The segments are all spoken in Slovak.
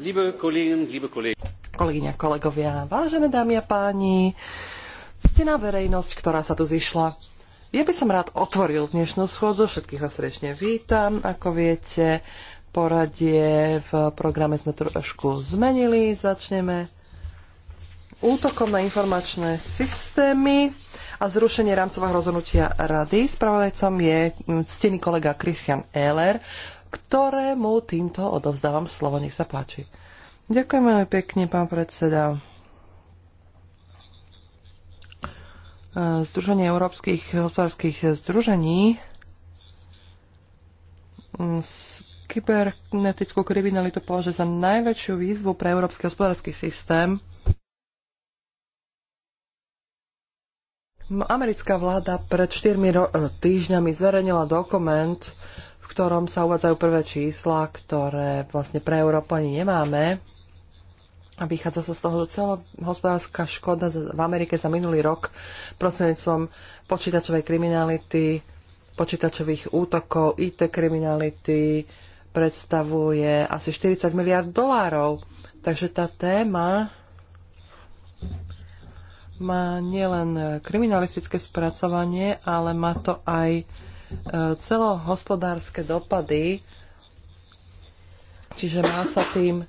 Kolegyňa, kolegovia, vážené dámy a páni, stená verejnosť, ktorá sa tu zišla. Ja by som rád otvoril dnešnú schôdzu, všetkých vás srdečne vítam. Ako viete, poradie v programe sme trošku zmenili. Začneme útokom na informačné systémy a zrušenie rámcového rozhodnutia rady. Spravodajcom je ctený kolega Christian Ehler ktorému týmto odovzdávam slovo. Nech sa páči. Ďakujem veľmi pekne, pán predseda. Združenie európskych hospodárskych združení mm, kybernetickú kriminalitu považuje za najväčšiu výzvu pre európsky hospodársky systém. Americká vláda pred 4 týždňami zverejnila dokument ktorom sa uvádzajú prvé čísla, ktoré vlastne pre Európu ani nemáme. A vychádza sa z toho celohospodárska škoda v Amerike za minulý rok prostredníctvom počítačovej kriminality, počítačových útokov, IT kriminality predstavuje asi 40 miliard dolárov. Takže tá téma má nielen kriminalistické spracovanie, ale má to aj celohospodárske dopady, čiže má sa tým e,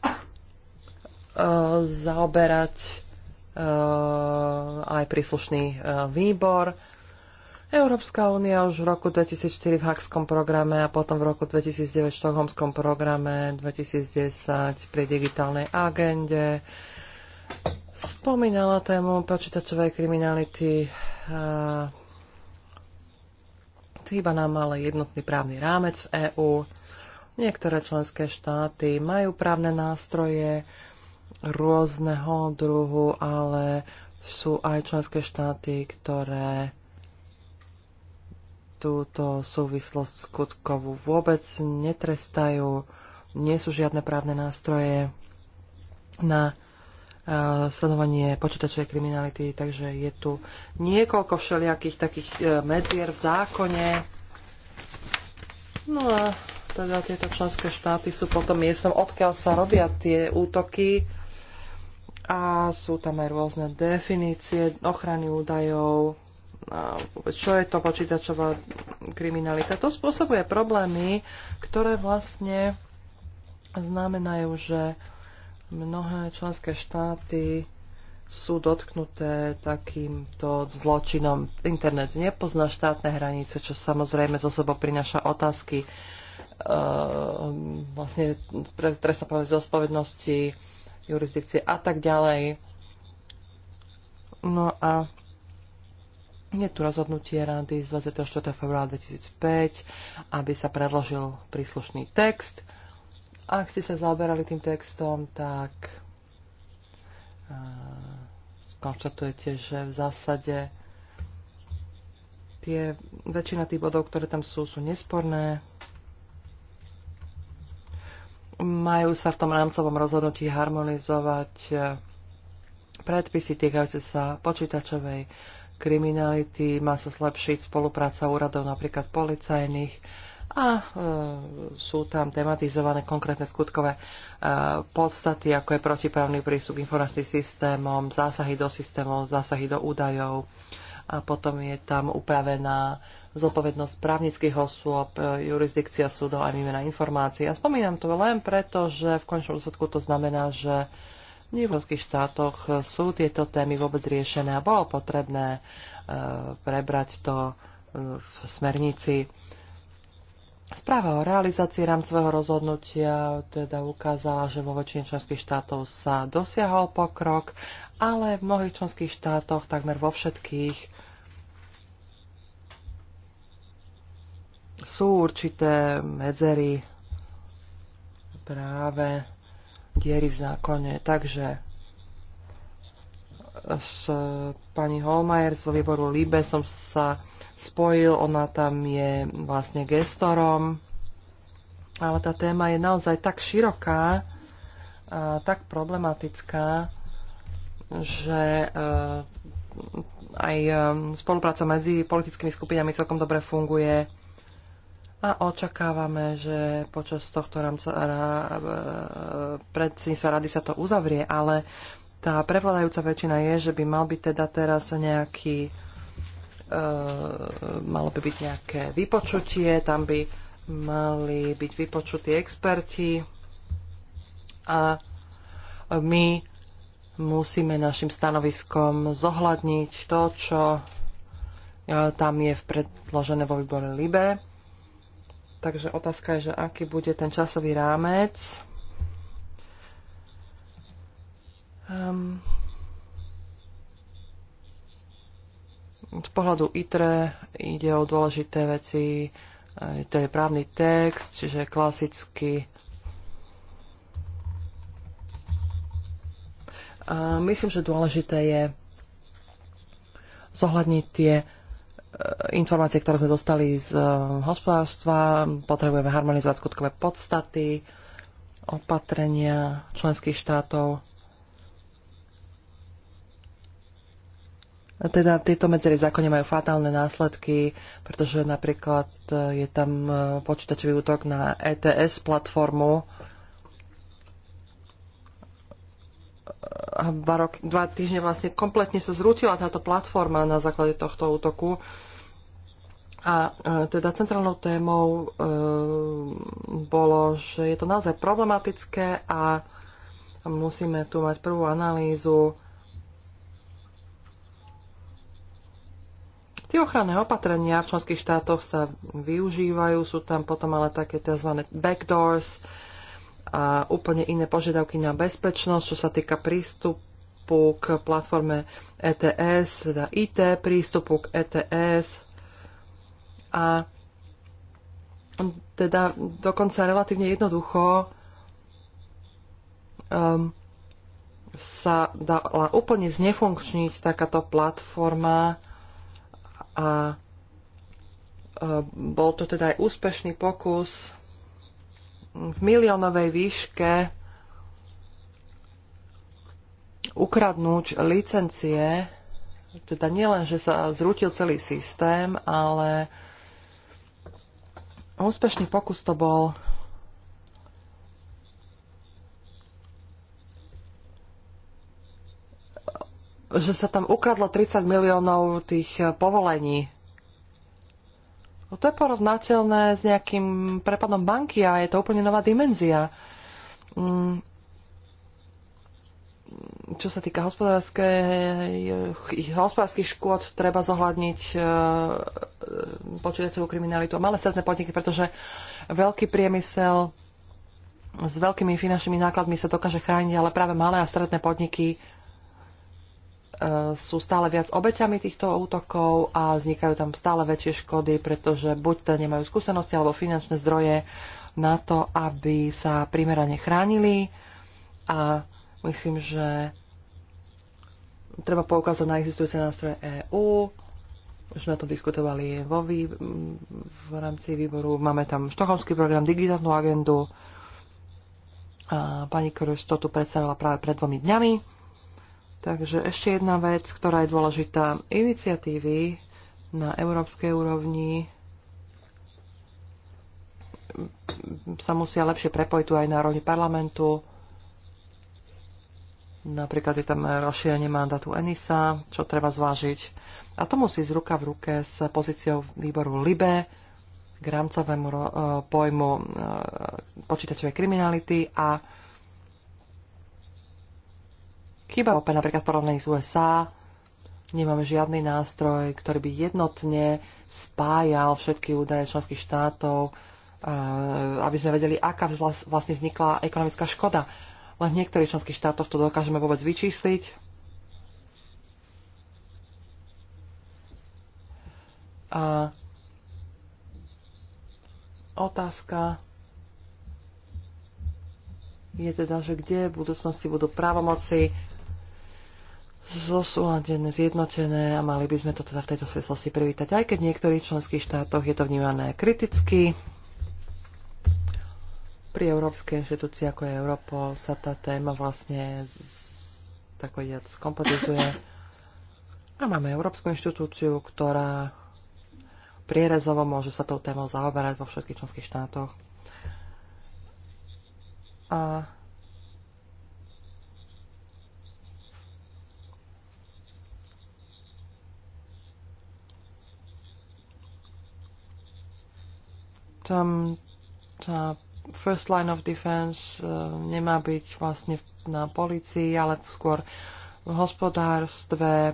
zaoberať e, aj príslušný e, výbor. Európska únia už v roku 2004 v Hakskom programe a potom v roku 2009 v Štokholmskom programe, 2010 pri digitálnej agende spomínala tému počítačovej kriminality. Chýba nám ale jednotný právny rámec v EÚ. Niektoré členské štáty majú právne nástroje rôzneho druhu, ale sú aj členské štáty, ktoré túto súvislosť skutkovú vôbec netrestajú, nie sú žiadne právne nástroje na sledovanie počítačovej kriminality, takže je tu niekoľko všelijakých takých e, medzier v zákone. No a teda tieto členské štáty sú potom miestom, odkiaľ sa robia tie útoky a sú tam aj rôzne definície ochrany údajov, čo je to počítačová kriminalita. To spôsobuje problémy, ktoré vlastne znamenajú, že Mnohé členské štáty sú dotknuté takýmto zločinom. Internet nepozná štátne hranice, čo samozrejme zo sebou prináša otázky uh, vlastne trestná pamäť zodpovednosti, jurisdikcie a tak ďalej. No a je tu rozhodnutie rady z 24. februára 2005, aby sa predložil príslušný text ak ste sa zaoberali tým textom, tak skonštatujete, eh, že v zásade tie, väčšina tých bodov, ktoré tam sú, sú nesporné. Majú sa v tom rámcovom rozhodnutí harmonizovať eh, predpisy týkajúce sa počítačovej kriminality, má sa zlepšiť spolupráca úradov napríklad policajných, a e, sú tam tematizované konkrétne skutkové e, podstaty, ako je protiprávny prístup k informačným systémom, zásahy do systémov, zásahy do údajov a potom je tam upravená zodpovednosť právnických osôb, e, jurisdikcia súdov a výmena informácií. A spomínam to len preto, že v končnom dôsledku to znamená, že v členských štátoch sú tieto témy vôbec riešené a bolo potrebné e, prebrať to e, v smernici Správa o realizácii rámcového rozhodnutia teda ukázala, že vo väčšine členských štátov sa dosiahol pokrok, ale v mnohých členských štátoch, takmer vo všetkých, sú určité medzery práve diery v zákone. Takže s pani Holmajer z výboru Líbe som sa spojil. Ona tam je vlastne gestorom. Ale tá téma je naozaj tak široká a tak problematická, že eh, aj eh, spolupráca medzi politickými skupinami celkom dobre funguje a očakávame, že počas tohto rámca rá, eh, predsedníctva rady sa to uzavrie, ale tá prevladajúca väčšina je, že by mal byť teda teraz nejaký Eh, malo by byť nejaké vypočutie, tam by mali byť vypočutí experti a my musíme našim stanoviskom zohľadniť to, čo eh, tam je predložené vo výbore LIBE. Takže otázka je, že aký bude ten časový rámec. Um, z pohľadu ITRE ide o dôležité veci. To je právny text, čiže klasicky. A myslím, že dôležité je zohľadniť tie e, informácie, ktoré sme dostali z e, hospodárstva. Potrebujeme harmonizovať skutkové podstaty, opatrenia členských štátov Teda tieto medzery v zákone majú fatálne následky, pretože napríklad e, je tam e, počítačový útok na ETS platformu. dva, rok, dva týždne vlastne kompletne sa zrútila táto platforma na základe tohto útoku. A e, teda centrálnou témou e, bolo, že je to naozaj problematické a musíme tu mať prvú analýzu Tie ochranné opatrenia v členských štátoch sa využívajú, sú tam potom ale také tzv. backdoors a úplne iné požiadavky na bezpečnosť, čo sa týka prístupu k platforme ETS, teda IT prístupu k ETS a teda dokonca relatívne jednoducho um, sa dala úplne znefunkčniť takáto platforma a bol to teda aj úspešný pokus v miliónovej výške ukradnúť licencie. Teda nielen, že sa zrútil celý systém, ale úspešný pokus to bol že sa tam ukradlo 30 miliónov tých eh, povolení. No to je porovnateľné s nejakým prepadom banky a je to úplne nová dimenzia. Mm. Čo sa týka eh, hospodárskych škôd, treba zohľadniť eh, počítačovú kriminalitu a malé stredné podniky, pretože veľký priemysel s veľkými finančnými nákladmi sa dokáže chrániť, ale práve malé a stredné podniky sú stále viac obeťami týchto útokov a vznikajú tam stále väčšie škody, pretože buď nemajú skúsenosti alebo finančné zdroje na to, aby sa primerane chránili a myslím, že treba poukázať na existujúce nástroje EÚ. Už sme to diskutovali vo vý... v rámci výboru. Máme tam štokholmský program, digitálnu agendu. A pani Krus to tu predstavila práve pred dvomi dňami. Takže ešte jedna vec, ktorá je dôležitá. Iniciatívy na európskej úrovni sa musia lepšie prepojiť tu aj na úrovni parlamentu. Napríklad je tam rozšírenie mandátu ENISA, čo treba zvážiť. A to musí ísť ruka v ruke s pozíciou výboru LIBE k rámcovému e, pojmu e, počítačovej kriminality a Chyba opäť napríklad v porovnaní s USA. Nemáme žiadny nástroj, ktorý by jednotne spájal všetky údaje členských štátov, aby sme vedeli, aká vlastne vznikla ekonomická škoda. Len v niektorých členských štátoch to dokážeme vôbec vyčísliť. A otázka je teda, že kde v budúcnosti budú právomoci zosúladené, zjednotené a mali by sme to teda v tejto súvislosti privítať, aj keď v niektorých členských štátoch je to vnímané kriticky. Pri európskej inštitúcii ako je Európo, sa tá téma vlastne tak povediac A máme Európsku inštitúciu, ktorá prierezovo môže sa tou témou zaoberať vo všetkých členských štátoch. A tam tá first line of defense e, nemá byť vlastne na policii, ale skôr v hospodárstve. E,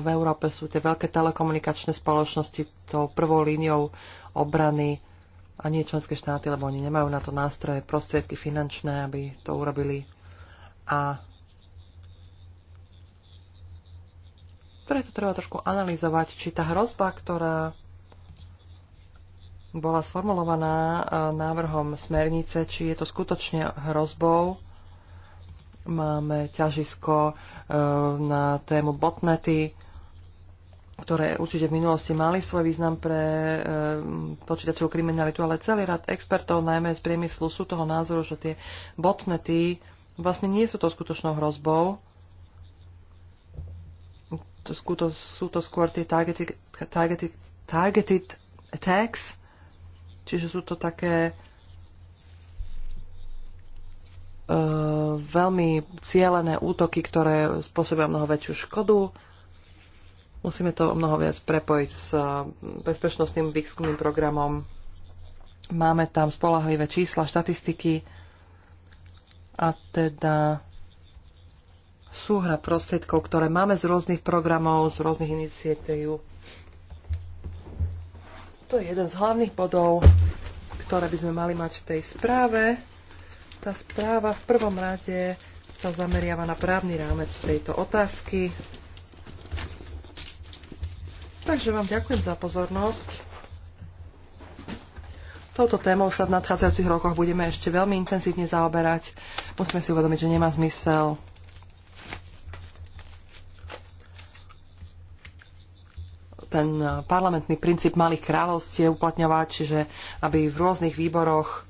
v Európe sú tie veľké telekomunikačné spoločnosti tou prvou líniou obrany a nie členské štáty, lebo oni nemajú na to nástroje, prostriedky finančné, aby to urobili. A preto treba trošku analyzovať, či tá hrozba, ktorá bola sformulovaná e, návrhom smernice, či je to skutočne hrozbou. Máme ťažisko e, na tému botnety, ktoré určite v minulosti mali svoj význam pre e, počítačovú kriminalitu, ale celý rad expertov, najmä z priemyslu, sú toho názoru, že tie botnety vlastne nie sú to skutočnou hrozbou. sú to skôr tie targeted, targeted, targeted attacks, Čiže sú to také e, veľmi cielené útoky, ktoré spôsobia mnoho väčšiu škodu. Musíme to mnoho viac prepojiť s e, bezpečnostným výskumným programom. Máme tam spolahlivé čísla, štatistiky a teda súhra prostriedkov, ktoré máme z rôznych programov, z rôznych iniciatív to je jeden z hlavných bodov, ktoré by sme mali mať v tej správe. Tá správa v prvom rade sa zameriava na právny rámec tejto otázky. Takže vám ďakujem za pozornosť. Touto témou sa v nadchádzajúcich rokoch budeme ešte veľmi intenzívne zaoberať. Musíme si uvedomiť, že nemá zmysel ten parlamentný princíp malých kráľovstiev uplatňovať, čiže aby v rôznych výboroch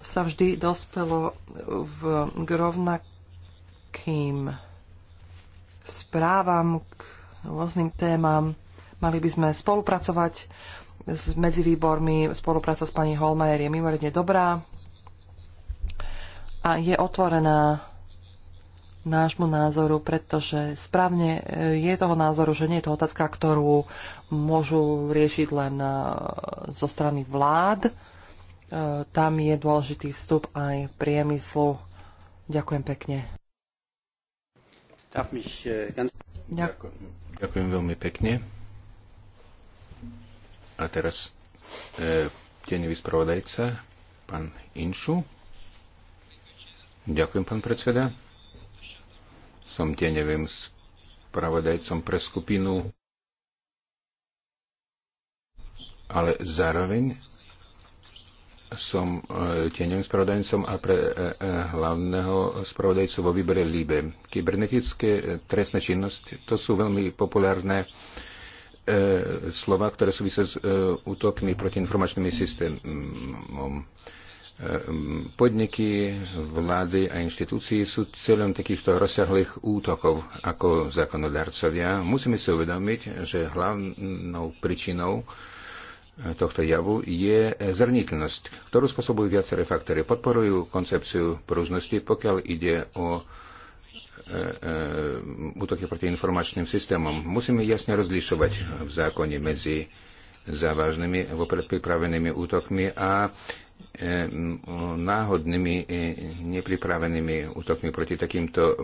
sa vždy dospelo v, k rovnakým správam, k rôznym témam. Mali by sme spolupracovať s medzi výbormi. Spolupráca s pani Holmajer je mimoriadne dobrá a je otvorená nášmu názoru, pretože správne e, je toho názoru, že nie je to otázka, ktorú môžu riešiť len e, zo strany vlád. E, tam je dôležitý vstup aj priemyslu. Ďakujem pekne. Ďakujem. veľmi pekne. A teraz e, tenevý spravodajca, pán Inšu. Ďakujem, pán predseda. Som tie, neviem, spravodajcom pre skupinu, ale zároveň som e, tieňovým spravodajcom a pre e, e, hlavného spravodajcu vo výbere Líbe. Kybernetické trestné činnosti, to sú veľmi populárne slova, ktoré súvisia s útokmi proti informačným systémom. Ehm, podniky, vlády a inštitúcií sú celom takýchto rozsiahlých útokov ako zákonodarcovia. Musíme si uvedomiť, že hlavnou príčinou e, tohto javu je zrniteľnosť, ktorú spôsobujú viaceré faktory. Podporujú koncepciu prúžnosti, pokiaľ ide o e, e, útoky proti informačným systémom. Musíme jasne rozlišovať v zákone medzi závažnými vopred pripravenými útokmi a E, náhodnými, e, nepripravenými útokmi proti takýmto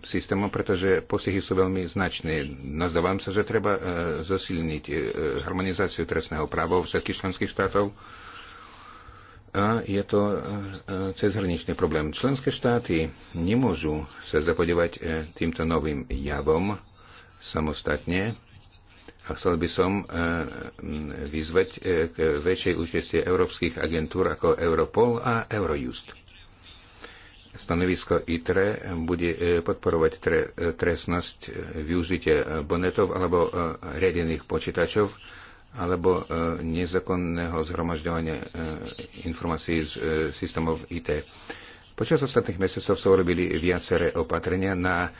systémom, pretože postihy sú veľmi značné. Nazdávam sa, že treba e, zosilniť harmonizáciu trestného práva všetkých členských štátov a je to cezhraničný problém. Členské štáty nemôžu sa zapodívať týmto novým javom samostatne a chcel by som eh, mm, vyzvať eh, k väčšej účasti európskych agentúr ako Europol a Eurojust. Stanovisko ITRE bude eh, podporovať tre, trestnosť využitia bonetov alebo riadených počítačov alebo nezákonného zhromažďovania informácií z systémov IT. Počas ostatných mesiacov sa urobili viaceré opatrenia na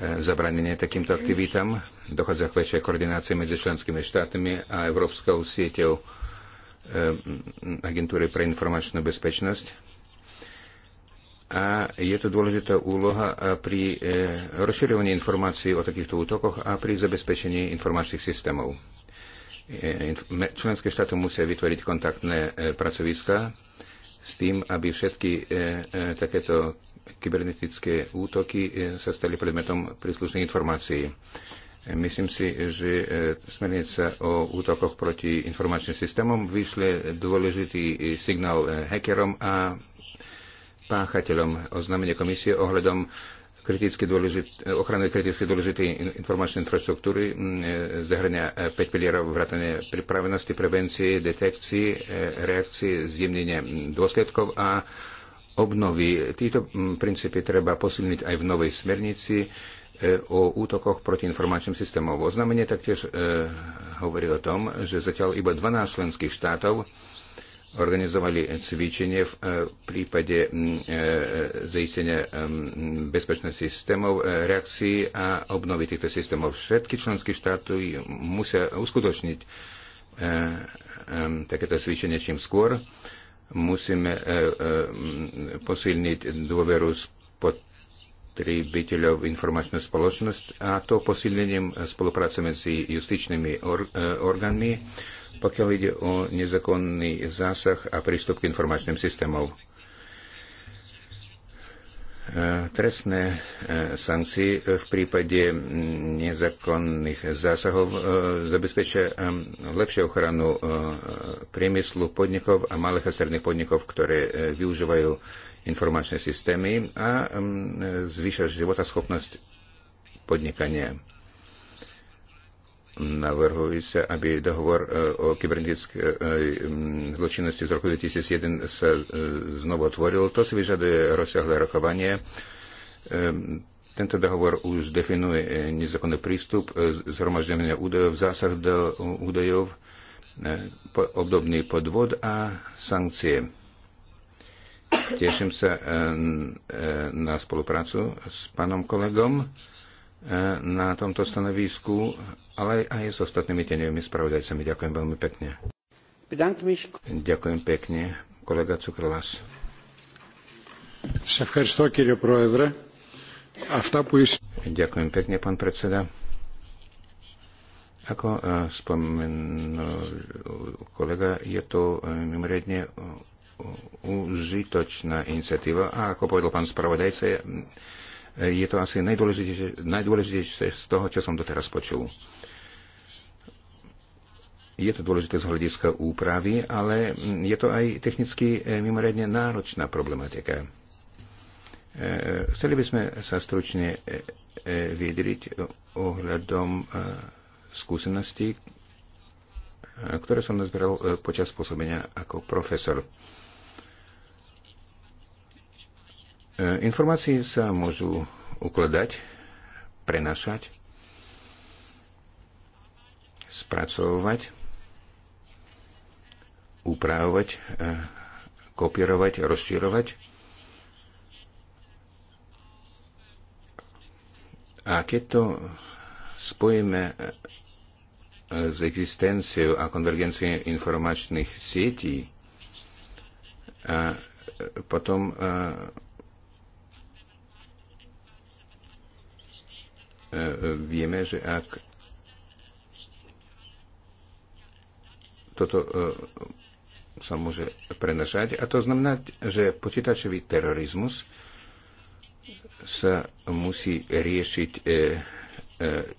E, zabranenie takýmto aktivitám. Dochádza k väčšej koordinácii medzi členskými štátmi a Európskou sieťou e, agentúry pre informačnú bezpečnosť. A je to dôležitá úloha pri e, rozširovaní informácií o takýchto útokoch a pri zabezpečení informačných systémov. Členské štáty musia vytvoriť kontaktné pracoviska s tým, aby všetky takéto kybernetické útoky e, sa stali predmetom príslušných informácií. E, myslím si, že e, smernica o útokoch proti informačným systémom vyšle dôležitý signál hackerom a páchateľom oznámenie komisie ohľadom kriticky dôležit, ochrany kriticky dôležitej informačnej infraštruktúry zahrania 5 pilierov vrátane pripravenosti, prevencie, detekcii, reakcie, zjemnenie dôsledkov a obnovy. Títo mm, princípy treba posilniť aj v novej smernici e, o útokoch proti informačným systémom. Oznámenie taktiež e, hovorí o tom, že zatiaľ iba 12 členských štátov organizovali cvičenie v e, prípade mm, zaistenia bezpečných systémov, reakcií a obnovy týchto systémov. Všetky členské štáty musia uskutočniť takéto cvičenie čím skôr Musíme e, e, posilniť dôveru spotrebiteľov v informačnú spoločnosť a to posilnením spolupráce medzi justičnými or- e, orgánmi, pokiaľ ide o nezákonný zásah a prístup k informačným systémom. E, trestné e, sankcie v prípade nezákonných zásahov e, zabezpečia lepšiu ochranu priemyslu podnikov a malých a stredných podnikov, ktoré využívajú informačné systémy a zvýšia životaschopnosť podnikania. Navrhuje sa, aby dohovor e, o kybernetickej zločinnosti z roku 2001 sa e, znovu otvoril. To si vyžaduje rozsiahle rokovanie. E, tento dohovor už definuje nezákonný prístup, zhromažďovanie údajov, zásah do údajov, obdobný podvod a sankcie. Teším sa na spoluprácu s pánom kolegom E, na tomto stanovisku, ale aj s ostatnými tenevými spravodajcami. Ďakujem veľmi pekne. Ďakujem pekne, kolega Cukrlas. Ďakujem pekne, pán predseda. Ako e, spomenul kolega, je to e, mimoriadne užitočná iniciatíva a ako povedal pán spravodajca, je to asi najdôležitejšie, najdôležitejšie z toho, čo som doteraz počul. Je to dôležité z hľadiska úpravy, ale je to aj technicky eh, mimoriadne náročná problematika. Eh, chceli by sme sa stručne eh, vyjadriť ohľadom skúseností, ktoré som nazbieral počas pôsobenia ako profesor. E, informácie sa môžu ukladať, prenašať, spracovať, upravovať, e, kopírovať, rozširovať. A keď to spojíme e, s existenciou a konvergenciou informačných sietí, a potom vieme, že ak toto e, sa môže prenašať. A to znamená, že počítačový terorizmus sa musí riešiť e, e,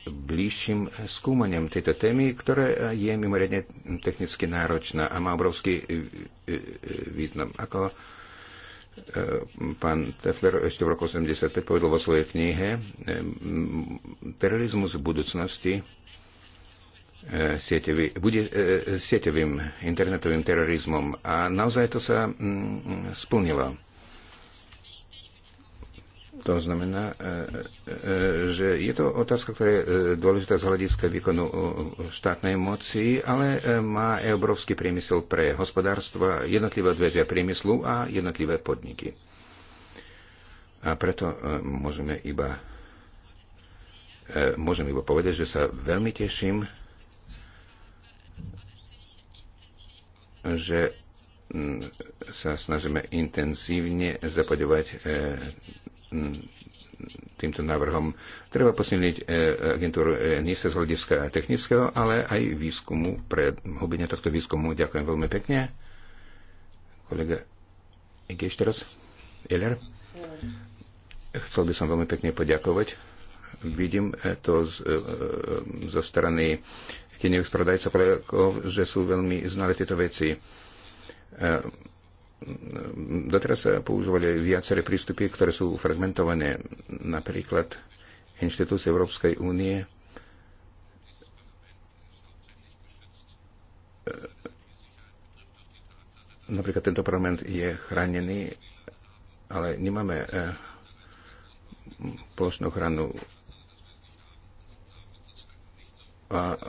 bližším skúmaniem tejto témy, ktoré je mimoriadne technicky náročná a má obrovský význam. Ako E, pán Tefler ešte v roku 1985 povedal vo svojej knihe, e, terorizmus v budúcnosti e, sieťový, bude sieťovým internetovým terorizmom. A naozaj to sa mm, mm, splnilo to znamená, e, e, e, že je to otázka, ktorá je dôležitá z hľadiska výkonu štátnej moci, ale má aj obrovský priemysel pre hospodárstva, jednotlivé odvetvia priemyslu a jednotlivé podniky. A preto môžeme iba, môžem iba povedať, že sa veľmi teším, že sa snažíme intenzívne zapodovať Mm, týmto návrhom. Treba posilniť e, agentúru e, NISA z hľadiska technického, ale aj výskumu, pre hubenie tohto výskumu. Ďakujem veľmi pekne. Kolega, ide ešte raz? Eller? Chcel by som veľmi pekne poďakovať. Vidím e, to z, zo strany tieňových spravodajcov, že sú veľmi znali tieto veci doteraz sa používali viaceré prístupy, ktoré sú fragmentované. Napríklad inštitúcie Európskej únie napríklad tento parlament je chránený, ale nemáme eh, plošnú ochranu a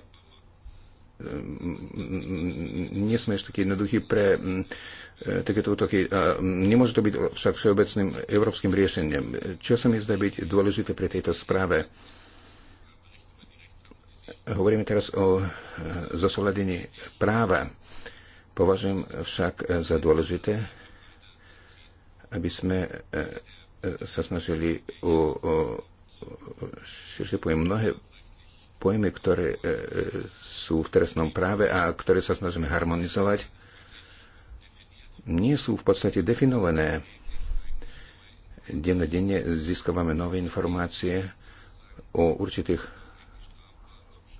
mm, mm, mm, nie sme ešte taký jednoduchý pre E, takéto útoky. A nemôže to byť však všeobecným európskym riešením. Čo sa mi zdá byť dôležité pri tejto správe? Hovoríme teraz o e, zosledení práva. Považujem však e, za dôležité, aby sme sa snažili o, o širšie pojem. Mnohé pojmy, ktoré sú v trestnom práve a ktoré sa snažíme harmonizovať, nie sú v podstate definované. Dennodenne získavame nové informácie o určitých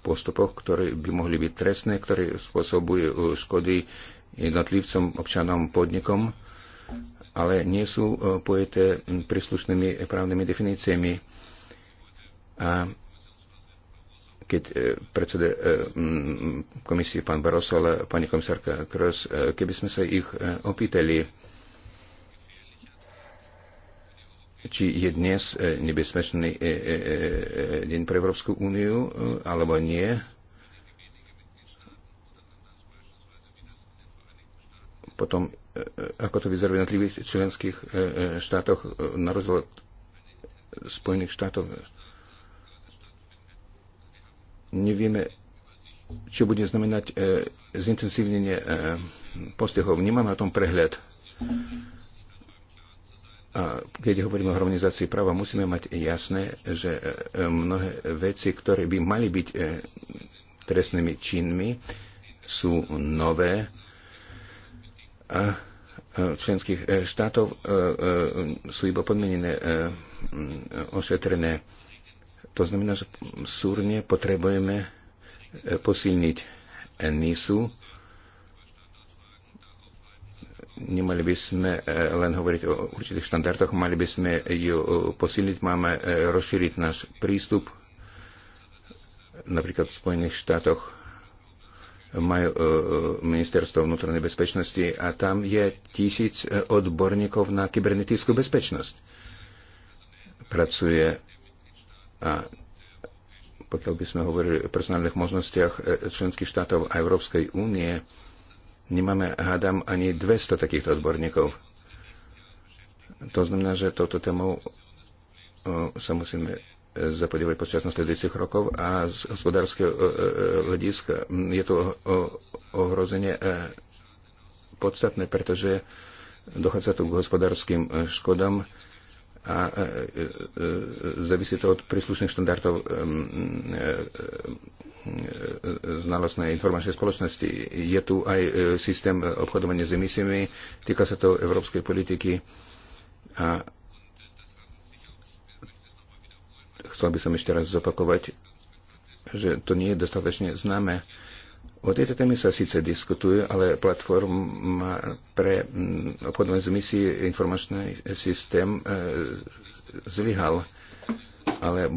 postupoch, ktoré by mohli byť trestné, ktoré spôsobujú škody jednotlivcom, občanom, podnikom, ale nie sú eh, pojete hm, príslušnými právnymi definíciami. A keď e, predseda e, komisie pán Barroso ale pani komisárka Kroos, e, keby sme sa ich opýtali, či je dnes nebezpečný deň pre Európsku úniu alebo nie, potom ako to vyzerá v jednotlivých členských štátoch na rozdiel Spojených štátov nevieme, čo bude znamenať e, zintenzívnenie e, postihov. Nemáme o tom prehľad. A keď hovoríme o harmonizácii práva, musíme mať jasné, že e, mnohé veci, ktoré by mali byť e, trestnými činmi, sú nové a e, členských štátov sú iba podmienené, ošetrené to znamená, že súrne potrebujeme e, posilniť NISu. Nemali by sme e, len hovoriť o určitých štandardoch, mali by sme ju e, posilniť, máme rozšíriť náš prístup. Napríklad v Spojených štátoch majú ministerstvo vnútornej bezpečnosti a tam je tisíc odborníkov na kybernetickú bezpečnosť. Pracuje a pokiaľ by sme hovorili o personálnych možnostiach e, členských štátov a Európskej únie, nemáme, hádam, ani 200 takýchto odborníkov. To znamená, že touto témou e, sa musíme e, zapodívať počas nasledujúcich rokov a z hospodárskeho hľadiska je to ohrozenie podstatné, pretože dochádza tu k hospodárskym škodám, a e, e, e, závisí to od príslušných štandardov znalostnej informačnej spoločnosti. Je tu aj systém obchodovania s emisiami, týka sa to európskej politiky a chcel by som ešte raz zopakovať, že to nie je dostatočne známe O tejto téme sa síce diskutuje, ale platforma pre mm, obchodné zmysly informačný systém e, zlyhal. Ale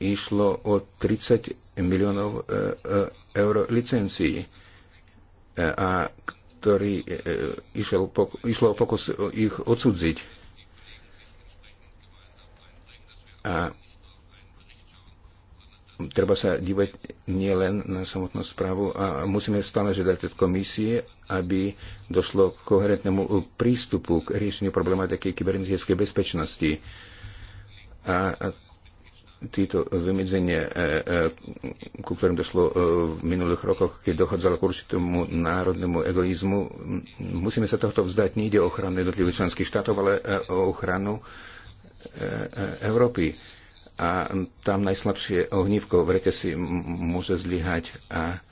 išlo o 30 miliónov e, e, eur licencií, a ktorý išiel, išlo o pokus ich odsudziť. A treba sa dívať nielen na samotnú správu a musíme stále žiadať od komisie, aby došlo k koherentnému prístupu k riešeniu problematiky kybernetickej bezpečnosti. A títo vymedzenia, e, e, ku ktorým došlo e, v minulých rokoch, keď dochádzalo k určitému národnému egoizmu, musíme sa tohto vzdať. Nejde o ochranu jednotlivých členských štátov, ale o ochranu Európy a tam najslabšie ohnívko v si môže zlyhať a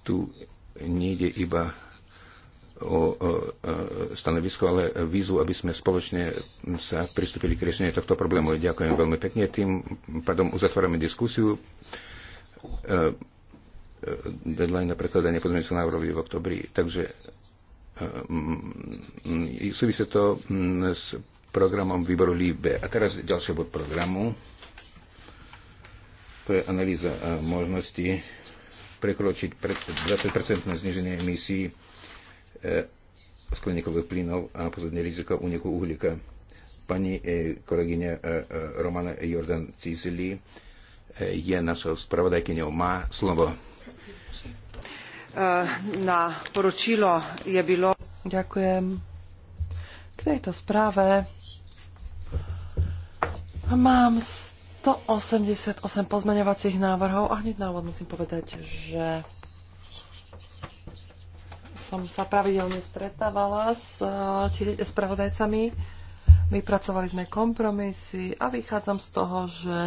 tu nejde iba o, o, o stanovisko, ale výzvu, aby sme spoločne sa pristúpili k riešeniu tohto problému. Ďakujem veľmi pekne. Tým pádom uzatvárame diskusiu. Deadline na prekladanie pozmeňujúceho návrhu je v oktobri, takže súvisí to s programom výboru LIBE. A teraz ďalší bod programu. To je analýza e, možnosti prekročiť 20-percentné zniženie emisí e, skleníkových plynov a pozadne riziko úniku uhlíka. Pani e, kolegyňa Romana Jordan Cizili je našou spravodajkyňou. Má slovo. Na poročilo je bylo... Ďakujem. K tejto správe Mám 188 pozmeňovacích návrhov a hneď na úvod musím povedať, že som sa pravidelne stretávala s eh, spravodajcami. Vypracovali sme kompromisy a vychádzam z toho, že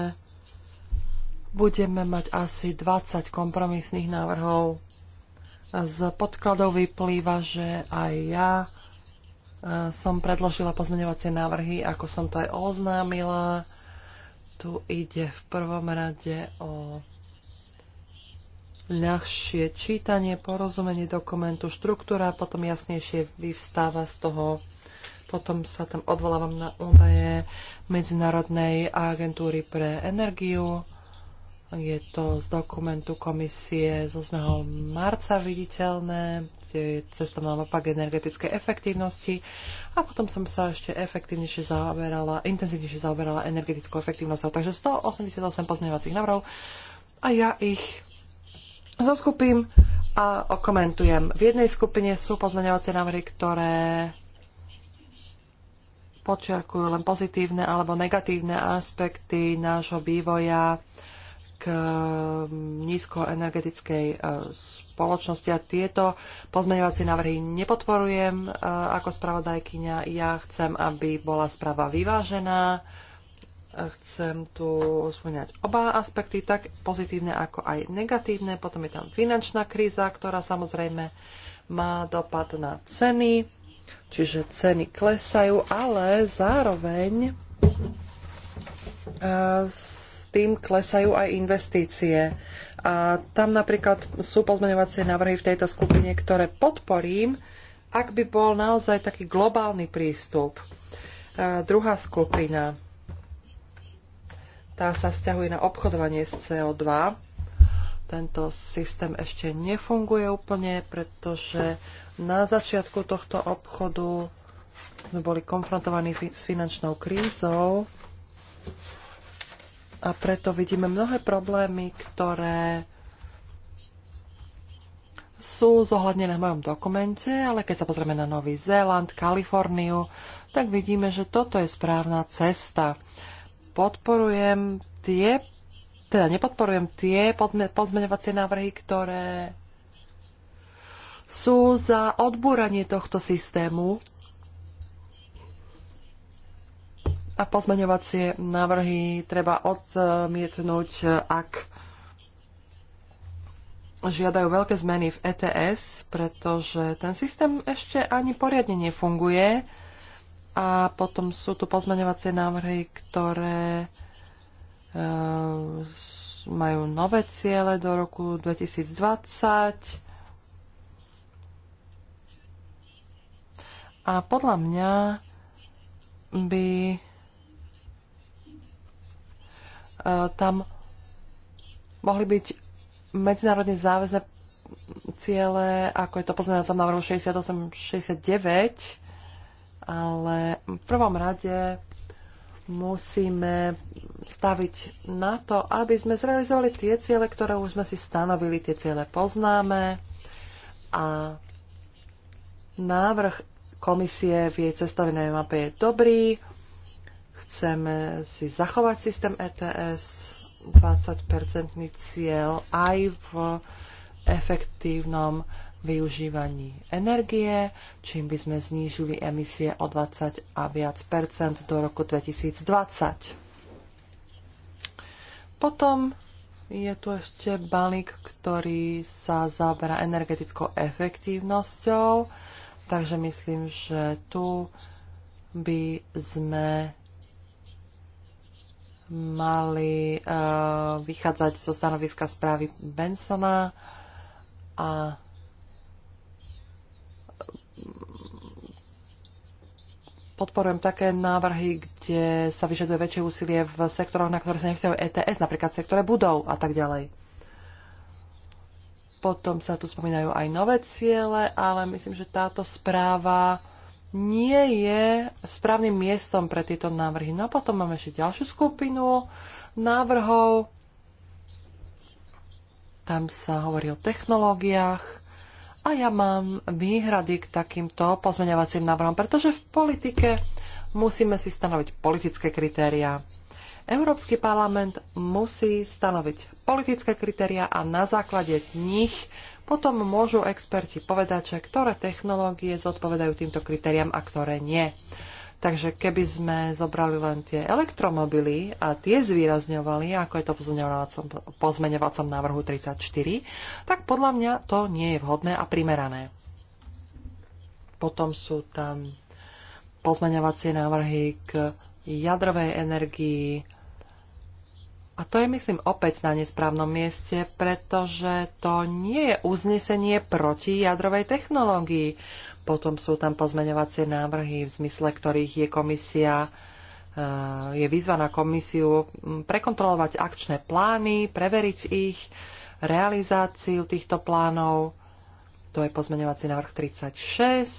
budeme mať asi 20 kompromisných návrhov. Z podkladov vyplýva, že aj ja Eh, som predložila pozmeňovacie návrhy, ako som to aj oznámila. Tu ide v prvom rade o ľahšie čítanie, porozumenie dokumentu, štruktúra, potom jasnejšie vyvstáva z toho, potom sa tam odvolávam na údaje Medzinárodnej agentúry pre energiu, je to z dokumentu komisie z 8. marca viditeľné, kde je cesta na opak energetickej efektívnosti. A potom som sa ešte efektívnejšie zaoberala, intenzívnejšie zaoberala energetickou efektívnosťou. Takže 188 pozmeňovacích návrhov a ja ich zoskupím a okomentujem. V jednej skupine sú pozmeňovacie návrhy, ktoré počiarkujú len pozitívne alebo negatívne aspekty nášho vývoja k um, nízkoenergetickej uh, spoločnosti a tieto pozmeňovacie návrhy nepodporujem uh, ako spravodajkyňa. Ja chcem, aby bola správa vyvážená. Chcem tu spomínať oba aspekty, tak pozitívne ako aj negatívne. Potom je tam finančná kríza, ktorá samozrejme má dopad na ceny, čiže ceny klesajú, ale zároveň uh, tým klesajú aj investície. A tam napríklad sú pozmeňovacie návrhy v tejto skupine, ktoré podporím, ak by bol naozaj taký globálny prístup. A e, druhá skupina, tá sa vzťahuje na obchodovanie s CO2. Tento systém ešte nefunguje úplne, pretože na začiatku tohto obchodu sme boli konfrontovaní s finančnou krízou a preto vidíme mnohé problémy, ktoré sú zohľadnené v mojom dokumente, ale keď sa pozrieme na Nový Zéland, Kaliforniu, tak vidíme, že toto je správna cesta. Podporujem tie, teda nepodporujem tie pozmeňovacie návrhy, ktoré sú za odbúranie tohto systému, a pozmeňovacie návrhy treba odmietnúť, ak žiadajú veľké zmeny v ETS, pretože ten systém ešte ani poriadne nefunguje. A potom sú tu pozmeňovacie návrhy, ktoré eh, majú nové ciele do roku 2020. A podľa mňa by E, tam mohli byť medzinárodne záväzné ciele, ako je to pozmeňovacom návrhu 68-69, ale v prvom rade musíme staviť na to, aby sme zrealizovali tie ciele, ktoré už sme si stanovili, tie ciele poznáme a návrh komisie v jej cestovinej mape je dobrý, Chceme si zachovať systém ETS, 20-percentný cieľ aj v efektívnom využívaní energie, čím by sme znížili emisie o 20 a viac percent do roku 2020. Potom je tu ešte balík, ktorý sa zaoberá energetickou efektívnosťou, takže myslím, že tu by sme mali uh, vychádzať zo stanoviska správy Bensona a mm, podporujem také návrhy, kde sa vyžaduje väčšie úsilie v sektoroch, na ktoré sa nevzťahujú ETS, napríklad v sektore budov a tak ďalej. Potom sa tu spomínajú aj nové ciele, ale myslím, že táto správa nie je správnym miestom pre tieto návrhy. No a potom máme ešte ďalšiu skupinu návrhov. Tam sa hovorí o technológiách, a ja mám výhrady k takýmto pozmeňovacím návrhom, pretože v politike musíme si stanoviť politické kritériá. Európsky parlament musí stanoviť politické kritériá a na základe nich potom môžu experti povedať, že ktoré technológie zodpovedajú týmto kritériám a ktoré nie. Takže keby sme zobrali len tie elektromobily a tie zvýrazňovali, ako je to v pozmeňovacom návrhu 34, tak podľa mňa to nie je vhodné a primerané. Potom sú tam pozmeňovacie návrhy k jadrovej energii, a to je, myslím, opäť na nesprávnom mieste, pretože to nie je uznesenie proti jadrovej technológii. Potom sú tam pozmeňovacie návrhy, v zmysle ktorých je komisia eh, je výzva na komisiu mm, prekontrolovať akčné plány, preveriť ich, realizáciu týchto plánov. To je pozmeňovací návrh 36. Eh,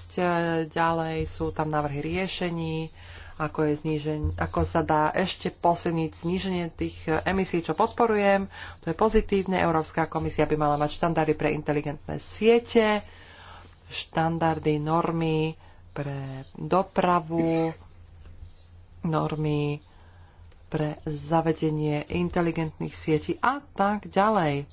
ďalej sú tam návrhy riešení ako, je znížen, ako sa dá ešte posilniť zníženie tých eh, emisí, čo podporujem. To je pozitívne. Európska komisia by mala mať štandardy pre inteligentné siete, štandardy, normy pre dopravu, normy pre zavedenie inteligentných sietí a tak ďalej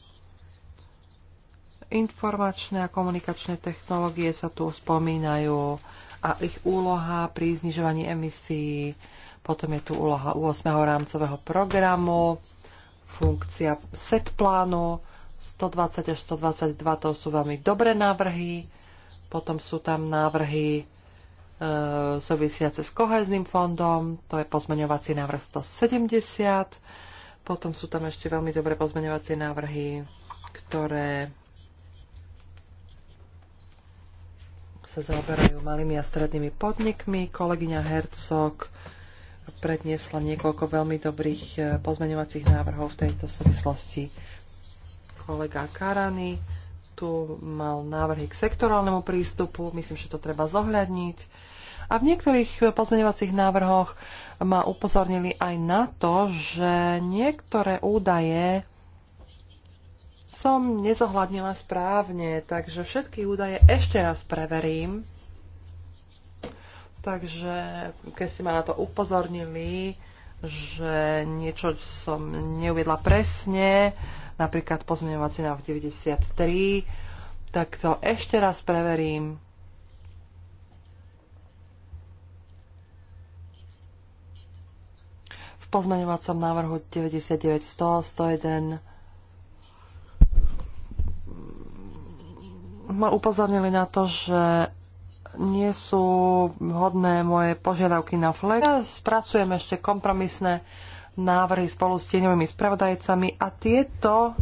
informačné a komunikačné technológie sa tu spomínajú, a ich úloha pri znižovaní emisí. Potom je tu úloha 8. rámcového programu, funkcia set plánu 120 až 122, to sú veľmi dobré návrhy. Potom sú tam návrhy e, súvisiace s kohezným fondom, to je pozmeňovací návrh 170. Potom sú tam ešte veľmi dobré pozmeňovacie návrhy, ktoré sa zaoberajú malými a strednými podnikmi. Kolegyňa Hercog predniesla niekoľko veľmi dobrých eh, pozmeňovacích návrhov v tejto súvislosti. Kolega Karany tu mal návrhy k sektorálnemu prístupu, myslím, že to treba zohľadniť. A v niektorých pozmeňovacích návrhoch ma upozornili aj na to, že niektoré údaje som nezohľadnila správne, takže všetky údaje ešte raz preverím. Takže keď ste ma na to upozornili, že niečo som neuviedla presne, napríklad pozmeňovací návrh 93, tak to ešte raz preverím. V pozmeňovacom návrhu 99, 100, 101 ma upozornili na to, že nie sú hodné moje požiadavky na flek. Spracujem ešte kompromisné návrhy spolu s tieňovými spravodajcami a tieto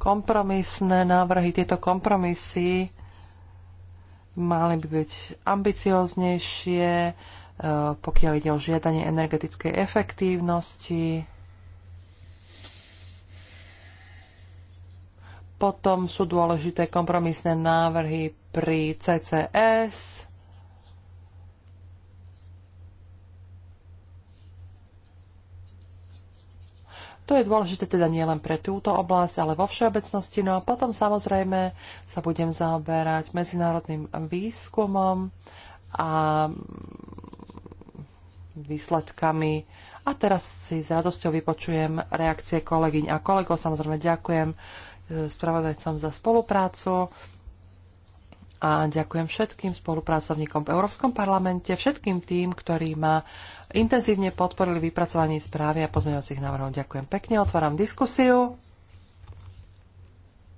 kompromisné návrhy, tieto kompromisy mali by byť ambicioznejšie, eh, pokiaľ ide o žiadanie energetickej efektívnosti, Potom sú dôležité kompromisné návrhy pri CCS. To je dôležité teda nielen pre túto oblasť, ale vo všeobecnosti. No a potom samozrejme sa budem zaoberať medzinárodným výskumom a výsledkami. A teraz si s radosťou vypočujem reakcie kolegyň a kolegov. Samozrejme ďakujem spravodajcom za spoluprácu a ďakujem všetkým spolupracovníkom v Európskom parlamente, všetkým tým, ktorí ma intenzívne podporili vypracovanie správy a pozmeňovacích návrhov. Ďakujem pekne, otváram diskusiu.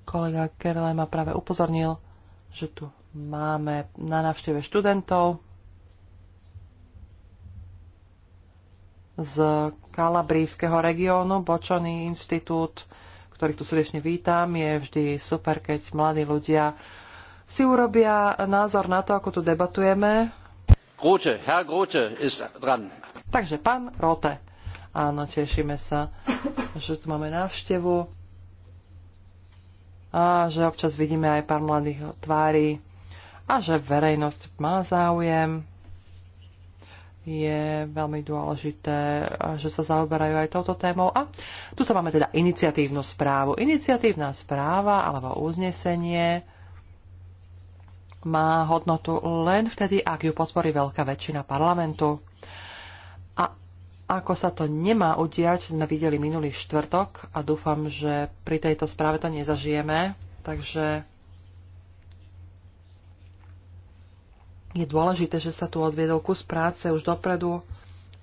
Kolega Kerle ma práve upozornil, že tu máme na návšteve študentov z kalabrijského regiónu Bočony inštitút ktorých tu srdečne vítam. Je vždy super, keď mladí ľudia si urobia názor na to, ako tu debatujeme. Grote, Herr Grote ist dran. Takže pán Rote. Áno, tešíme sa, že tu máme návštevu a že občas vidíme aj pár mladých tvári a že verejnosť má záujem je veľmi dôležité, že sa zaoberajú aj touto témou. A tu máme teda iniciatívnu správu. Iniciatívna správa alebo uznesenie má hodnotu len vtedy, ak ju podporí veľká väčšina parlamentu. A ako sa to nemá udiať, sme videli minulý štvrtok a dúfam, že pri tejto správe to nezažijeme. Takže Je dôležité, že sa tu odviedol kus práce už dopredu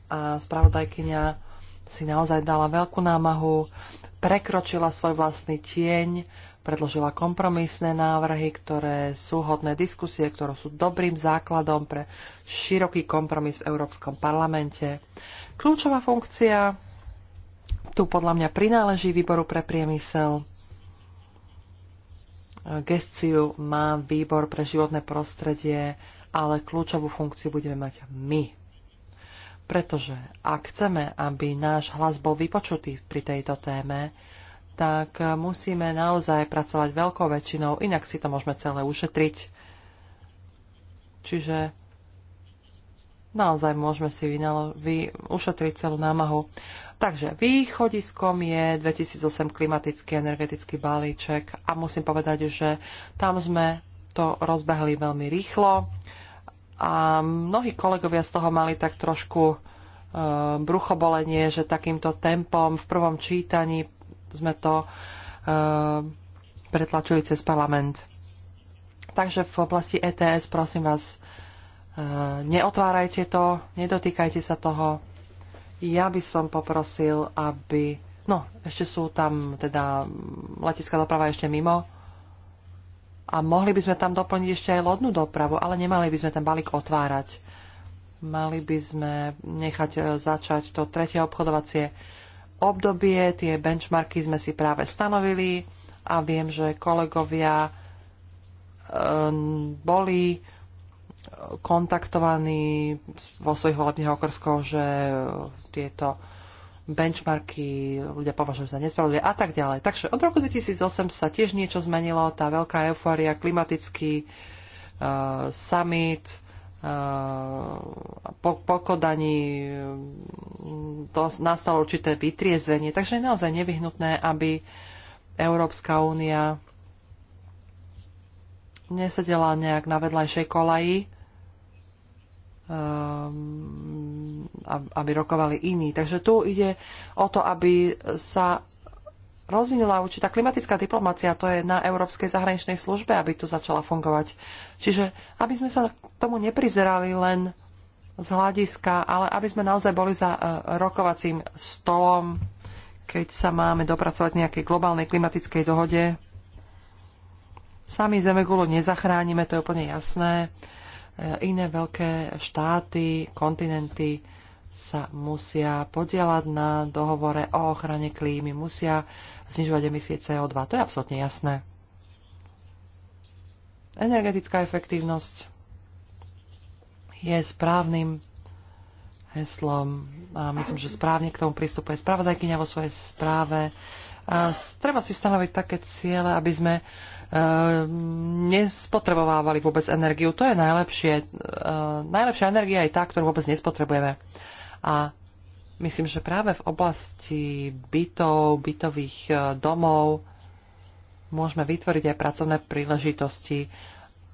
a spravodajkynia si naozaj dala veľkú námahu, prekročila svoj vlastný tieň, predložila kompromisné návrhy, ktoré sú hodné diskusie, ktoré sú dobrým základom pre široký kompromis v Európskom parlamente. Kľúčová funkcia tu podľa mňa prináleží výboru pre priemysel. Gestiu má výbor pre životné prostredie, ale kľúčovú funkciu budeme mať my. Pretože ak chceme, aby náš hlas bol vypočutý pri tejto téme, tak musíme naozaj pracovať veľkou väčšinou, inak si to môžeme celé ušetriť. Čiže naozaj môžeme si vynalo- vy- ušetriť celú námahu. Takže východiskom je 2008 klimatický energetický balíček a musím povedať, že tam sme to rozbehli veľmi rýchlo a mnohí kolegovia z toho mali tak trošku e, bruchobolenie, že takýmto tempom v prvom čítaní sme to e, pretlačili cez parlament. Takže v oblasti ETS, prosím vás, e, neotvárajte to, nedotýkajte sa toho. Ja by som poprosil, aby... No, ešte sú tam teda letecká doprava ešte mimo a mohli by sme tam doplniť ešte aj lodnú dopravu, ale nemali by sme ten balík otvárať. Mali by sme nechať e, začať to tretie obchodovacie obdobie. Tie benchmarky sme si práve stanovili a viem, že kolegovia e, boli kontaktovaní vo svojich volebných okrskoch, že tieto benchmarky ľudia považujú za nespravodlivé a tak ďalej. Takže od roku 2008 sa tiež niečo zmenilo, tá veľká eufória, klimatický uh, summit, uh, po, pokodaní, mm, to nastalo určité vytriezvenie, takže je naozaj nevyhnutné, aby Európska únia nesedela nejak na vedľajšej kolaji, Ehm, aby rokovali iní. Takže tu ide o to, aby sa rozvinula určitá klimatická diplomácia, to je na Európskej zahraničnej službe, aby tu začala fungovať. Čiže aby sme sa k tomu neprizerali len z hľadiska, ale aby sme naozaj boli za e, rokovacím stolom, keď sa máme dopracovať nejakej globálnej klimatickej dohode. Sami Zemegulu nezachránime, to je úplne jasné E, iné veľké štáty, kontinenty sa musia podielať na dohovore o ochrane klímy, musia znižovať emisie CO2. To je absolútne jasné. Energetická efektívnosť je správnym heslom a myslím, že správne k tomu pristupuje spravodajkyňa vo svojej správe. A treba si stanoviť také ciele, aby sme uh, Ehm, nespotrebovávali vôbec energiu. To je najlepšie. Ehm, najlepšia energia je tá, ktorú vôbec nespotrebujeme. A myslím, že práve v oblasti bytov, bytových e, domov môžeme vytvoriť aj pracovné príležitosti,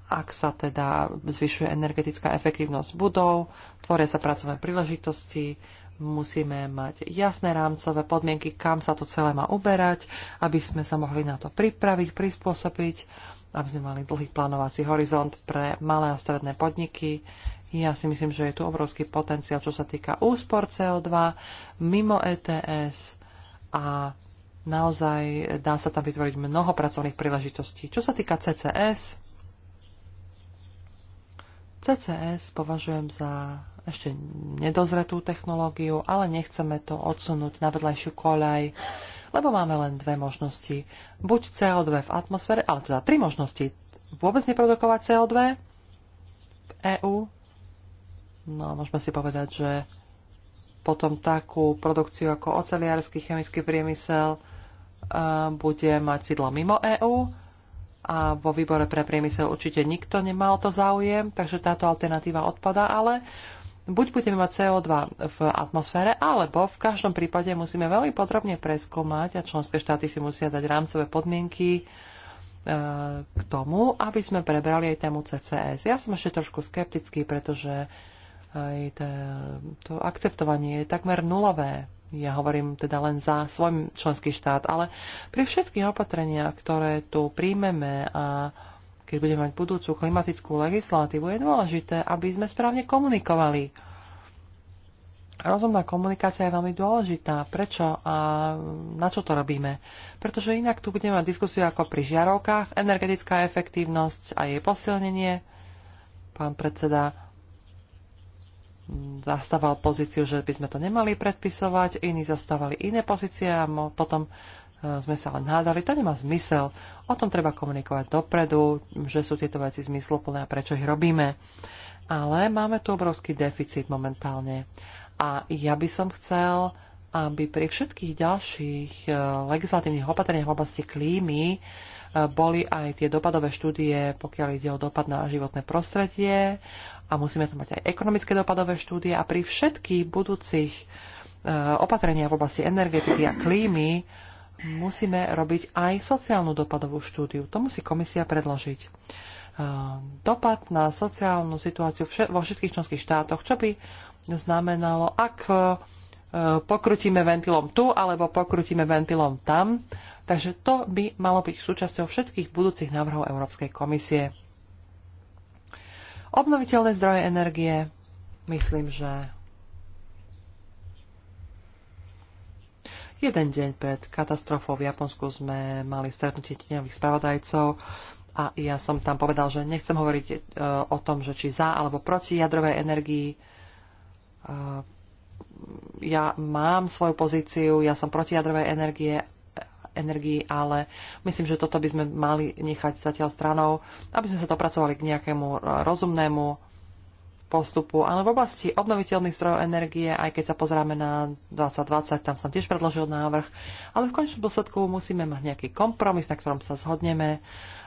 ak sa teda zvyšuje energetická efektívnosť budov, tvoria sa pracovné príležitosti, musíme mať jasné rámcové podmienky, kam sa to celé má uberať, aby sme sa mohli na to pripraviť, prispôsobiť, aby sme mali dlhý plánovací horizont pre malé a stredné podniky. Ja si myslím, že je tu obrovský potenciál, čo sa týka úspor CO2 mimo ETS a naozaj dá sa tam vytvoriť mnoho pracovných príležitostí. Čo sa týka CCS, CCS považujem za ešte nedozretú technológiu, ale nechceme to odsunúť na vedľajšiu koľaj, lebo máme len dve možnosti. Buď CO2 v atmosfére, ale teda tri možnosti. Vôbec neprodukovať CO2 v EÚ. No, môžeme si povedať, že potom takú produkciu ako oceliársky chemický priemysel e, bude mať sídlo mimo EÚ a vo výbore pre priemysel určite nikto nemá o to záujem, takže táto alternatíva odpadá, ale buď budeme mať CO2 v atmosfére, alebo v každom prípade musíme veľmi podrobne preskúmať a členské štáty si musia dať rámcové podmienky e, k tomu, aby sme prebrali aj tému CCS. Ja som ešte trošku skeptický, pretože aj e, to akceptovanie je takmer nulové. Ja hovorím teda len za svoj členský štát, ale pri všetkých opatreniach, ktoré tu príjmeme a keď budeme mať budúcu klimatickú legislatívu, je dôležité, aby sme správne komunikovali. Rozumná komunikácia je veľmi dôležitá. Prečo a na čo to robíme? Pretože inak tu budeme mať diskusiu ako pri žiarovkách, energetická efektívnosť a jej posilnenie. Pán predseda zastával pozíciu, že by sme to nemali predpisovať, iní zastávali iné pozície a potom Eh, sme sa len hádali. To nemá zmysel. O tom treba komunikovať dopredu, že sú tieto veci zmysluplné a prečo ich robíme. Ale máme tu obrovský deficit momentálne. A ja by som chcel, aby pri všetkých ďalších eh, legislatívnych opatreniach v oblasti klímy eh, boli aj tie dopadové štúdie, pokiaľ ide o dopad na životné prostredie a musíme tu mať aj ekonomické dopadové štúdie a pri všetkých budúcich opatreniach v oblasti energetiky a klímy musíme robiť aj sociálnu dopadovú štúdiu. To musí komisia predložiť. E, dopad na sociálnu situáciu vo všetkých členských štátoch, čo by znamenalo, ak e, pokrutíme ventilom tu alebo pokrutíme ventilom tam. Takže to by malo byť súčasťou všetkých budúcich návrhov Európskej komisie. Obnoviteľné zdroje energie, myslím, že Jeden deň pred katastrofou v Japonsku sme mali stretnutie tieňových spravodajcov a ja som tam povedal, že nechcem hovoriť e, o tom, že či za alebo proti jadrovej energii. E, ja mám svoju pozíciu, ja som proti jadrovej energie, energii, ale myslím, že toto by sme mali nechať zatiaľ stranou, aby sme sa dopracovali k nejakému rozumnému postupu, ale v oblasti obnoviteľných zdrojov energie, aj keď sa pozráme na 2020, tam som tiež predložil návrh, ale v končnom dôsledku musíme mať nejaký kompromis, na ktorom sa zhodneme,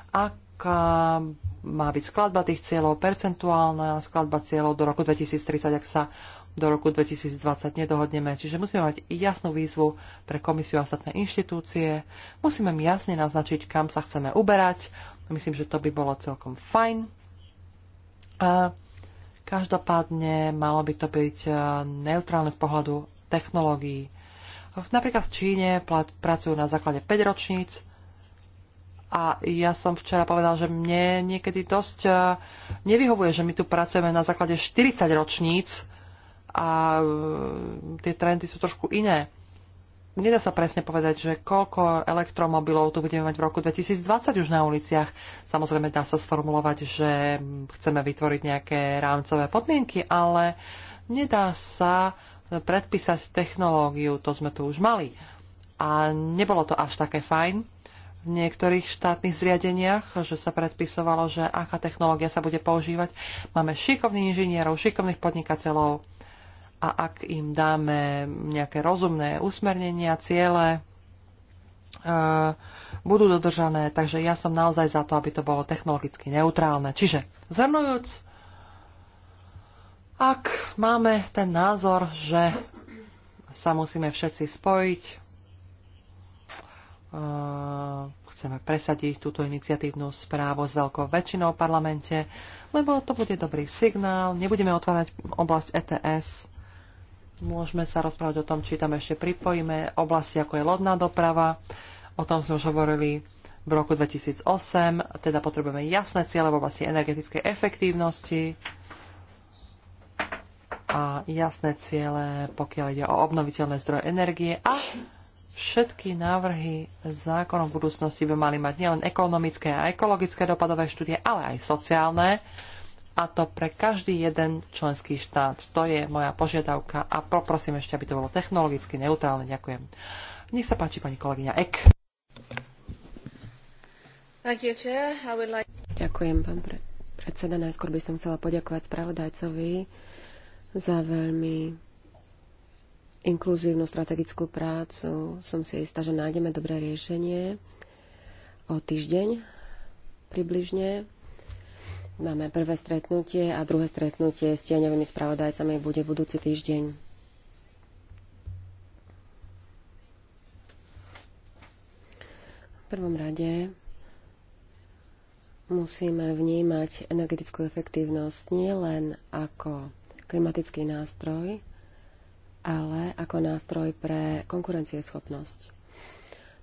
aká má byť skladba tých cieľov, percentuálna skladba cieľov do roku 2030, ak sa do roku 2020 nedohodneme. Čiže musíme mať jasnú výzvu pre komisiu a ostatné inštitúcie. Musíme jasne naznačiť, kam sa chceme uberať. Myslím, že to by bolo celkom fajn. Každopádne malo by to byť e, neutrálne z pohľadu technológií. Napríklad v Číne pracujú na základe 5 ročníc a ja som včera povedal, že mne niekedy dosť e, nevyhovuje, že my tu pracujeme na základe 40 ročníc a e, tie trendy sú trošku iné nedá sa presne povedať, že koľko elektromobilov tu budeme mať v roku 2020 už na uliciach. Samozrejme dá sa sformulovať, že chceme vytvoriť nejaké rámcové podmienky, ale nedá sa predpísať technológiu, to sme tu už mali. A nebolo to až také fajn v niektorých štátnych zriadeniach, že sa predpisovalo, že aká technológia sa bude používať. Máme šikovných inžinierov, šikovných podnikateľov, a ak im dáme nejaké rozumné usmernenia, ciele, e, budú dodržané, takže ja som naozaj za to, aby to bolo technologicky neutrálne. Čiže zhrnujúc, ak máme ten názor, že sa musíme všetci spojiť, e, chceme presadiť túto iniciatívnu správu s veľkou väčšinou v parlamente, lebo to bude dobrý signál, nebudeme otvárať oblasť ETS, Môžeme sa rozprávať o tom, či tam ešte pripojíme oblasti, ako je lodná doprava. O tom sme už hovorili v roku 2008, teda potrebujeme jasné ciele v oblasti energetickej efektívnosti a jasné ciele, pokiaľ ide o obnoviteľné zdroje energie a všetky návrhy zákonov v budúcnosti by mali mať nielen ekonomické a ekologické dopadové štúdie, ale aj sociálne, a to pre každý jeden členský štát. To je moja požiadavka a poprosím ešte, aby to bolo technologicky neutrálne. Ďakujem. Nech sa páči pani kolegyňa Ek. Ďakujem, pán pre- predseda. Najskôr by som chcela poďakovať spravodajcovi za veľmi inkluzívnu strategickú prácu. Som si istá, že nájdeme dobré riešenie o týždeň približne Máme prvé stretnutie a druhé stretnutie s tieňovými spravodajcami bude budúci týždeň. V prvom rade musíme vnímať energetickú efektívnosť nielen ako klimatický nástroj, ale ako nástroj pre konkurencieschopnosť.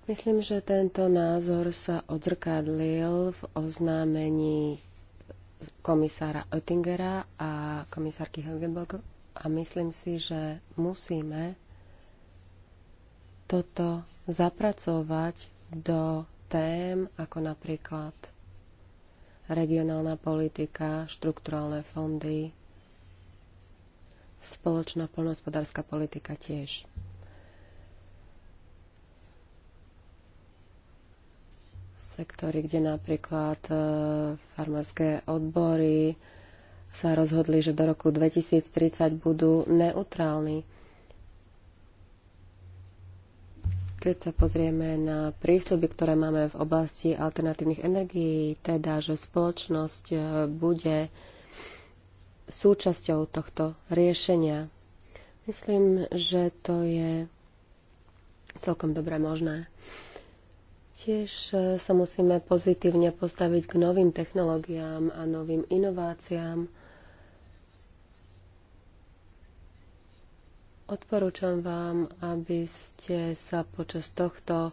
Myslím, že tento názor sa odzrkadlil v oznámení komisára Oettingera a komisárky Helgenborg a myslím si, že musíme toto zapracovať do tém ako napríklad regionálna politika, štrukturálne fondy, spoločná poľnohospodárska politika tiež. sektory, kde napríklad e, farmárske odbory sa rozhodli, že do roku 2030 budú neutrálni. Keď sa pozrieme na prísľuby, ktoré máme v oblasti alternatívnych energií, teda, že spoločnosť e, bude súčasťou tohto riešenia, myslím, že to je celkom dobre možné. Tiež e, sa musíme pozitívne postaviť k novým technológiám a novým inováciám. Odporúčam vám, aby ste sa počas tohto e,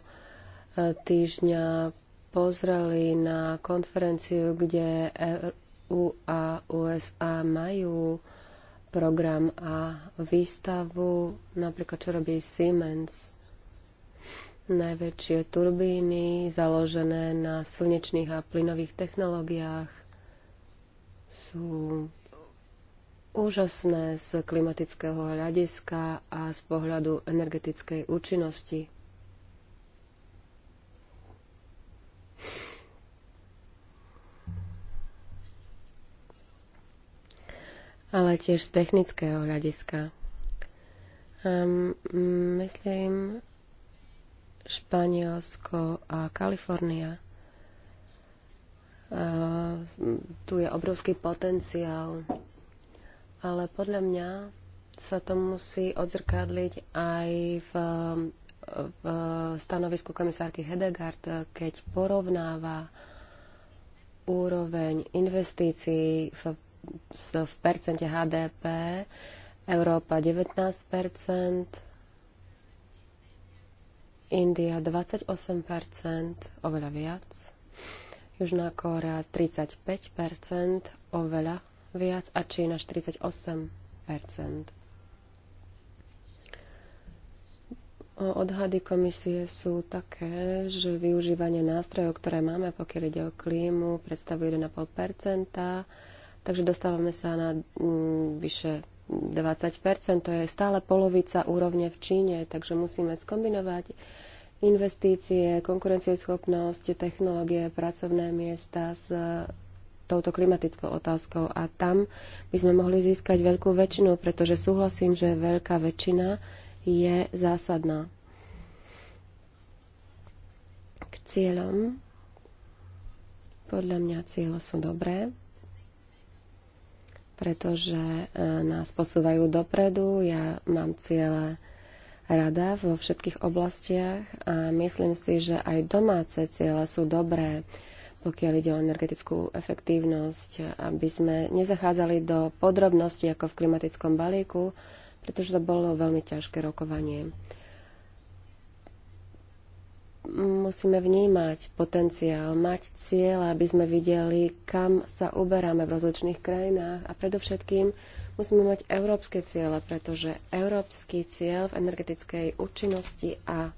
týždňa pozreli na konferenciu, kde EU a USA majú program a výstavu, napríklad čo robí Siemens najväčšie turbíny založené na slnečných a plynových technológiách sú úžasné z klimatického hľadiska a z pohľadu energetickej účinnosti. Ale tiež z technického hľadiska. Um, myslím, Španielsko a Kalifornia. Uh, tu je obrovský potenciál, ale podľa mňa sa to musí odzrkadliť aj v, v stanovisku komisárky Hedegard, keď porovnáva úroveň investícií v, v percente HDP Európa 19 India 28%, oveľa viac. Južná Kórea 35%, oveľa viac. A Čína 48%. Odhady komisie sú také, že využívanie nástrojov, ktoré máme, pokiaľ ide o klímu, predstavuje 1,5%, takže dostávame sa na mm, vyše 20%, to je stále polovica úrovne v Číne, takže musíme skombinovať investície, konkurencieschopnosť, technológie, pracovné miesta s touto klimatickou otázkou a tam by sme mohli získať veľkú väčšinu, pretože súhlasím, že veľká väčšina je zásadná. K cieľom. Podľa mňa cieľe sú dobré, pretože eh, nás posúvajú dopredu. Ja mám cieľe rada vo všetkých oblastiach a myslím si, že aj domáce ciele sú dobré, pokiaľ ide o energetickú efektívnosť, aby sme nezachádzali do podrobností ako v klimatickom balíku, pretože to bolo veľmi ťažké rokovanie. Musíme vnímať potenciál, mať cieľ, aby sme videli, kam sa uberáme v rozličných krajinách a predovšetkým Musíme mať európske ciele, pretože európsky cieľ v energetickej účinnosti a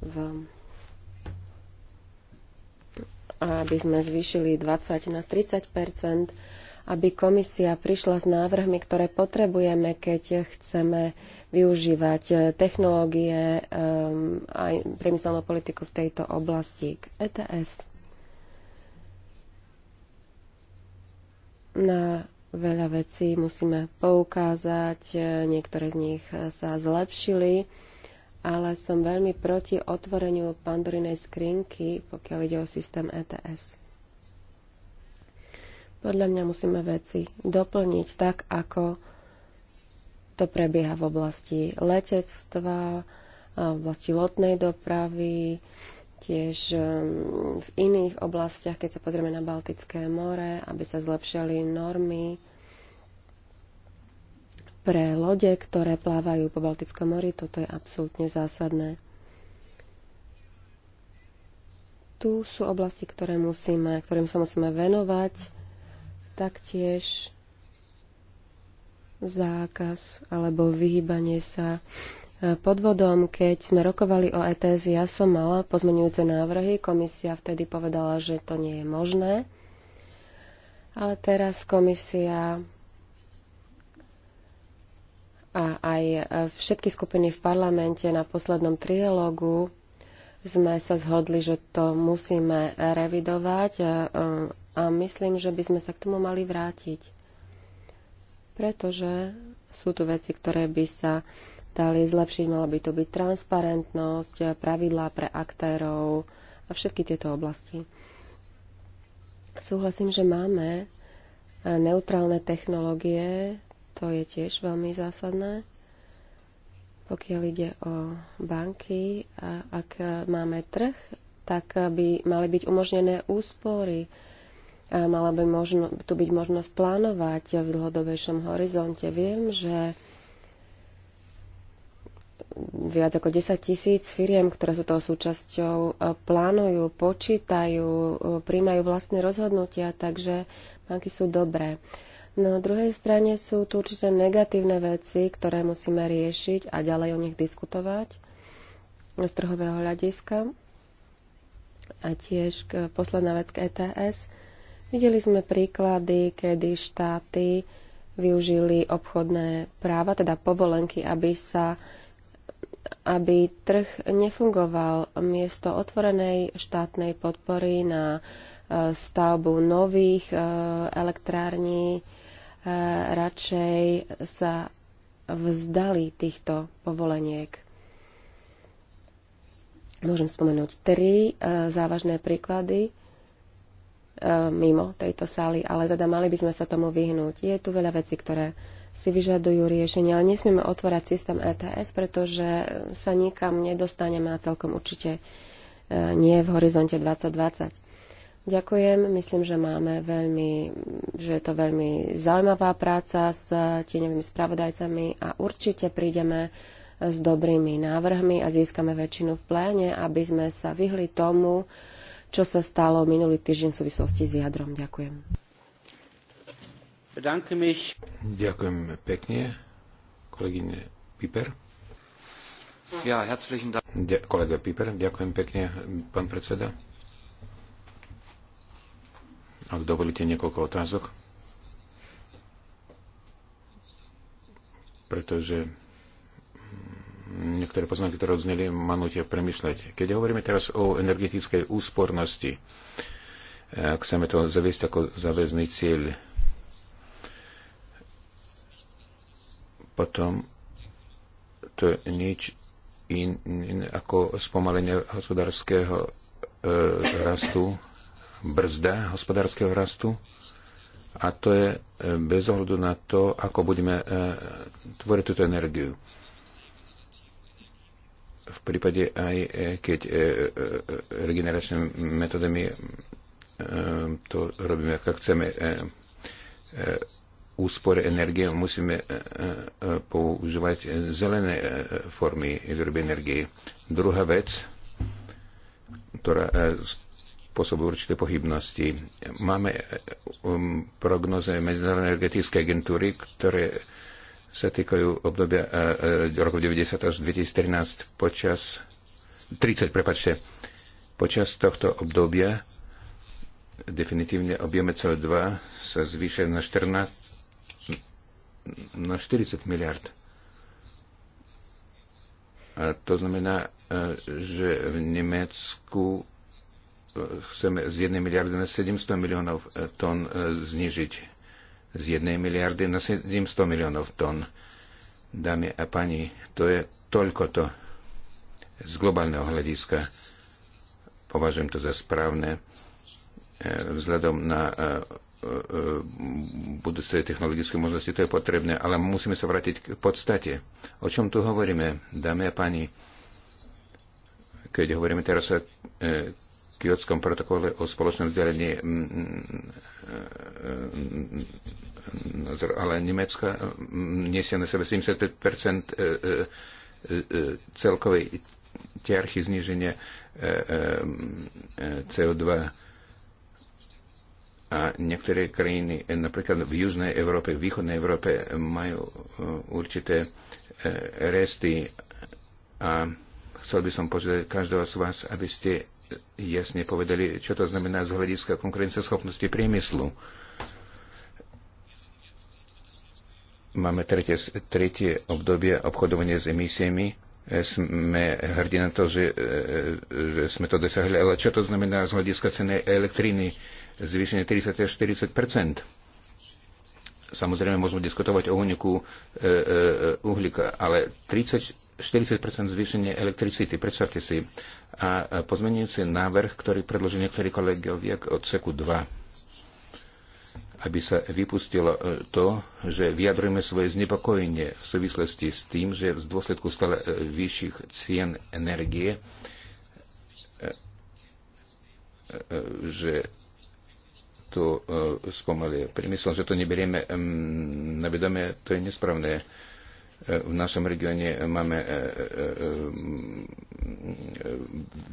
v aby sme zvýšili 20 na 30 aby komisia prišla s návrhmi, ktoré potrebujeme, keď chceme využívať technológie um, priemyselnú politiku v tejto oblasti k ETS. Na veľa vecí musíme poukázať, e, niektoré z nich e, sa zlepšili, ale som veľmi proti otvoreniu pandorinej skrinky, pokiaľ ide o systém ETS. Podľa mňa musíme veci doplniť tak, ako to prebieha v oblasti letectva, v oblasti lotnej dopravy, tiež ehm, v iných oblastiach, keď sa pozrieme na Baltické more, aby sa zlepšili normy pre lode, ktoré plávajú po Baltickom mori. Toto je absolútne zásadné. Tu sú oblasti, ktoré musíme, ktorým sa musíme venovať. Taktiež zákaz alebo vyhýbanie sa podvodom, keď sme rokovali o ETS, ja som mala pozmenujúce návrhy. Komisia vtedy povedala, že to nie je možné. Ale teraz komisia a aj všetky skupiny v parlamente na poslednom trialógu sme sa zhodli, že to musíme revidovať e, a myslím, že by sme sa k tomu mali vrátiť. Pretože sú tu veci, ktoré by sa dali zlepšiť, mala by to byť transparentnosť, pravidlá pre aktérov a všetky tieto oblasti. Súhlasím, že máme neutrálne technológie, to je tiež veľmi zásadné, pokiaľ ide o banky. A ak máme trh, tak by mali byť umožnené úspory, a mala by možno, tu byť možnosť plánovať v dlhodobejšom horizonte. Viem, že viac ako 10 tisíc firiem, ktoré sú toho súčasťou, e, plánujú, počítajú, e, príjmajú vlastné rozhodnutia, takže banky sú dobré. Na druhej strane sú tu určite negatívne veci, ktoré musíme riešiť a ďalej o nich diskutovať z trhového hľadiska. A tiež posledná vec k ETS. Videli sme príklady, kedy štáty využili obchodné práva, teda povolenky, aby sa aby trh nefungoval miesto otvorenej štátnej podpory na e, stavbu nových e, elektrární, e, radšej sa vzdali týchto povoleniek. Môžem spomenúť tri závažné príklady mimo tejto sály, ale teda mali by sme sa tomu vyhnúť. Je tu veľa vecí, ktoré si vyžadujú riešenie, ale nesmieme otvárať systém ETS, pretože sa nikam nedostaneme a celkom určite e, nie v horizonte 2020. Ďakujem, myslím, že máme veľmi, že je to veľmi zaujímavá práca s tieňovými spravodajcami a určite prídeme s dobrými návrhmi a získame väčšinu v pléne, aby sme sa vyhli tomu, čo sa stalo minulý týždeň v súvislosti s jadrom. Ďakujem. Ďakujem pekne, kolegyne Piper. Ja, herzlichen Dank. kolega Piper, ďakujem pekne, pán predseda. Ak dovolíte niekoľko otázok. Pretože niektoré poznámky, ktoré odzneli, ma nutia premyšľať. Keď hovoríme teraz o energetickej úspornosti, chceme to zaviesť ako záväzný cieľ potom to je nič in, in ako spomalenie hospodárskeho e, rastu, brzda hospodárskeho rastu. A to je e, bez ohľadu na to, ako budeme e, tvoriť túto energiu. V prípade aj e, keď e, e, e, regeneračnými metodami e, to robíme, ako chceme e, e, úspore energie musíme e, e, používať zelené e, formy výroby energie. Druhá vec, ktorá spôsobuje určité pohybnosti. Máme um, prognoze Medzinárodnej energetickej agentúry, ktoré sa týkajú obdobia roku 90 až 2013 počas 30, prepačte. Počas tohto obdobia definitívne objeme CO2 sa zvýšia na 14 na 40 miliard. A to znamená, e, že v Nemecku e, chceme z 1 miliardy na 700 miliónov e, tón znižiť. Z 1 miliardy na 700 miliónov tón. Dámy a pani, to je toľko to z globálneho hľadiska. Považujem to za správne vzhľadom na E, e, budú svoje technologické možnosti, to je potrebné, ale musíme sa vrátiť k podstate. O čom tu hovoríme, dámy a páni, keď hovoríme teraz o e, kiotskom protokole o spoločnom vzdelení ale Nemecka nesie na sebe 75 celkovej ťarchy zniženia CO2 a niektoré krajiny, eh, napríklad v Južnej Európe, v Východnej Európe, eh, majú eh, určité resty a chcel by som požiadať každého z vás, aby ste jasne povedali, čo to znamená z hľadiska konkurenceschopnosti priemyslu. Máme tretie, tretie obdobie obchodovania s emisiami. Sme hrdí na to, že, že sme to dosiahli, ale čo to znamená z hľadiska ceny elektriny? zvýšenie 30 až 40 Samozrejme, môžeme diskutovať o úniku e, e, uhlíka, ale 30, 40 zvýšenie elektricity, predstavte si. A pozmenujúci návrh, ktorý predložili niektorí kolegovia od Seku 2, aby sa vypustilo e, to, že vyjadrujeme svoje znepokojenie v súvislosti s tým, že v dôsledku stále e, vyšších cien energie e, že to e, spomaluje. Priemysel, že to neberieme na vedomie, to je nesprávne. E, v našom regióne máme e,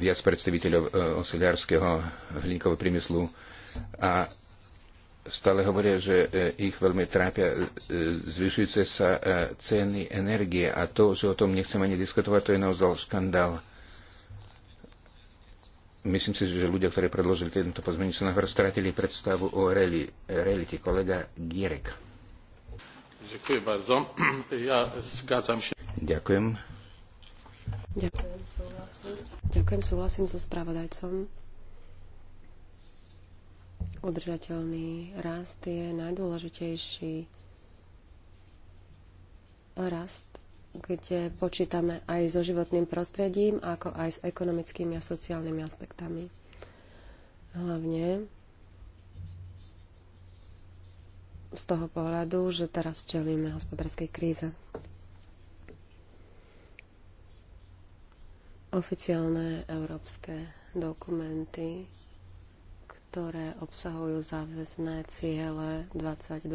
viac predstaviteľov osiliarského hliníkového priemyslu a stále hovoria, že ich veľmi trápia zvyšujúce sa ceny energie a to, že o tom nechceme ani diskutovať, to je naozaj škandál Myslím si, že ľudia, ktorí predložili tento pozmeňujúci návrh, stratili predstavu o realite. Kolega Gierek. Ďakujem bardzo. Ja zgadzam się. Ďakujem. Ďakujem, súhlasím. Ďakujem, súhlasím so spravodajcom. Udržateľný rast je najdôležitejší rast kde eh, počítame aj so životným prostredím, ako aj s ekonomickými a sociálnymi aspektami. Hlavne z toho pohľadu, že teraz čelíme hospodárskej kríze. Oficiálne európske dokumenty, ktoré obsahujú záväzné ciele 2020,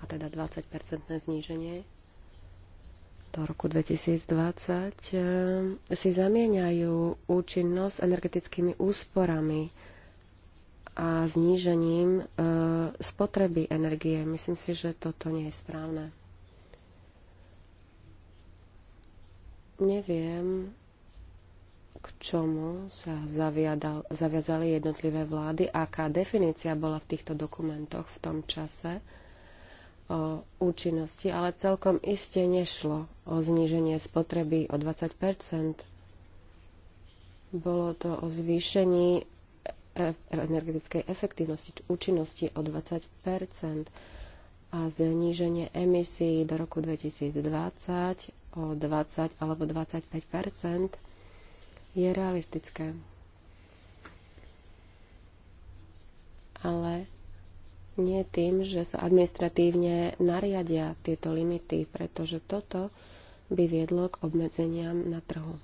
a teda 20-percentné zníženie do roku 2020 e, si zamieňajú účinnosť s energetickými úsporami a znížením e, spotreby energie. Myslím si, že toto nie je správne. Neviem, k čomu sa zaviadal, zaviazali jednotlivé vlády, aká definícia bola v týchto dokumentoch v tom čase o účinnosti, ale celkom iste nešlo o zníženie spotreby o 20 Bolo to o zvýšení e, energetickej efektívnosti, účinnosti o 20 a zníženie emisí do roku 2020 o 20 alebo 25 je realistické. Ale nie tým, že sa administratívne nariadia tieto limity, pretože toto by viedlo k obmedzeniam na trhu.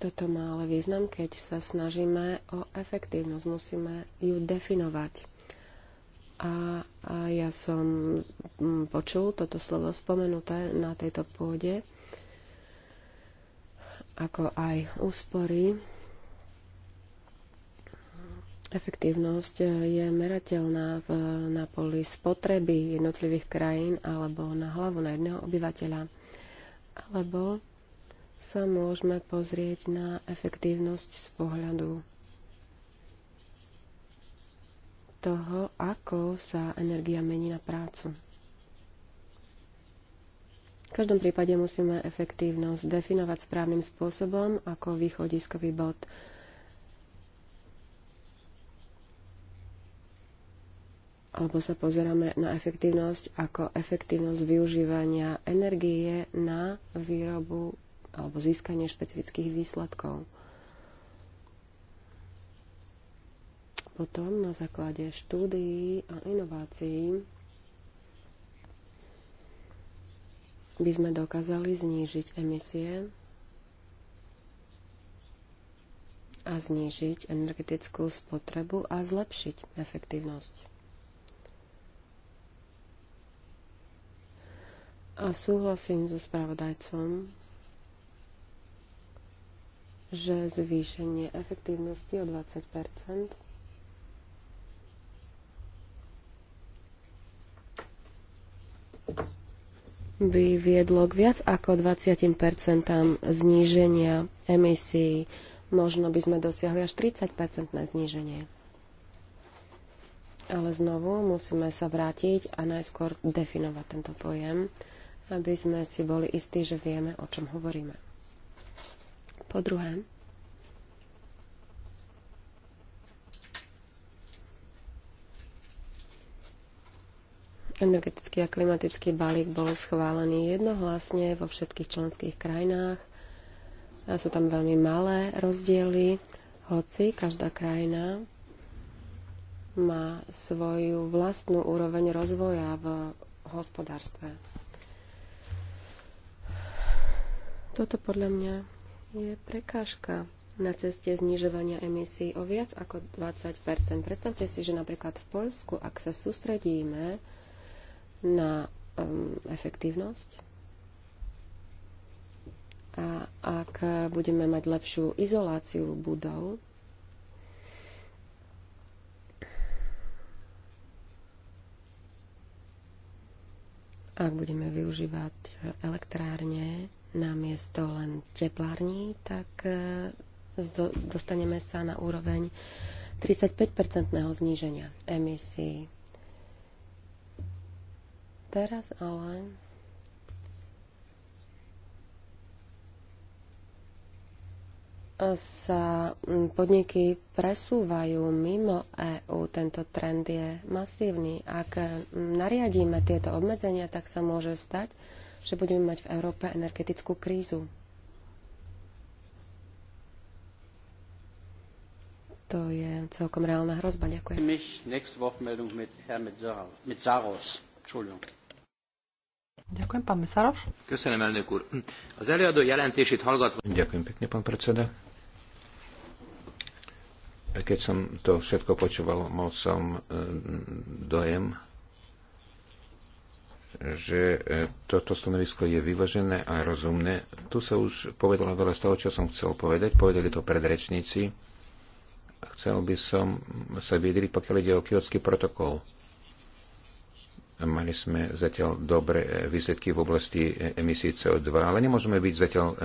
Toto má ale význam, keď sa snažíme o efektívnosť. Musíme ju definovať. A, a ja som mm, počul toto slovo spomenuté na tejto pôde, ako aj úspory. Efektívnosť e, je merateľná v, na poli spotreby jednotlivých krajín alebo na hlavu na jedného obyvateľa. Alebo sa môžeme pozrieť na efektívnosť z pohľadu toho, ako sa energia mení na prácu. V každom prípade musíme efektívnosť definovať správnym spôsobom ako východiskový bod. Alebo sa pozeráme na efektívnosť ako efektívnosť využívania energie na výrobu alebo získanie špecifických výsledkov. potom na základe štúdií a inovácií by sme dokázali znížiť emisie a znížiť energetickú spotrebu a zlepšiť efektívnosť. A súhlasím so spravodajcom, že zvýšenie efektívnosti o 20 by viedlo k viac ako 20 zníženia emisí. Možno by sme dosiahli až 30 zníženie. Ale znovu musíme sa vrátiť a najskôr definovať tento pojem, aby sme si boli istí, že vieme, o čom hovoríme. Po druhé, Energetický a klimatický balík bol schválený jednohlasne vo všetkých členských krajinách. A sú tam veľmi malé rozdiely, hoci každá krajina má svoju vlastnú úroveň rozvoja v hospodárstve. Toto podľa mňa je prekážka na ceste znižovania emisí o viac ako 20 Predstavte si, že napríklad v Poľsku, ak sa sústredíme na um, efektívnosť. A ak budeme mať lepšiu izoláciu budov, ak budeme využívať elektrárne na miesto len teplární, tak e, dostaneme sa na úroveň 35-percentného zníženia emisí Teraz ale sa podniky presúvajú mimo EÚ. Tento trend je masívny. Ak nariadíme tieto obmedzenia, tak sa môže stať, že budeme mať v Európe energetickú krízu. To je celkom reálna hrozba. Ďakujem. Ďakujem, pán Mesaroš. Köszönöm, elnök úr. Az előadó jelentését hallgatva... Ďakujem pekne, pán predseda. Keď som to všetko počúval, mal som e, dojem, že e, toto stanovisko je vyvažené a rozumné. Tu sa už povedalo veľa z toho, čo som chcel povedať. Povedali to predrečníci. Chcel by som sa vyjadriť, pokiaľ ide o kiotský protokol. Mali sme zatiaľ dobré e, výsledky v oblasti e, emisí CO2, ale nemôžeme byť zatiaľ e,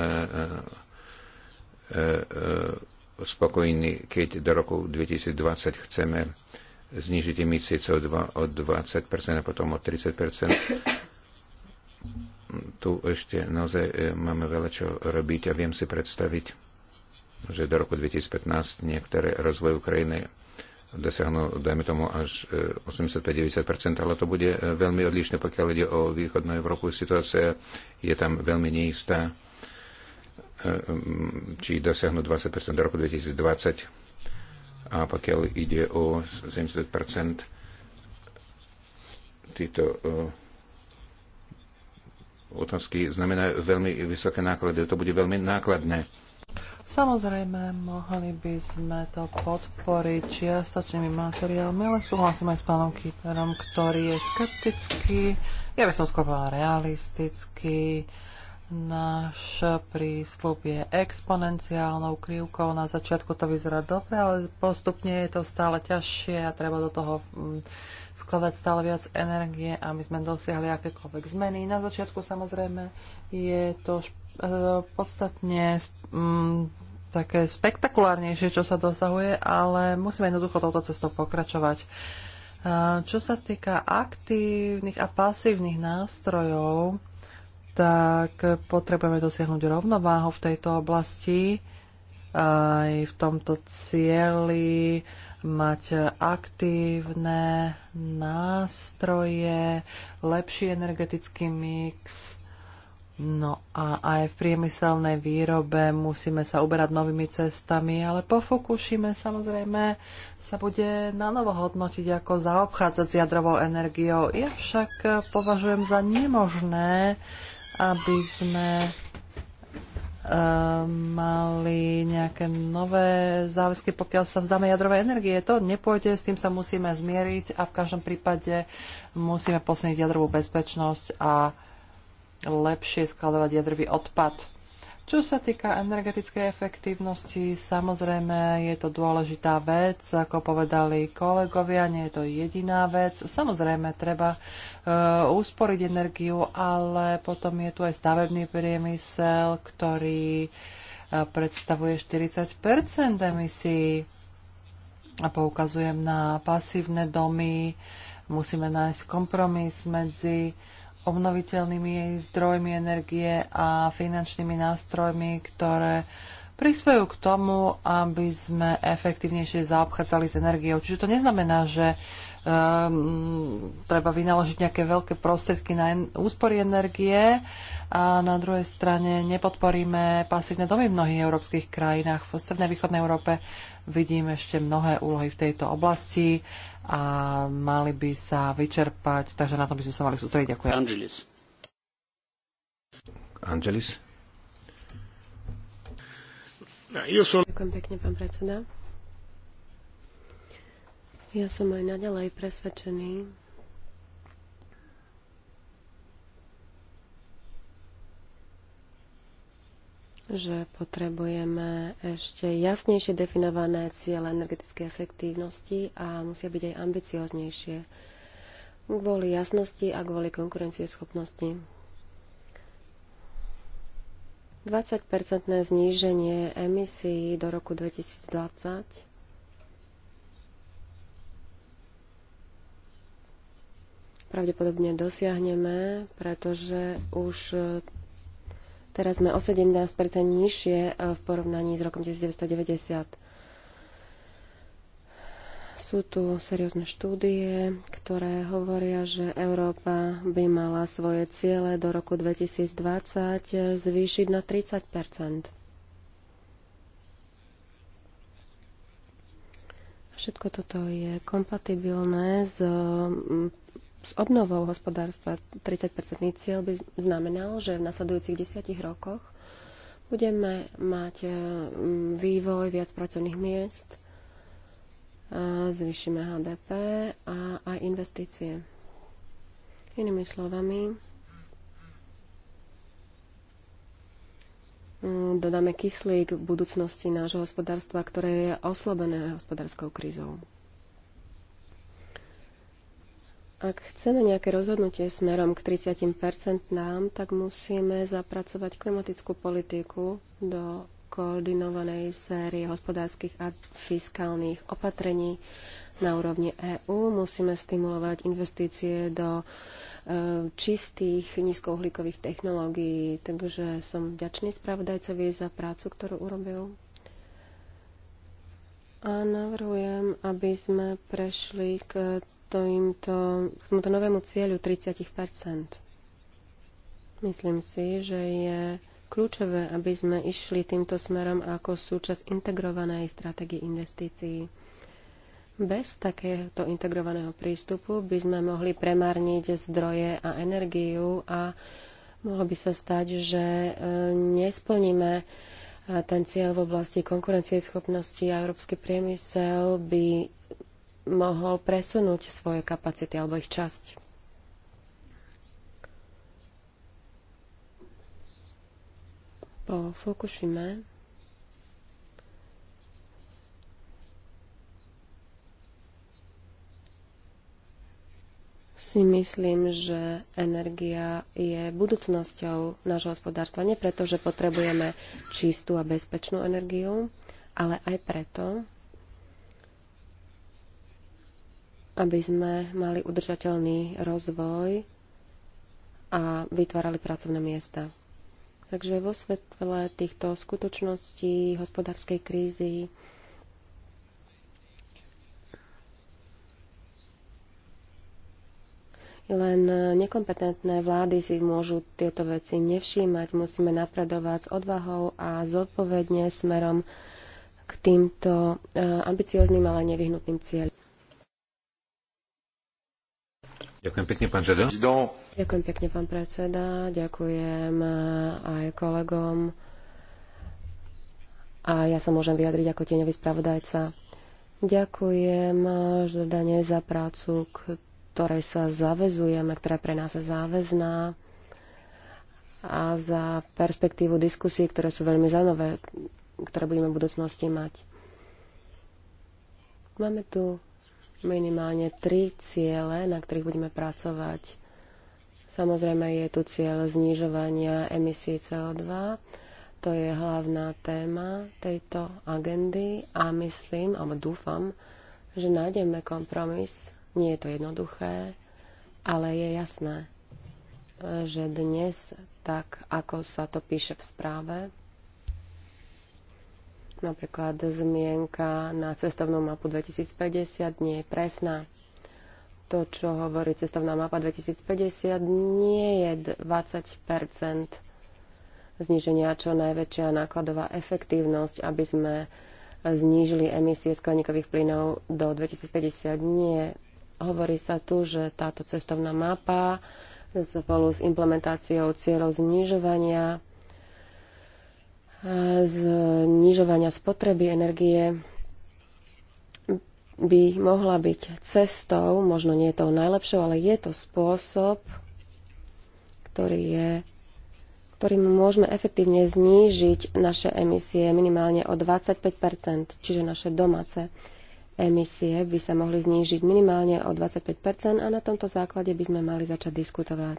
spokojní, keď do roku 2020 chceme znižiť emisie CO2 o 20% a potom o 30%. Tu ešte naozaj máme veľa čo robiť a viem si predstaviť, že do roku 2015 niektoré rozvoj Ukrajiny dosiahnu, dajme tomu, až 85-90%, e, ale to bude e, veľmi odlišné, pokiaľ ide o východnú Európu. Situácia je tam veľmi neistá, e, či dosiahnu 20% do roku 2020 a pokiaľ ide o 70%, títo otázky znamenajú veľmi vysoké náklady. To bude veľmi nákladné Samozrejme, mohli by sme to podporiť čiastočnými materiálmi, ale súhlasím aj s pánom Kýperom, ktorý je skeptický, ja by som skôr realistický. Náš prísľub je exponenciálnou krivkou. Na začiatku to vyzerá dobre, ale postupne je to stále ťažšie a treba do toho mm, vkladať stále viac energie, aby sme dosiahli akékoľvek zmeny. Na začiatku samozrejme je to e, podstatne mm, také spektakulárnejšie, čo sa dosahuje, ale musíme jednoducho touto cestou pokračovať. Čo sa týka aktívnych a pasívnych nástrojov, tak potrebujeme dosiahnuť rovnováhu v tejto oblasti. Aj v tomto cieli mať aktívne nástroje, lepší energetický mix, No a aj v priemyselnej výrobe musíme sa uberať novými cestami, ale po Fukushime samozrejme sa bude na novo hodnotiť, ako zaobchádzať s jadrovou energiou. Ja však považujem za nemožné, aby sme eh, mali nejaké nové záväzky, pokiaľ sa vzdáme jadrovej energie. To nepôjde, s tým sa musíme zmieriť a v každom prípade musíme posilniť jadrovú bezpečnosť a lepšie skladovať jadrový odpad. Čo sa týka energetickej efektívnosti, samozrejme je to dôležitá vec, ako povedali kolegovia, nie je to jediná vec. Samozrejme treba e, usporiť energiu, ale potom je tu aj stavebný priemysel, ktorý e, predstavuje 40 emisí. A poukazujem na pasívne domy. Musíme nájsť kompromis medzi obnoviteľnými zdrojmi energie a finančnými nástrojmi, ktoré prispejú k tomu, aby sme efektívnejšie zaobchádzali s energiou. Čiže to neznamená, že um, treba vynaložiť nejaké veľké prostriedky na en- úspory energie a na druhej strane nepodporíme pasívne domy v mnohých európskych krajinách. V strednej východnej Európe vidím ešte mnohé úlohy v tejto oblasti a mali by sa vyčerpať, takže na to by sme sa mali sústrediť. Ďakujem. Angelis. Angelis. Ďakujem pekne, pán predseda. Ja som aj naďalej presvedčený, že potrebujeme ešte jasnejšie definované ciele energetickej efektívnosti a musia byť aj ambicioznejšie kvôli jasnosti a kvôli konkurencieschopnosti. 20-percentné zníženie emisí do roku 2020 pravdepodobne dosiahneme, pretože už Teraz sme o 17 nižšie e, v porovnaní s rokom 1990. Sú tu seriózne štúdie, ktoré hovoria, že Európa by mala svoje ciele do roku 2020 zvýšiť na 30 Všetko toto je kompatibilné s s obnovou hospodárstva 30-percentný cieľ by znamenal, že v nasledujúcich desiatich rokoch budeme mať e, vývoj viac pracovných miest, e, zvýšime HDP a aj investície. Inými slovami, dodáme kyslík v budúcnosti nášho hospodárstva, ktoré je oslabené hospodárskou krízou. Ak chceme nejaké rozhodnutie smerom k 30 nám, tak musíme zapracovať klimatickú politiku do koordinovanej série hospodárskych a fiskálnych opatrení na úrovni EÚ. Musíme stimulovať investície do e, čistých nízkouhlíkových technológií. Takže som vďačný spravodajcovi za prácu, ktorú urobil. A navrhujem, aby sme prešli k týmto, k tomuto novému cieľu 30 Myslím si, že je kľúčové, aby sme išli týmto smerom ako súčasť integrovanej stratégie investícií. Bez takéhoto integrovaného prístupu by sme mohli premárniť zdroje a energiu a mohlo by sa stať, že e, nesplníme e, ten cieľ v oblasti konkurencieschopnosti a európsky priemysel by mohol presunúť svoje kapacity alebo ich časť. Po Fukushima si myslím, že energia je budúcnosťou nášho hospodárstva. Nie preto, že potrebujeme čistú a bezpečnú energiu, ale aj preto, aby sme mali udržateľný rozvoj a vytvárali pracovné miesta. Takže vo svetle týchto skutočností hospodárskej krízy Len nekompetentné vlády si môžu tieto veci nevšímať. Musíme napredovať s odvahou a zodpovedne smerom k týmto eh, ambiciozným, ale nevyhnutným cieľom. Ďakujem pekne, pán Ďakujem pekne, pán predseda. Ďakujem eh, aj kolegom. A ja sa môžem vyjadriť ako tieňový spravodajca. Ďakujem eh, žedane za prácu, ktorej sa zavezujeme, ktorá pre nás je záväzná a za perspektívu diskusí, ktoré sú veľmi zaujímavé, ktoré budeme v budúcnosti mať. Máme tu minimálne tri ciele, na ktorých budeme pracovať. Samozrejme je tu cieľ znižovania emisí CO2. To je hlavná téma tejto agendy a myslím, alebo dúfam, že nájdeme kompromis. Nie je to jednoduché, ale je jasné, že dnes, tak ako sa to píše v správe, Napríklad zmienka na cestovnú mapu 2050 nie je presná. To, čo hovorí cestovná mapa 2050, nie je 20 zníženia čo najväčšia nákladová efektívnosť, aby sme znížili emisie skleníkových plynov do 2050. Nie. Hovorí sa tu, že táto cestovná mapa spolu s implementáciou cieľov znižovania znižovania spotreby energie by mohla byť cestou, možno nie je tou najlepšou, ale je to spôsob, ktorý je ktorým môžeme efektívne znížiť naše emisie minimálne o 25 čiže naše domáce emisie by sa mohli znížiť minimálne o 25 a na tomto základe by sme mali začať diskutovať.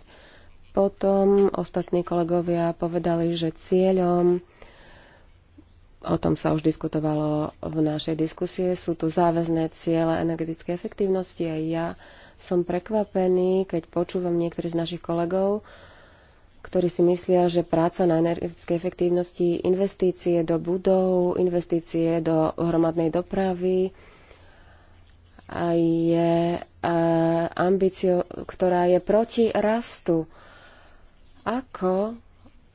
Potom ostatní kolegovia povedali, že cieľom O tom sa už diskutovalo v našej diskusie. Sú tu záväzné ciele energetickej efektívnosti a ja som prekvapený, keď počúvam niektorých z našich kolegov, ktorí si myslia, že práca na energetickej efektívnosti, investície do budov, investície do hromadnej dopravy je e, ambíciou, ktorá je proti rastu. Ako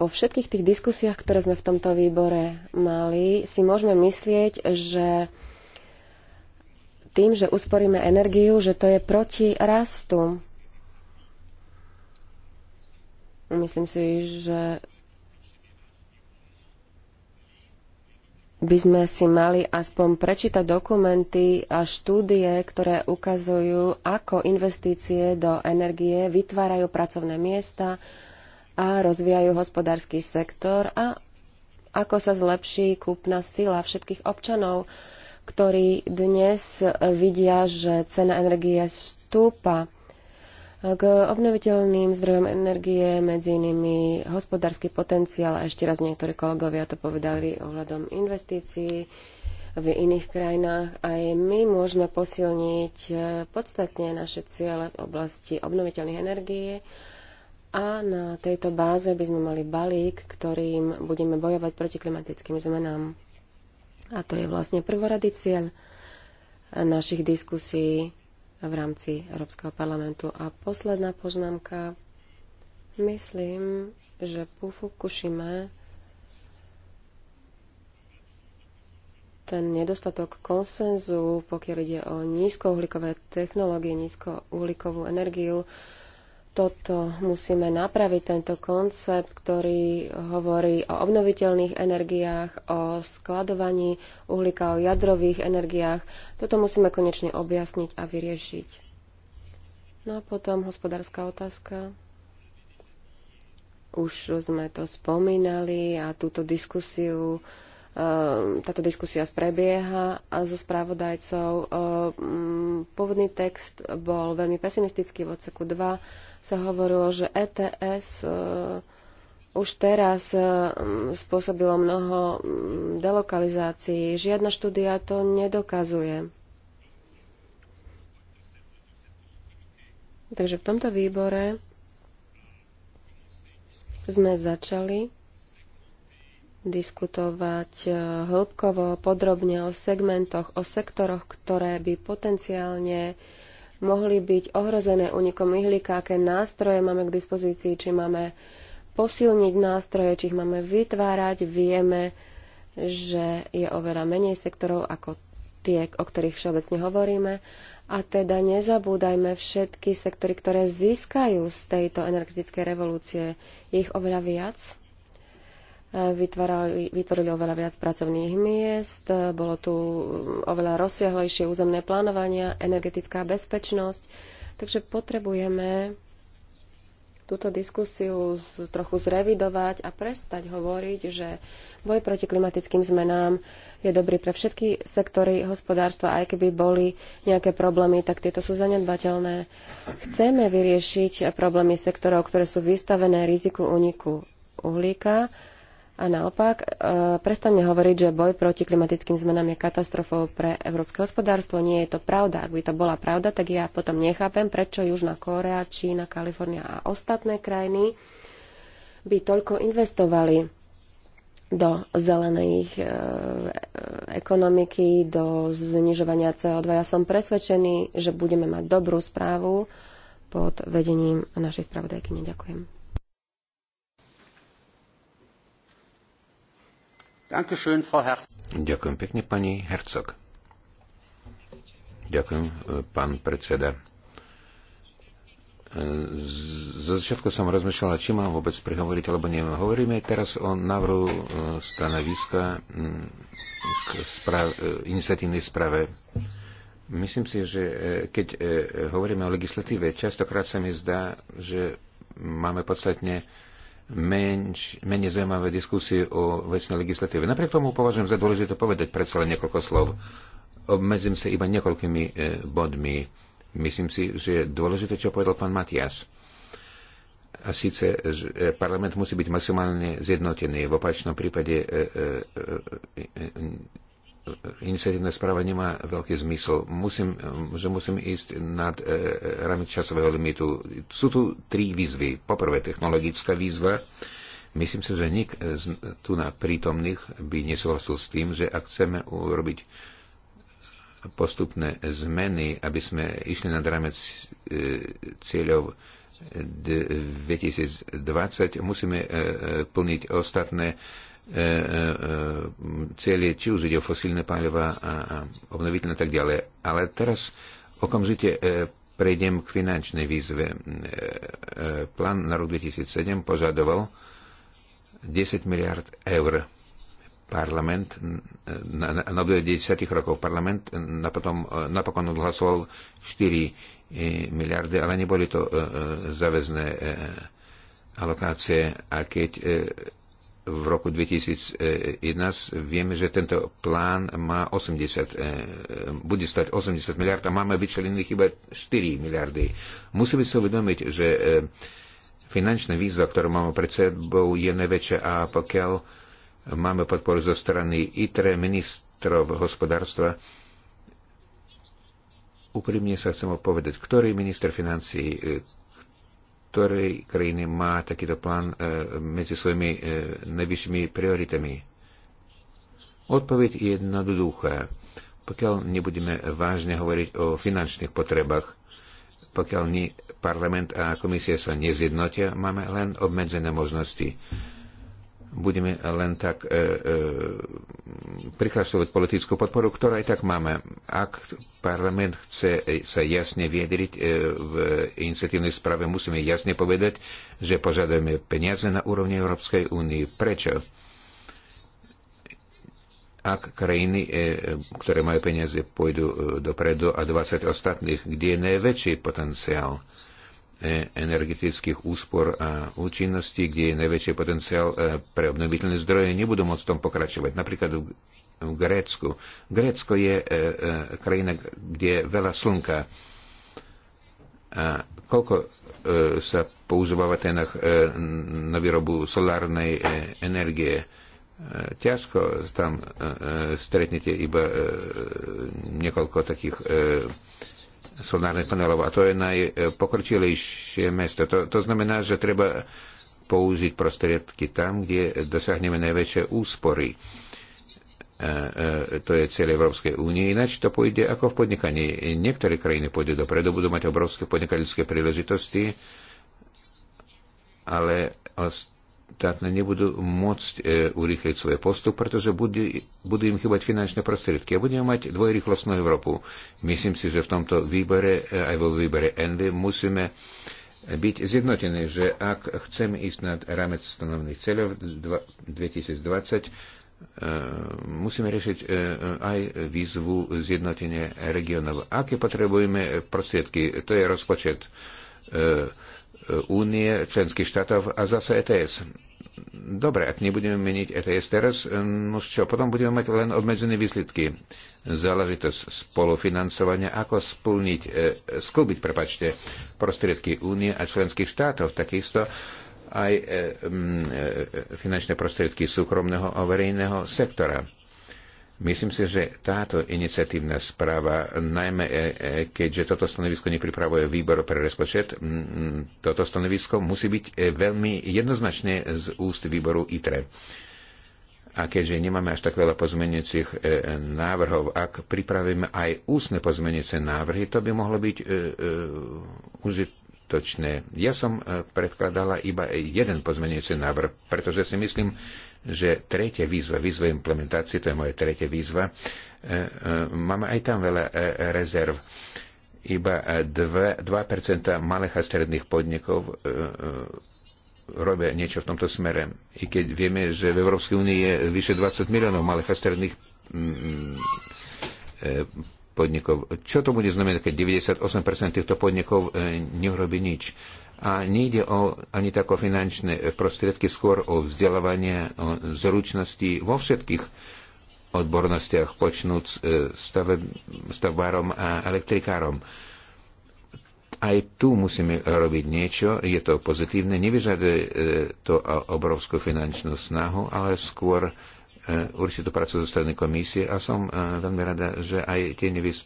po všetkých tých diskusiách, ktoré sme v tomto výbore mali, si môžeme myslieť, že tým, že usporíme energiu, že to je proti rastu. Myslím si, že by sme si mali aspoň prečítať dokumenty a štúdie, ktoré ukazujú, ako investície do energie vytvárajú pracovné miesta, a rozvíjajú hospodársky sektor a ako sa zlepší kúpna sila všetkých občanov, ktorí dnes vidia, že cena energie stúpa k obnoviteľným zdrojom energie, medzi inými hospodársky potenciál, a ešte raz niektorí kolegovia to povedali ohľadom investícií v iných krajinách. Aj my môžeme posilniť eh, podstatne naše ciele v oblasti obnoviteľných energií a na tejto báze by sme mali balík, ktorým budeme bojovať proti klimatickým zmenám. A to je vlastne prvorady cieľ našich diskusí v rámci Európskeho parlamentu. A posledná poznámka. Myslím, že po Fukushima ten nedostatok konsenzu, pokiaľ ide o nízkouhlíkové technológie, nízkouhlíkovú energiu, toto musíme napraviť, tento koncept, ktorý hovorí o obnoviteľných energiách, o skladovaní uhlíka, o jadrových energiách. Toto musíme konečne objasniť a vyriešiť. No a potom hospodárska otázka. Už sme to spomínali a túto diskusiu uh, Ehm, táto diskusia prebieha a so správodajcov. Ehm, pôvodný text bol veľmi pesimistický. V odseku 2 sa hovorilo, že ETS ehm, už teraz spôsobilo mnoho delokalizácií. Žiadna štúdia to nedokazuje. Takže v tomto výbore sme začali diskutovať eh, hĺbkovo, podrobne o segmentoch, o sektoroch, ktoré by potenciálne mohli byť ohrozené unikom ihlíka, aké nástroje máme k dispozícii, či máme posilniť nástroje, či ich máme vytvárať. Vieme, že je oveľa menej sektorov ako tie, o ktorých všeobecne hovoríme. A teda nezabúdajme všetky sektory, ktoré získajú z tejto energetickej revolúcie. Je ich oveľa viac vytvorili, oveľa viac pracovných miest, bolo tu oveľa rozsiahlejšie územné plánovania, energetická bezpečnosť. Takže potrebujeme túto diskusiu trochu zrevidovať a prestať hovoriť, že boj proti klimatickým zmenám je dobrý pre všetky sektory hospodárstva, aj keby boli nejaké problémy, tak tieto sú zanedbateľné. Chceme vyriešiť problémy sektorov, ktoré sú vystavené riziku uniku uhlíka a naopak, e, prestaňme hovoriť, že boj proti klimatickým zmenám je katastrofou pre európske hospodárstvo. Nie je to pravda. Ak by to bola pravda, tak ja potom nechápem, prečo Južná Kórea, Čína, Kalifornia a ostatné krajiny by toľko investovali do zelenej e, ekonomiky, do znižovania CO2. Ja som presvedčený, že budeme mať dobrú správu pod vedením našej spravodajky. Ďakujem. Ďakujem pekne, pani Hercog. Ďakujem, e, pán predseda. E, zo začiatku som rozmýšľala, či mám vôbec prihovoriť, alebo nie. Hovoríme teraz o návrhu e, stanoviska k správ, iniciatívnej správe. Myslím si, že keď hovoríme o legislatíve, častokrát sa mi zdá, že máme podstatne menš, menej zaujímavé diskusie o vecnej legislatíve. Napriek tomu považujem za dôležité povedať predsa len niekoľko slov. Obmedzím sa iba niekoľkými e, bodmi. Myslím si, že je dôležité, čo povedal pán Matias. A síce, že e, parlament musí byť maximálne zjednotený. V opačnom prípade e, e, e, e iniciatívna správa nemá veľký zmysel. Musím, že musím ísť nad e, e, rámec časového limitu. Sú tu tri výzvy. Poprvé, technologická výzva. Myslím si, že nik z, tu na prítomných by nesúhlasil s tým, že ak chceme urobiť postupné zmeny, aby sme išli nad rámec e, cieľov 2020, musíme e, e, plniť ostatné e, E, e, e, cieľe, či už ide o fosílne paliva a obnoviteľné a tak ďalej. Ale teraz okamžite prejdem k finančnej výzve. Plán na rok 2007 požadoval 10 miliard eur. Parlament na, na, na obdobie 10 rokov parlament napokon, napokon odhlasoval 4 miliardy, ale neboli to záväzné alokácie a keď v roku 2011 eh, vieme, že tento plán má 80, eh, bude stať 80 miliard a máme vyčlenených iba 4 miliardy. Musíme si uvedomiť, že eh, finančná výzva, ktorú máme pred sebou, je najväčšia a pokiaľ máme podporu zo strany ITRE, ministrov hospodárstva, úprimne sa chcem povedať, ktorý minister financí, ktorej krajiny má takýto plán e, medzi svojimi e, najvyššími prioritami? Odpoveď je jednoduchá. Pokiaľ nebudeme vážne hovoriť o finančných potrebách, pokiaľ ni parlament a komisia sa nezjednotia, máme len obmedzené možnosti budeme len tak e, e, priklasovať politickú podporu, ktorú aj tak máme. Ak parlament chce sa jasne viedriť e, v iniciatívnej správe, musíme jasne povedať, že požadujeme peniaze na úrovni Európskej únie. Prečo? Ak krajiny, e, ktoré majú peniaze, pôjdu e, dopredu a 20 ostatných, kde je najväčší potenciál – energetických úspor a účinnosti, kde je najväčší potenciál e, pre obnoviteľné zdroje, nebudú môcť tom pokračovať. Napríklad v Grécku. Grécko je e, e, krajina, kde je veľa slnka. A koľko sa používa v Atenách na výrobu solárnej energie? Ťažko tam stretnete iba niekoľko takých solárnych panelov a to je najpokročilejšie mesto. To, to znamená, že treba použiť prostriedky tam, kde dosiahneme najväčšie úspory. E, e, to je celé Európskej únie, ináč to pôjde ako v podnikaní. Niektoré krajiny pôjdu dopredu, budú mať obrovské podnikateľské príležitosti, ale štátne nebudú môcť e, urýchliť svoj postup, pretože budú, budú im chýbať finančné prostriedky a budeme mať dvojrychlostnú Európu. Myslím si, že v tomto výbere, e, aj vo výbere Envy, musíme byť zjednotení, že ak chceme ísť nad rámec stanovných cieľov 2020, e, musíme riešiť e, aj výzvu zjednotenia regionov. Aké potrebujeme prostriedky? To je rozpočet E, únie, členských štátov a zase ETS. Dobre, ak nebudeme meniť ETS teraz, no čo, potom budeme mať len obmedzené výsledky. Záležitosť spolufinancovania, ako splniť, e, sklbiť, prepačte, prostriedky únie a členských štátov, takisto aj e, e, finančné prostriedky súkromného a verejného sektora Myslím si, že táto iniciatívna správa, najmä e, e, keďže toto stanovisko nepripravuje výbor pre rozpočet, toto stanovisko musí byť e, veľmi jednoznačne z úst výboru ITRE. A keďže nemáme až tak veľa pozmenujúcich návrhov, ak pripravíme aj ústne pozmenujúce návrhy, to by mohlo byť užitočné. Ja som predkladala iba jeden pozmenujúci návrh, pretože si myslím, že tretia výzva, výzva implementácie, to je moje tretia výzva, e, e, máme aj tam veľa e, rezerv. Iba 2, 2% malých a stredných podnikov robia niečo v tomto smere. I keď vieme, že v Európskej únii je vyše 20 miliónov malých a stredných mm, podnikov. Čo to bude znamenať, keď 98% týchto podnikov neurobi nič? A nejde o, ani tak o finančné prostriedky, skôr o vzdelávanie, o zručnosti vo všetkých odbornostiach, počnúc e, stavbárom a elektrikárom. Aj tu musíme robiť niečo, je to pozitívne, nevyžaduje e, to obrovskú finančnú snahu, ale skôr e, určitú prácu zo strany komisie a som veľmi rada, že aj tie nevy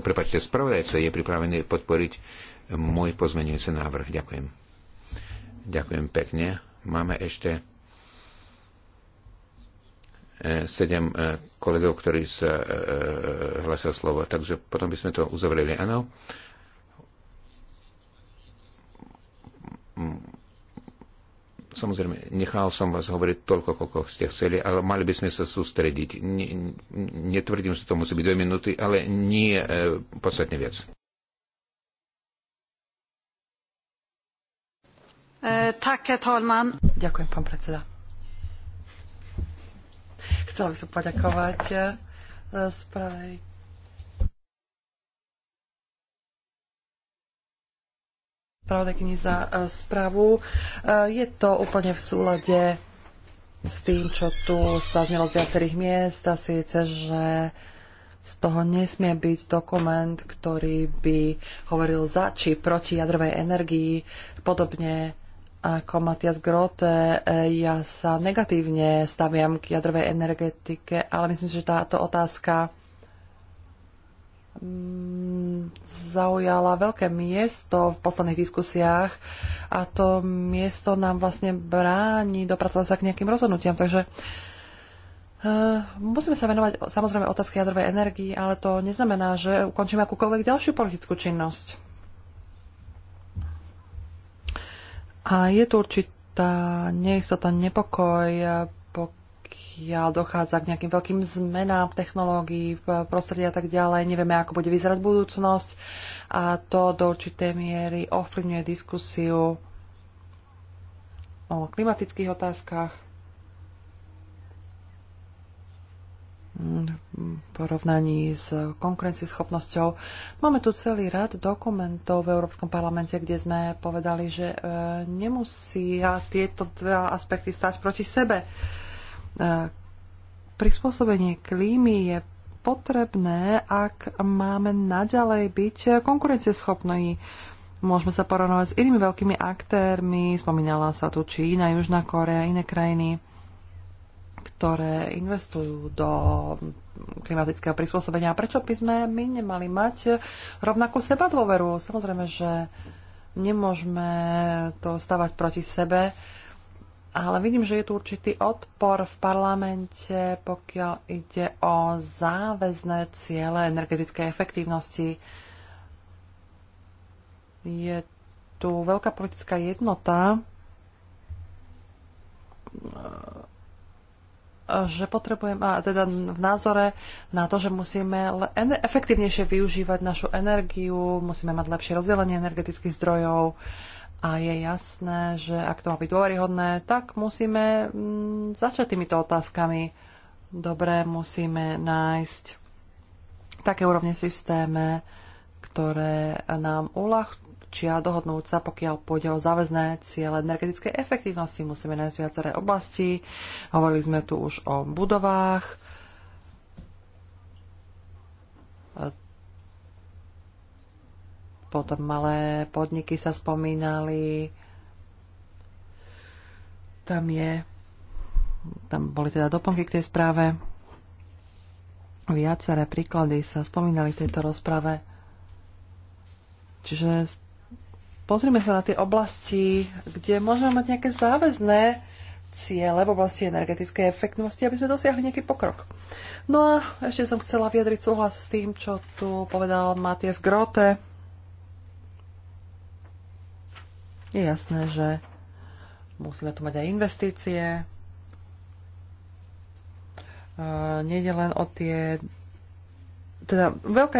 prepačte, spravodajce je pripravený podporiť môj pozmenujúci návrh. Ďakujem. Ďakujem pekne. Máme ešte e, sedem e, kolegov, ktorí sa e, hlasia slovo. Takže potom by sme to uzavreli. Áno. Mm. Samozrejme, nechal som vás hovoriť toľko, koľko ste chceli, ale mali by sme sa sústrediť. Netvrdím, že to musí byť dve minúty, ale nie podstatne viac. Eh, Chcela by som poďakovať eh, spravodajkyni za eh, správu. Je to úplne v súlade s tým, čo tu sa znelo z viacerých miest a síce, že z toho nesmie byť dokument, ktorý by hovoril za či proti jadrovej energii, podobne ako Matias Grote, e, ja sa negatívne staviam k jadrovej energetike, ale myslím si, že táto otázka mm, zaujala veľké miesto v posledných diskusiách a to miesto nám vlastne bráni dopracovať sa k nejakým rozhodnutiam. Takže uh, musíme sa venovať samozrejme otázke jadrovej energii, ale to neznamená, že ukončíme akúkoľvek ďalšiu politickú činnosť. A je tu určitá neistota, nepokoj, pokiaľ dochádza k nejakým veľkým zmenám technológií, v prostredí a tak ďalej. Nevieme, ako bude vyzerať budúcnosť a to do určitej miery ovplyvňuje diskusiu o klimatických otázkach v porovnaní s konkurencieschopnosťou. Máme tu celý rad dokumentov v Európskom parlamente, kde sme povedali, že e, nemusia tieto dva aspekty stať proti sebe. E, prispôsobenie klímy je potrebné, ak máme naďalej byť konkurencieschopní. Môžeme sa porovnať s inými veľkými aktérmi, spomínala sa tu Čína, Južná Korea, iné krajiny ktoré investujú do klimatického prispôsobenia. Prečo by sme my nemali mať rovnakú seba dôveru? Samozrejme, že nemôžeme to stavať proti sebe, ale vidím, že je tu určitý odpor v parlamente, pokiaľ ide o záväzné ciele energetickej efektívnosti. Je tu veľká politická jednota že potrebujeme a teda v názore na to, že musíme efektívnejšie využívať našu energiu, musíme mať lepšie rozdelenie energetických zdrojov a je jasné, že ak to má byť dôveryhodné, tak musíme mm, začať týmito otázkami. Dobre, musíme nájsť také úrovne systéme, ktoré nám uľahčujú čia dohodnúť sa, pokiaľ pôjde o záväzné ciele energetickej efektívnosti. Musíme nájsť viaceré oblasti. Hovorili sme tu už o budovách. Potom malé podniky sa spomínali. Tam je tam boli teda doplnky k tej správe. Viaceré príklady sa spomínali v tejto rozprave. Čiže Pozrime sa na tie oblasti, kde môžeme mať nejaké záväzné ciele v oblasti energetickej efektnosti, aby sme dosiahli nejaký pokrok. No a ešte som chcela vyjadriť súhlas s tým, čo tu povedal Matias Grote. Je jasné, že musíme tu mať aj investície. E, Nejde len o tie teda veľké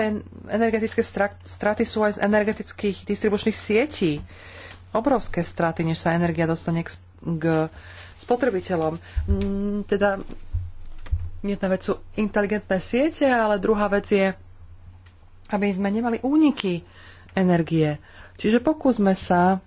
energetické straty sú aj z energetických distribučných sietí. Obrovské straty, než sa energia dostane k, k spotrebiteľom. Mm, teda jedna vec sú inteligentné siete, ale druhá vec je, aby sme nemali úniky energie. Čiže pokúsme sa,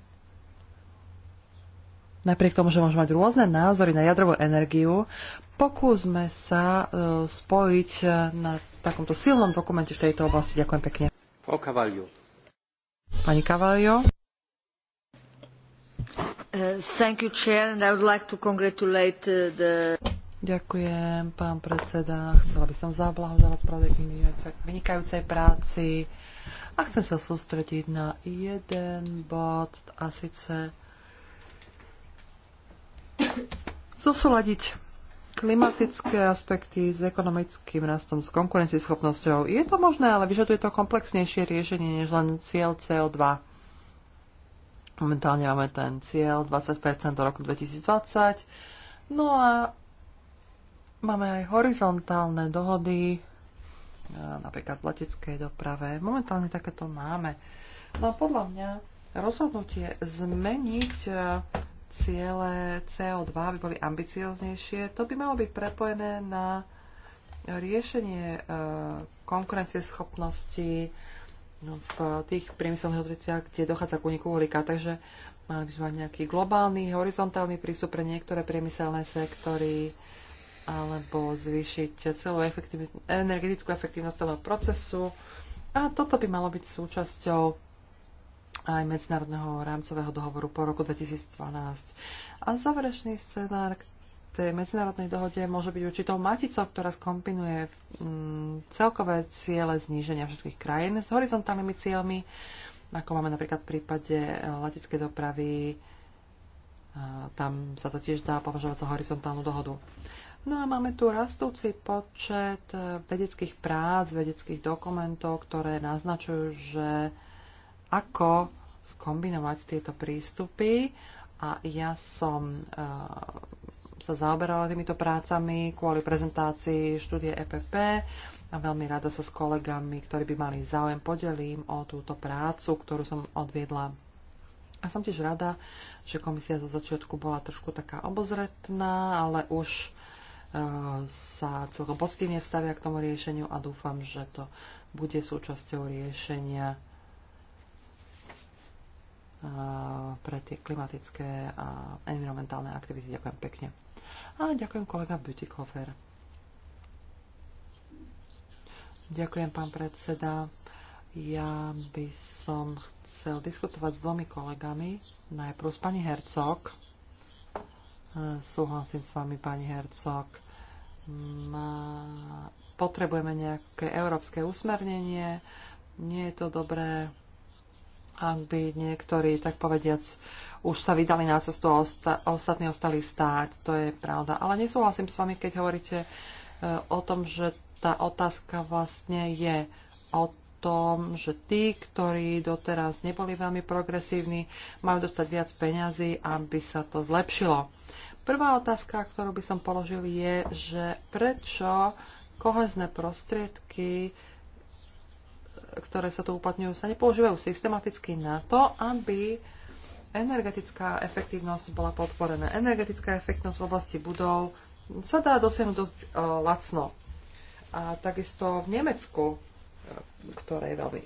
napriek tomu, že môžeme mať rôzne názory na jadrovú energiu, pokúsme sa e, spojiť e, na takomto silnom dokumente v tejto oblasti. Ďakujem pekne. Pani Cavalio. Uh, you, chair, like uh, the... Ďakujem, pán predseda. Chcela by som zablahoželať spravodajkyni vynikajúcej práci a chcem sa sústrediť na jeden bod a síce zosúľadiť klimatické aspekty s ekonomickým rastom, s konkurencieschopnosťou. Je to možné, ale vyžaduje to komplexnejšie riešenie než len cieľ CO2. Momentálne máme ten cieľ 20% do roku 2020. No a máme aj horizontálne dohody, e, napríklad v leteckej doprave. Momentálne takéto máme. No a podľa mňa rozhodnutie zmeniť e, ciele CO2 by boli ambicioznejšie, to by malo byť prepojené na riešenie e, konkurencieschopnosti no, v tých priemyselných odvetviach, kde dochádza k úniku uhlíka. Takže mali by sme mať nejaký globálny, horizontálny prístup pre niektoré priemyselné sektory alebo zvýšiť celú efektiv- energetickú efektívnosť toho procesu. A toto by malo byť súčasťou aj medzinárodného rámcového dohovoru po roku 2012. A záverečný scenár k tej medzinárodnej dohode môže byť určitou maticou, ktorá skombinuje mm, celkové ciele zníženia všetkých krajín s horizontálnymi cieľmi, ako máme napríklad v prípade eh, leteckej dopravy, tam sa to tiež dá považovať za horizontálnu dohodu. No a máme tu rastúci počet eh, vedeckých prác, vedeckých dokumentov, ktoré naznačujú, že ako skombinovať tieto prístupy a ja som eh, sa zaoberala týmito prácami kvôli prezentácii štúdie EPP a veľmi rada sa s kolegami, ktorí by mali záujem, podelím o túto prácu, ktorú som odviedla. A som tiež rada, že komisia zo začiatku bola trošku taká obozretná, ale už eh, sa celkom pozitívne vstavia k tomu riešeniu a dúfam, že to bude súčasťou riešenia Eh, pre tie klimatické a environmentálne aktivity. Ďakujem pekne. A ďakujem kolega Butikofer. Ďakujem, pán predseda. Ja by som chcel diskutovať s dvomi kolegami. Najprv s pani Hercog. Eh, súhlasím s vami, pani Hercog. Mm, potrebujeme nejaké európske usmernenie. Nie je to dobré ak by niektorí, tak povediac, už sa vydali na cestu a osta- ostatní ostali stáť. To je pravda. Ale nesúhlasím s vami, keď hovoríte e, o tom, že tá otázka vlastne je o tom, že tí, ktorí doteraz neboli veľmi progresívni, majú dostať viac peňazí, aby sa to zlepšilo. Prvá otázka, ktorú by som položil, je, že prečo kohezné prostriedky ktoré sa tu uplatňujú, sa nepoužívajú systematicky na to, aby energetická efektívnosť bola podporená. Energetická efektívnosť v oblasti budov sa dá dosiahnuť dosť uh, lacno. A takisto v Nemecku, e, ktoré je veľmi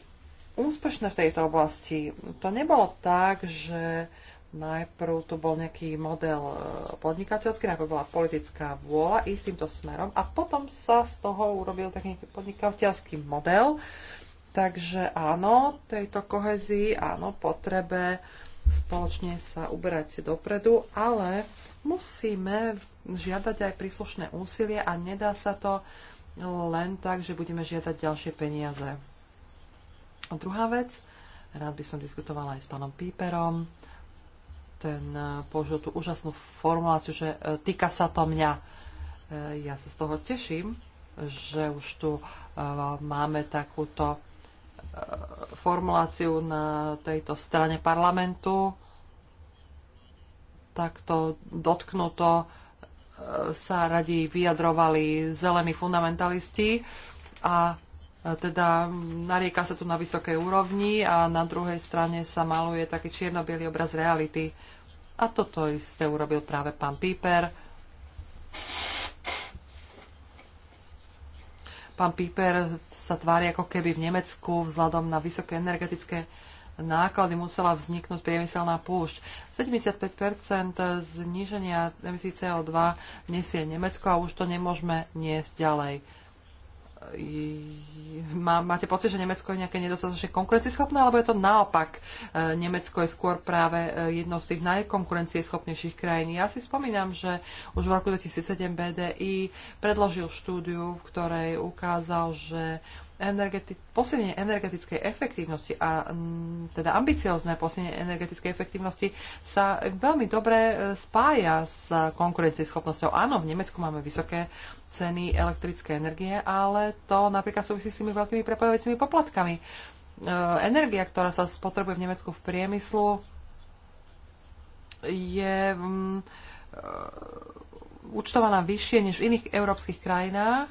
úspešné v tejto oblasti, to nebolo tak, že najprv tu bol nejaký model e, podnikateľský, najprv bola politická vôľa ísť týmto smerom a potom sa z toho urobil taký podnikateľský model, Takže áno, tejto kohezii, áno, potrebe spoločne sa uberať dopredu, ale musíme žiadať aj príslušné úsilie a nedá sa to len tak, že budeme žiadať ďalšie peniaze. A druhá vec, rád by som diskutovala aj s pánom Píperom, ten použil tú úžasnú formuláciu, že e, týka sa to mňa. E, ja sa z toho teším, že už tu e, máme takúto formuláciu na tejto strane parlamentu takto dotknuto e, sa radi vyjadrovali zelení fundamentalisti a e, teda narieka sa tu na vysokej úrovni a na druhej strane sa maluje taký čierno obraz reality. A toto isté urobil práve pán Píper Pán Piper sa tvári, ako keby v Nemecku vzhľadom na vysoké energetické náklady musela vzniknúť priemyselná púšť. 75% zníženia emisí CO2 nesie Nemecko a už to nemôžeme niesť ďalej. E, má, máte pocit, že Nemecko je nejaké nedostatočne konkurencieschopné, alebo je to naopak? E, Nemecko je skôr práve e, jednou z tých najkonkurencieschopnejších krajín. Ja si spomínam, že už v roku 2007 BDI predložil štúdiu, v ktorej ukázal, že energeti- posilnenie energetickej efektívnosti a mm, teda ambiciozne posilnenie energetickej efektívnosti sa veľmi dobre e, spája s konkurencieschopnosťou. Áno, v Nemecku máme vysoké ceny elektrické energie, ale to napríklad súvisí s tými veľkými prepojovacími poplatkami. E, energia, ktorá sa spotrebuje v Nemecku v priemyslu, je mm, e, účtovaná vyššie než v iných európskych krajinách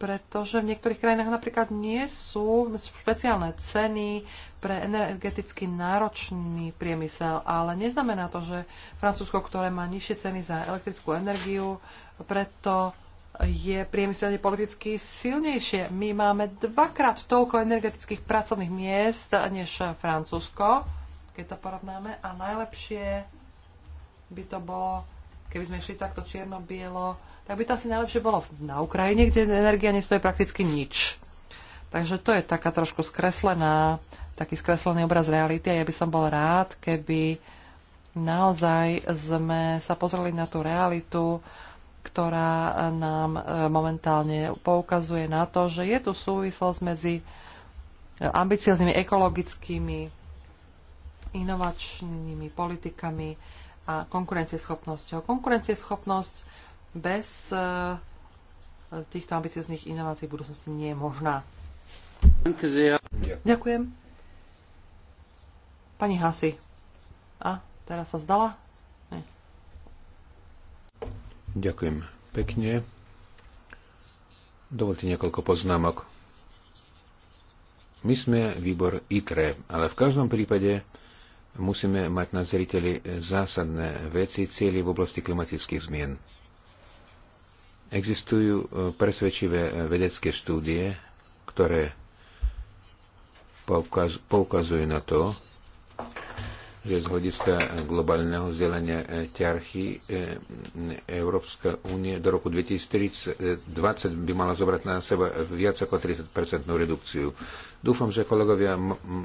pretože v niektorých krajinách napríklad nie sú špeciálne ceny pre energeticky náročný priemysel, ale neznamená to, že Francúzsko, ktoré má nižšie ceny za elektrickú energiu, preto je priemyselne politicky silnejšie. My máme dvakrát toľko energetických pracovných miest než Francúzsko, keď to porovnáme, a najlepšie by to bolo, keby sme šli takto čierno-bielo, tak by to asi najlepšie bolo na Ukrajine, kde energia nestojí prakticky nič. Takže to je taká trošku skreslená, taký skreslený obraz reality a ja by som bol rád, keby naozaj sme sa pozreli na tú realitu, ktorá nám e, momentálne poukazuje na to, že je tu súvislosť medzi e, ambicioznými ekologickými, inovačnými politikami a konkurencieschopnosťou. Konkurencieschopnosť bez eh, týchto ambicioznych inovácií v budúcnosti nie je možná. Ďakujem. Pani Hasi. A, teraz sa vzdala? Nie. Ďakujem pekne. Dovolte niekoľko poznámok. My sme výbor ITRE, ale v každom prípade musíme mať na zriteli zásadné veci, cieľi v oblasti klimatických zmien Existujú e, presvedčivé e, vedecké štúdie, ktoré poukaz, poukazujú na to, že z hľadiska globálneho vzdelania e, ťarchy Európska únie do roku 2020 by mala zobrať na seba viac ako 30-percentnú redukciu. Dúfam, že kolegovia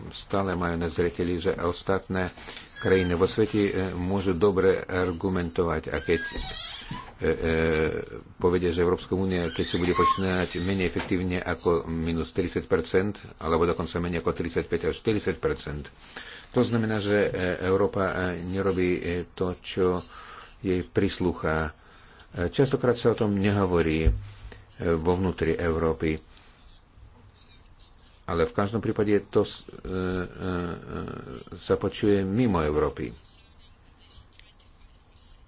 stále majú na zreteli, že ostatné krajiny vo svete môžu dobre argumentovať a keď E, e, povedia, že Európska únia, keď sa bude počínať menej efektívne ako minus 30 alebo dokonca menej ako 35 až 40 To znamená, že e, Európa nerobí to, čo jej prislúcha. Častokrát sa o tom nehovorí vo vnútri Európy. Ale v každom prípade to sa počuje mimo Európy.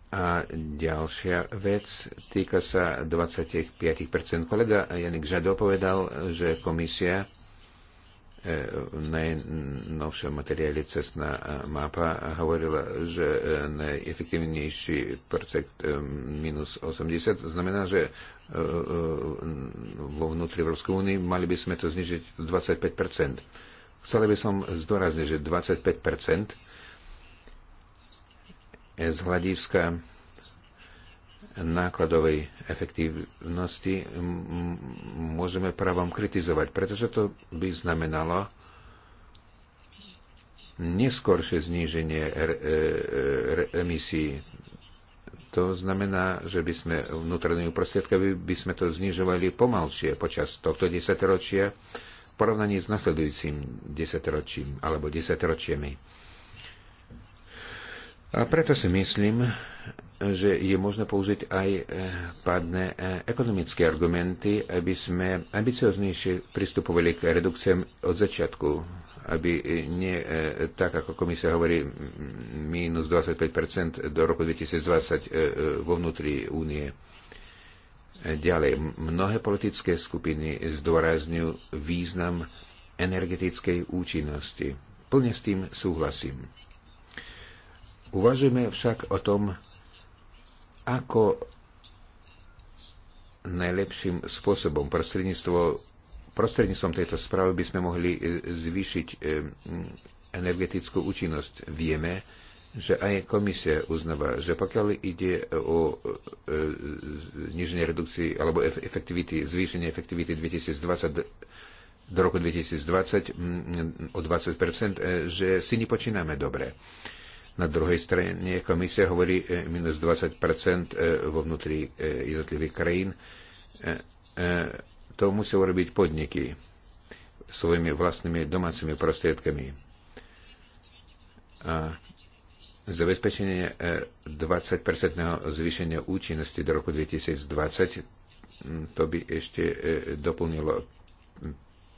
A ďalšia vec týka sa 25%. Kolega Janik Žado povedal, že komisia v e, najnovšom materiáli cestná e, mapa hovorila, že e, najefektívnejší percent minus 80 znamená, že vo vnútri Európskej únie mali by sme to znižiť 25 Chcel by som zdôrazniť, že 25 z hľadiska nákladovej efektívnosti môžeme právom kritizovať, pretože to by znamenalo neskoršie zníženie e, emisí. To znamená, že by sme vnútornými prostriedkami by sme to znižovali pomalšie počas tohto desaťročia v porovnaní s nasledujúcim desaťročím alebo desaťročiami. A preto si myslím, že je možné použiť aj eh, pádne eh, ekonomické argumenty, aby sme ambicioznejšie pristupovali k redukciám od začiatku, aby eh, nie tak, ako komisia hovorí, minus 25 do roku 2020 vo vnútri únie. Ďalej, mnohé politické skupiny zdôrazňujú význam energetickej účinnosti. Plne s tým súhlasím. Uvažujeme však o tom, ako najlepším spôsobom prostredníctvo, prostredníctvom tejto správy by sme mohli e, zvýšiť e, energetickú účinnosť. Vieme, že aj komisia uznáva, že pokiaľ ide o e, zniženie redukcii alebo efektivity, zvýšenie efektivity 2020 do roku 2020 o 20%, že si nepočíname dobre. Na druhej strane komisia hovorí e, minus 20 e, vo vnútri e, jednotlivých krajín. To musia urobiť podniky svojimi vlastnými domácimi prostriedkami. A zabezpečenie 20-percentného zvýšenia účinnosti do roku 2020 to by ešte doplnilo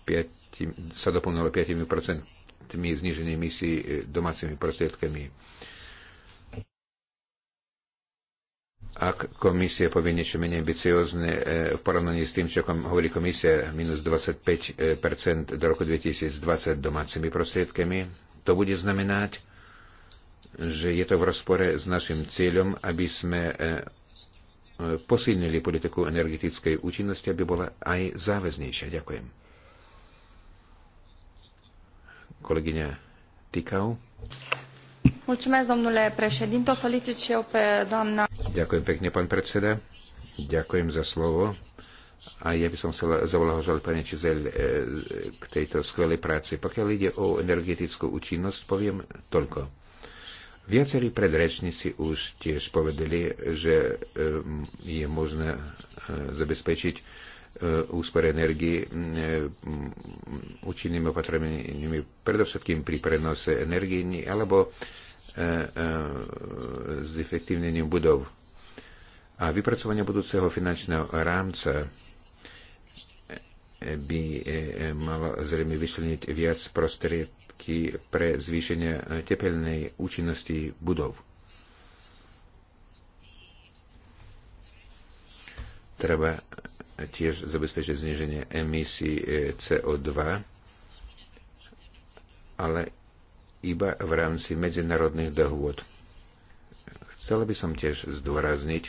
5, sa doplnilo 5% tými zniženými si e, domácimi prostriedkami. Ak komisia povie niečo menej ambiciozne e, v porovnaní s tým, čo hovorí komisia, minus 25 do roku 2020 domácimi prostriedkami, to bude znamenať, že je to v rozpore s našim cieľom, aby sme e, posilnili politiku energetickej účinnosti, aby bola aj záväznejšia. Ďakujem. Kolegyňa Tikau. Ďakujem pekne, pán predseda. Ďakujem za slovo. A ja by som chcel zavolahožať pani Čizel eh, k tejto skvelej práci. Pokiaľ ide o energetickú účinnosť, poviem toľko. Viacerí predrečníci už tiež povedali, že eh, je možné eh, zabezpečiť E, úspore energii e, účinnými opatreniami predovšetkým pri prenose energii alebo e, s efektívnením budov. A vypracovanie budúceho finančného rámca by malo zrejme vyšleniť viac prostriedky pre zvýšenie tepelnej účinnosti budov. Treba tiež zabezpečiť zniženie emisí e, CO2, ale iba v rámci medzinárodných dohôd. Chcel by som tiež zdôrazniť,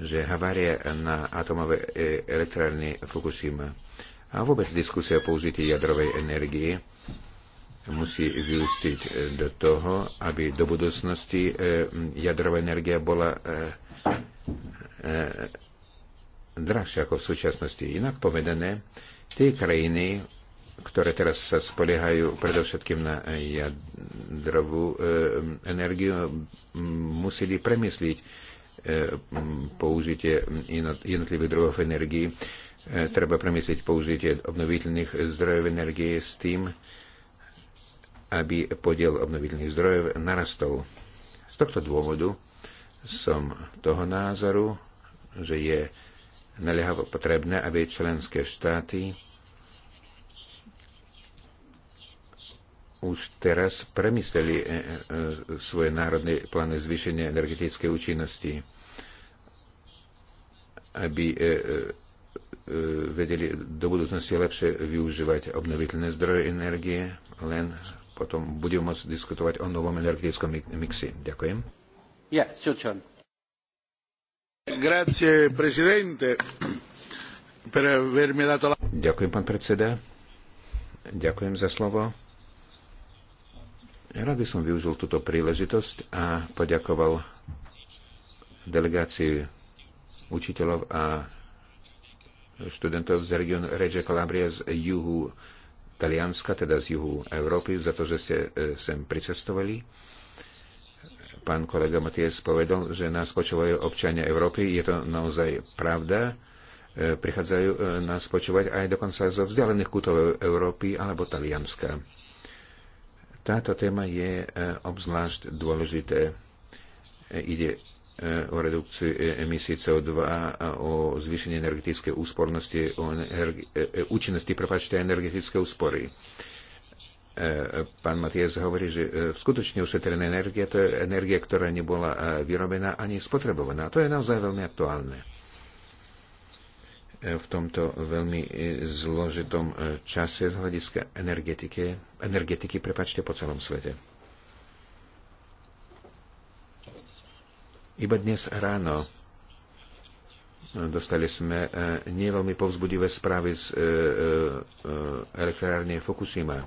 že havária na atomové e, elektrárne Fukushima a vôbec diskusia o použití jadrovej energie musí vyústiť e, do toho, aby do budúcnosti jadrová energia bola drahšie ako v súčasnosti. Inak povedané, tie krajiny, ktoré teraz sa spoliehajú predovšetkým na jadrovú e, energiu, museli premysliť e, použitie jednotlivých druhov energii. E, treba premysliť použitie obnoviteľných zdrojov energie s tým, aby podiel obnoviteľných zdrojov narastol. Z tohto dôvodu som toho názoru, že je e, naliehavo potrebné, aby členské štáty už teraz premysleli e, e, svoje národné plány zvýšenia energetickej účinnosti, aby e, vedeli do budúcnosti lepšie využívať obnoviteľné zdroje energie, len potom budeme môcť diskutovať o novom energetickom mixe. Ďakujem. Yeah, Ďakujem, pán predseda. Ďakujem za slovo. Rád by som využil túto príležitosť a poďakoval delegácii učiteľov a študentov z regionu Reggio Calabria z juhu Talianska, teda z juhu Európy, za to, že ste eh, sem pricestovali. Pán kolega Matias povedal, že nás počúvajú občania Európy. Je to naozaj pravda. E, prichádzajú e, nás počúvať aj dokonca zo vzdialených kútov Európy alebo Talianska. Táto téma je e, obzvlášť dôležité. Ide o redukciu emisí CO2, o zvýšení energetickej úspornosti, o energi- účinnosti prepačte energetické úspory. E, pán Matias hovorí, že e, skutočne ušetrená energia to je energia, ktorá nebola e, vyrobená ani spotrebovaná. To je naozaj veľmi aktuálne v tomto veľmi zložitom čase z hľadiska energetiky, energetiky prepačte, po celom svete. Iba dnes ráno dostali sme nie veľmi povzbudivé správy z elektrárne Fukushima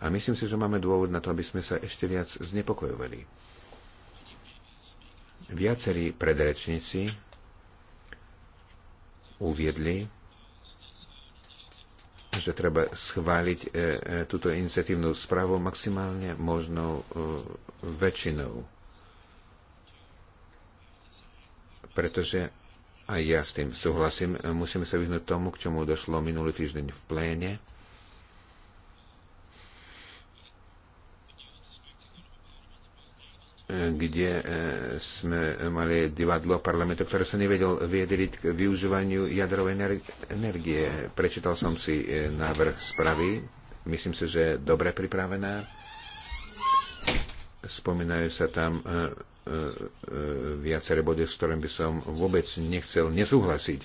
a myslím si, že máme dôvod na to, aby sme sa ešte viac znepokojovali. Viacerí predrečníci uviedli, že treba schváliť e, e, túto iniciatívnu správu maximálne možnou e, väčšinou. Pretože aj ja s tým súhlasím, e, musíme sa vyhnúť tomu, k čomu došlo minulý týždeň v pléne, kde e, sme mali divadlo parlamentu, ktoré sa nevedel vyjadriť k využívaniu jadrovej energie. Prečítal som si e, návrh spravy. Myslím si, že je dobre pripravená. Spomínajú sa tam e, viaceré body, s ktorým by som vôbec nechcel nesúhlasiť.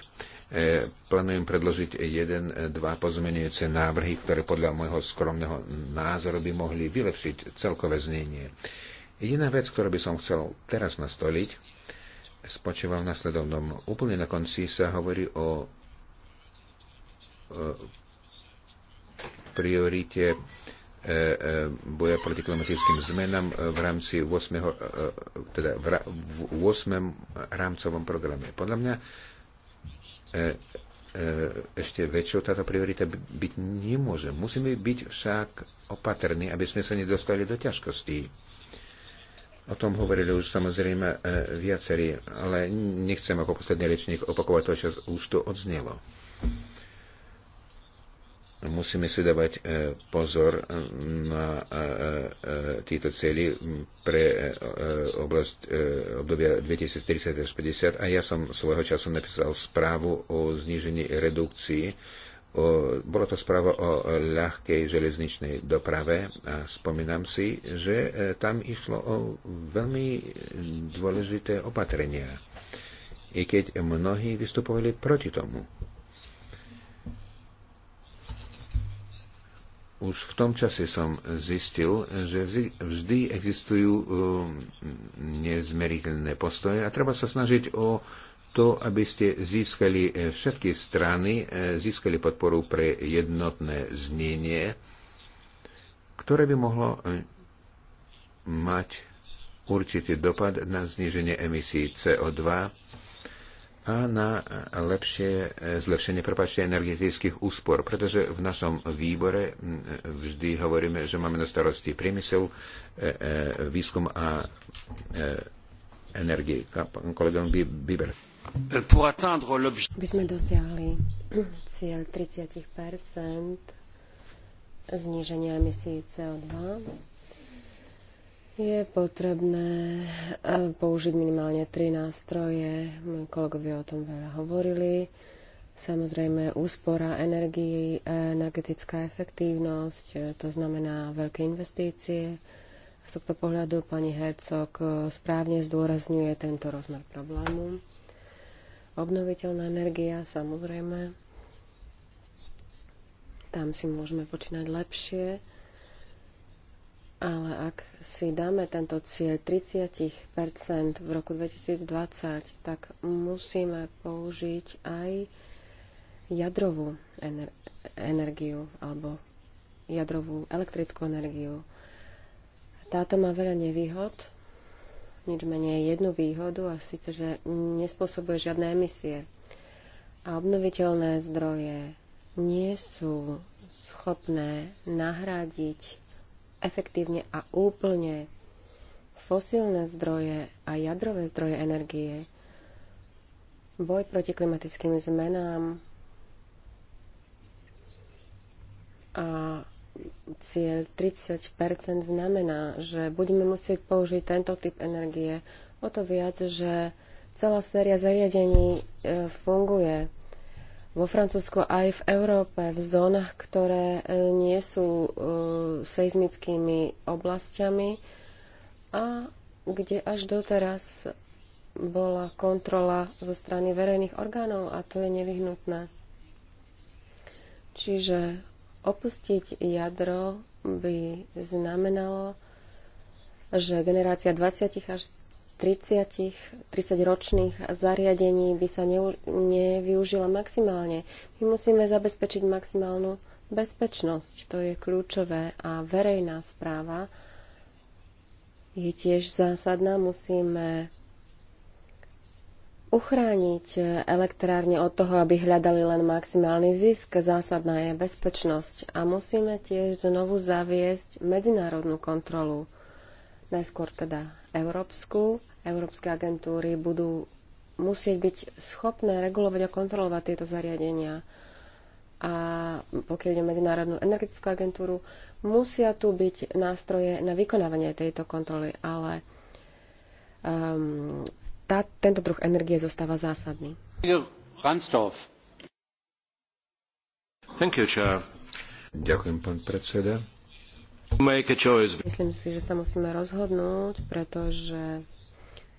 Plánujem predložiť jeden, dva pozmenujúce návrhy, ktoré podľa môjho skromného názoru by mohli vylepšiť celkové znenie. Jediná vec, ktorú by som chcel teraz nastoliť, spočíva v nasledovnom. Úplne na konci sa hovorí o, e, priorite e, e, boja proti klimatickým zmenám v rámci 8, teda v 8. rámcovom programe. Podľa mňa ešte väčšou táto priorita byť nemôže. Musíme byť však opatrní, aby sme sa nedostali do ťažkostí. O tom hovorili už samozrejme e, viacerí, ale nechcem ako posledný rečník opakovať to, čo už tu odznelo. Musíme si dávať e, pozor e, na tieto cely pre oblasť obdobia 2030 až 50 a ja som svojho času napísal správu o znížení redukcii O, bola to správa o ľahkej železničnej doprave a spomínam si, že e, tam išlo o veľmi dôležité opatrenia, i keď mnohí vystupovali proti tomu. Už v tom čase som zistil, že vždy existujú e, nezmeriteľné postoje a treba sa snažiť o to, aby ste získali eh, všetky strany, eh, získali podporu pre jednotné znenie, ktoré by mohlo eh, mať určitý dopad na zniženie emisí CO2 a na lepšie, zlepšenie prepáčte energetických úspor, pretože v našom výbore hm, vždy hovoríme, že máme na starosti priemysel, výskum a energii. Kolegom Bieber by sme dosiahli cieľ 30 zníženia emisí CO2, je potrebné e, použiť minimálne tri nástroje. Moji kolegovia o tom veľa hovorili. Samozrejme úspora energii, e, energetická efektívnosť, e, to znamená veľké investície. Z tohto pohľadu pani Hercog správne zdôrazňuje tento rozmer problému. Obnoviteľná energia, samozrejme, tam si môžeme počínať lepšie, ale ak si dáme tento cieľ 30 v roku 2020, tak musíme použiť aj jadrovú ener- energiu alebo jadrovú elektrickú energiu. Táto má veľa nevýhod, nič menej jednu výhodu a síce, že nespôsobuje žiadne emisie. A obnoviteľné zdroje nie sú schopné nahradiť efektívne a úplne fosílne zdroje a jadrové zdroje energie. Boj proti klimatickým zmenám a cieľ 30 znamená, že budeme musieť použiť tento typ energie. O to viac, že celá séria zariadení e, funguje vo Francúzsku aj v Európe, v zónach, ktoré e, nie sú seismickými seizmickými oblastiami a kde až doteraz bola kontrola zo strany verejných orgánov a to je nevyhnutné. Čiže Opustiť jadro by znamenalo, že generácia 20 až 30, 30 ročných zariadení by sa ne, nevyužila maximálne. My musíme zabezpečiť maximálnu bezpečnosť, to je kľúčové a verejná správa je tiež zásadná. Musíme uchrániť elektrárne od toho, aby hľadali len maximálny zisk. Zásadná je bezpečnosť a musíme tiež znovu zaviesť medzinárodnú kontrolu. Najskôr teda európsku. Európske agentúry budú musieť byť schopné regulovať a kontrolovať tieto zariadenia. A pokiaľ ide medzinárodnú energetickú agentúru, musia tu byť nástroje na vykonávanie tejto kontroly, ale um, tá, tento druh energie zostáva zásadný. Thank you, chair. Ďakujem, pán predseda. Myslím si, že sa musíme rozhodnúť, pretože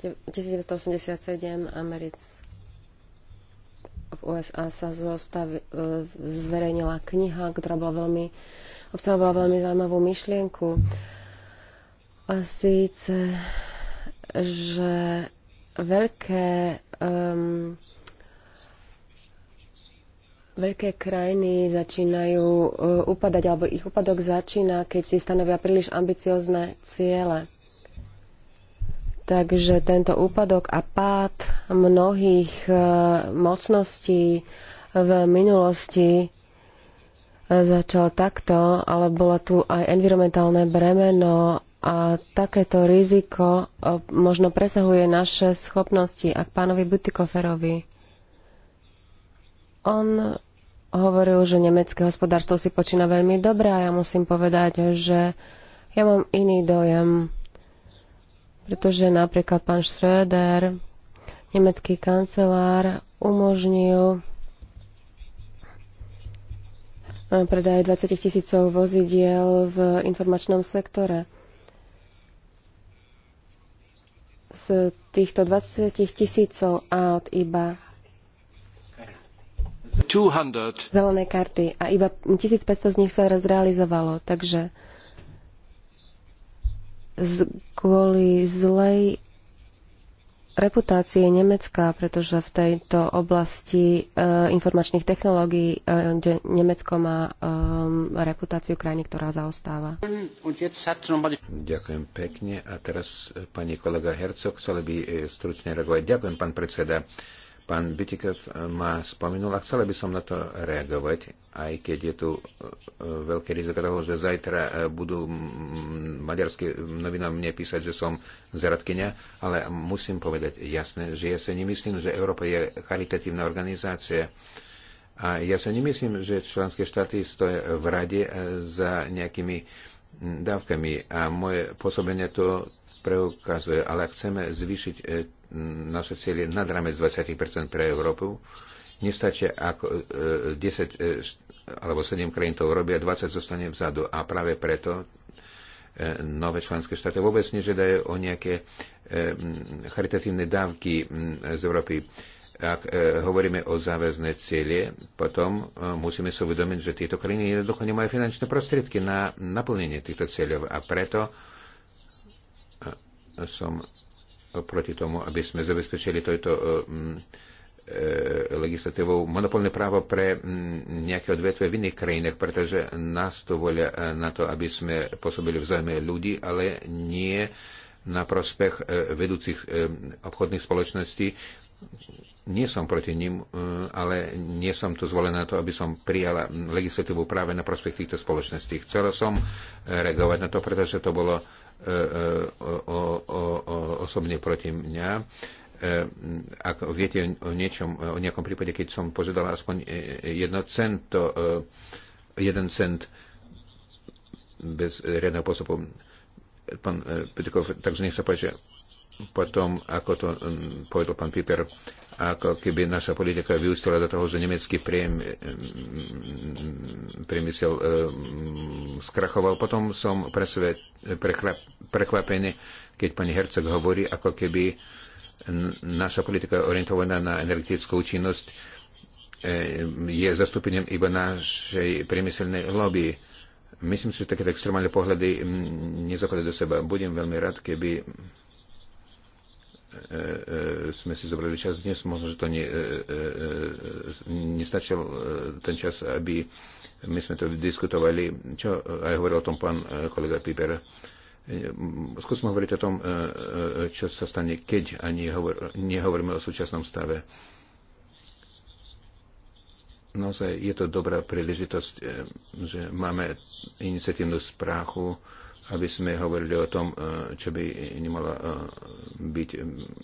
1987 americ v USA sa zostavi, e, zverejnila kniha, ktorá bola veľmi, obsahovala veľmi zaujímavú myšlienku. A síce, že veľké um, veľké krajiny začínajú uh, upadať, alebo ich úpadok začína, keď si stanovia príliš ambiciozne ciele. Takže tento úpadok a pád mnohých uh, mocností v minulosti uh, začal takto, ale bolo tu aj environmentálne bremeno a takéto riziko e, možno presahuje naše schopnosti. A k pánovi Butikoferovi. On hovoril, že nemecké hospodárstvo si počína veľmi dobre a ja musím povedať, že ja mám iný dojem. Pretože napríklad pán Schröder, nemecký kancelár, umožnil e, predaj 20 tisícov vozidiel v informačnom sektore. z týchto 20 tisícov aut iba 200. zelené karty a iba 1500 z nich sa raz realizovalo. Takže z, kvôli zlej reputácie Nemecka, pretože v tejto oblasti e, informačných technológií e, Nemecko má e, reputáciu krajiny, ktorá zaostáva. Ďakujem pekne. A teraz pani kolega Hercog chcela by stručne reagovať. Ďakujem, pán predseda. Pán Bitikov ma spomenul a chcela by som na to reagovať aj keď je tu e, e, veľké riziko toho, že zajtra e, budú maďarské novinám mne písať, že som zradkynia, ale musím povedať jasne, že ja sa nemyslím, že Európa je charitatívna organizácia. A ja sa nemyslím, že členské štáty stojí v rade za nejakými dávkami a moje pôsobenie to preukazuje, ale chceme zvýšiť naše cieľe nad rámec 20% pre Európu, nestačia ako 10 alebo 7 krajín to urobia, 20 zostane vzadu. A práve preto e, nové členské štáty vôbec nežiadajú o nejaké e, charitatívne dávky z Európy. Ak e, hovoríme o záväzné cieľe, potom musíme sa uvedomiť, že tieto krajiny jednoducho nemajú finančné prostriedky na naplnenie týchto cieľov a preto som proti tomu, aby sme zabezpečili toto E, legislatívou monopolné právo pre nejaké odvetve v iných krajinách, pretože nás to volia e, na to, aby sme pôsobili vzájme ľudí, ale nie na prospech e, vedúcich obchodných spoločností. Nie som proti ním, ale nie som tu zvolená na to, aby som prijala legislatívu práve na prospech týchto spoločností. Chcela som reagovať na to, pretože to bolo osobne proti mňa E, ak viete o niečom, o nejakom prípade, keď som požiadal aspoň e, e, jedno cento, jeden cent bez riadneho postupu. Pán Petrikov, takže nech sa páči, potom, ako to povedal pán Piper, ako keby naša politika vyústila do toho, že nemecký priemysel e, skrachoval. Potom som presve, prekvapený, keď pani Herceg hovorí, ako keby e, naša politika orientovaná na energetickú účinnosť e, je zastúpením iba našej priemyselnej lobby. Myslím si, že takéto extrémálne pohľady nezakladajú do seba. Budem veľmi rád, keby e, e, sme si zobrali čas dnes. Možno, že to ne, nestačil ten čas, aby my sme to diskutovali. Čo aj hovoril o tom pán kolega Piper E, skúsme hovoriť o tom, e, e, čo sa stane, keď a nehovor, nehovoríme o súčasnom stave. Naozaj je to dobrá príležitosť, že máme iniciatívnu správu, aby sme hovorili o tom, čo by nemalo byť.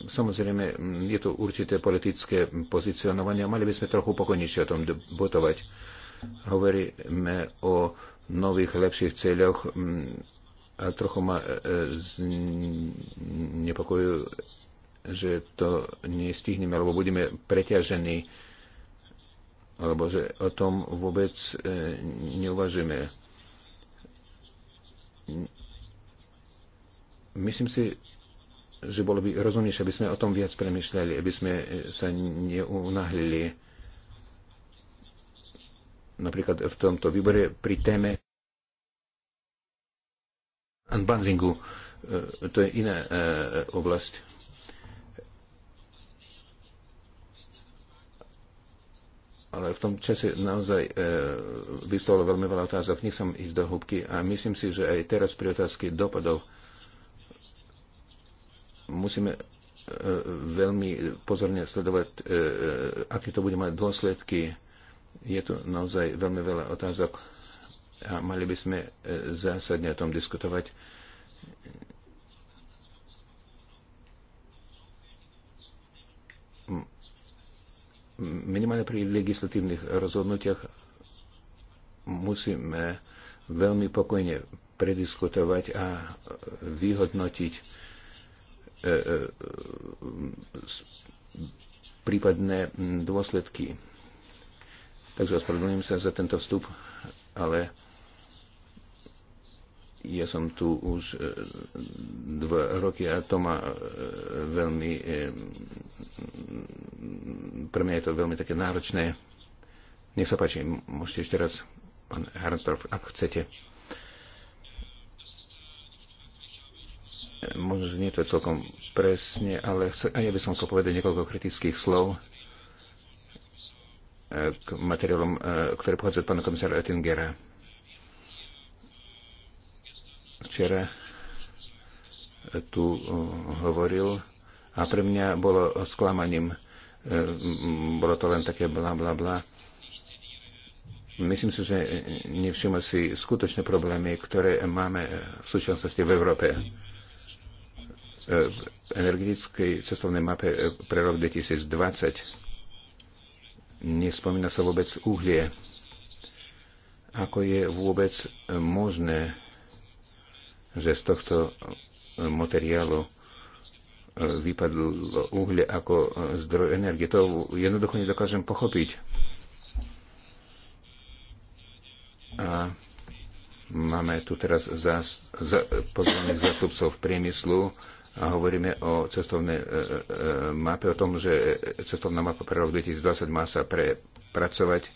Samozrejme, je to určité politické pozicionovanie mali by sme trochu pokojnejšie o tom debutovať. Hovoríme o nových, lepších cieľoch a trochu ma e, e, nepokojujú, že to nestihneme, alebo budeme preťažení, alebo že o tom vôbec e, neuvažujeme. Myslím si, že bolo by rozumnejšie, aby sme o tom viac premyšľali, aby sme sa neunahlili napríklad v tomto výbore pri téme unbundlingu. E, to je iná e, oblasť. ale v tom čase naozaj e, vystalo veľmi veľa otázok. som ísť do hĺbky a myslím si, že aj teraz pri otázke dopadov musíme veľmi pozorne sledovať, aké to bude mať dôsledky. Je tu naozaj veľmi veľa otázok a mali by sme e, zásadne o tom diskutovať. Minimálne pri legislatívnych rozhodnutiach musíme veľmi pokojne prediskutovať a vyhodnotiť e, e, prípadné dôsledky. Takže ospravedlňujem sa za tento vstup, ale ja som tu už e, dva roky a to ma e, veľmi, e, pre mňa je to veľmi také náročné. Nech sa páči, môžete ešte raz, pán Harnsdorf, ak chcete. Možno, že nie to je celkom presne, ale aj ja by som chcel povedať niekoľko kritických slov k materiálom, ktoré pochádzajú od pána komisára Oettingera včera tu eh, hovoril a pre mňa bolo sklamaním. Eh, bolo to len také bla bla bla. Myslím si, že nevšimol si skutočné problémy, ktoré máme v súčasnosti v Európe. Eh, v energetickej cestovnej mape pre rok 2020 nespomína sa vôbec uhlie. Ako je vôbec možné že z tohto e, materiálu e, vypadlo uhlie ako e, zdroj energie. To jednoducho nedokážem pochopiť. A máme tu teraz zás, za, pozvaných zástupcov priemyslu a hovoríme o cestovnej e, e, mape, o tom, že cestovná mapa pre rok 2020 má sa prepracovať,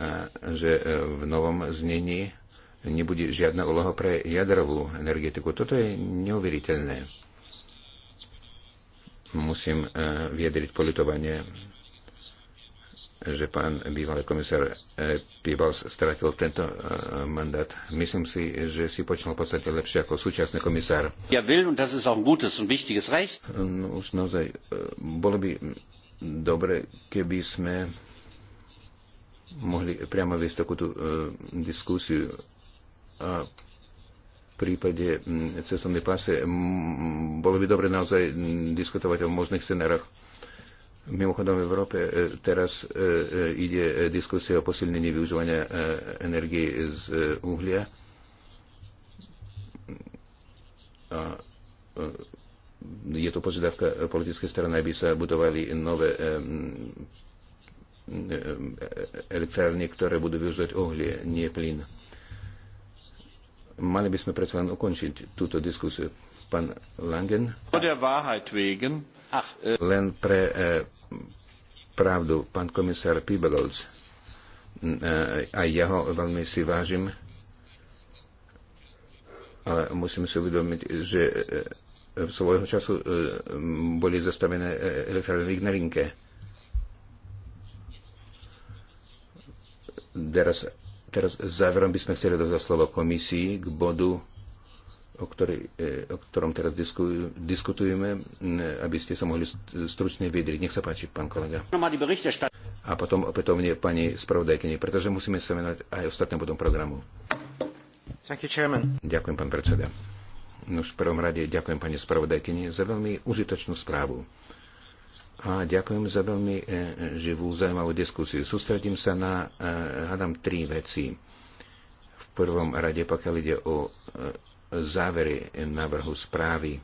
a, že e, v novom znení nebude žiadna úloha pre jadrovú energetiku. Toto je neuveriteľné. Musím e, vyjadriť politovanie, že pán bývalý komisár e, Pibals stratil tento e, mandát. Myslím si, že si počnal v podstate lepšie ako súčasný komisár. Ja will, und das ist auch ein gutes und wichtiges Recht. No, už naozaj, bolo by dobre, keby sme mohli priamo viesť takúto uh, diskusiu a v prípade mm, cestovnej pase mm, bolo by dobre naozaj diskutovať o možných scenároch. Mimochodom v Európe e, teraz e, e, ide diskusia o posilnení využívania energie z uhlia. A je to požiadavka politickej strany, aby sa budovali nové elektrárne, ktoré budú využívať uhlie, nie plyn. Mali by sme predsa len ukončiť túto diskusiu. Pán Langen? Äh, len pre äh, pravdu, pán komisár Pibegolc. Äh, aj ja ho veľmi si vážim, ale musím si uvedomiť, že v svojho času boli zastavené elektrárne v Ignalinke. Teraz Teraz záverom by sme chceli dozať slovo komisii k bodu, o, ktorý, e, o ktorom teraz diskutujeme, e, aby ste sa mohli stručne vyjadriť. Nech sa páči, pán kolega. A potom opätovne pani spravodajkyni, pretože musíme sa venovať aj ostatným bodom programu. ďakujem, pán predseda. Nož v prvom rade ďakujem pani spravodajkyni za veľmi užitočnú správu a ďakujem za veľmi e, e, živú, zaujímavú diskusiu. Sústredím sa na, e, hádam, tri veci. V prvom rade, pokiaľ ide o závery návrhu správy.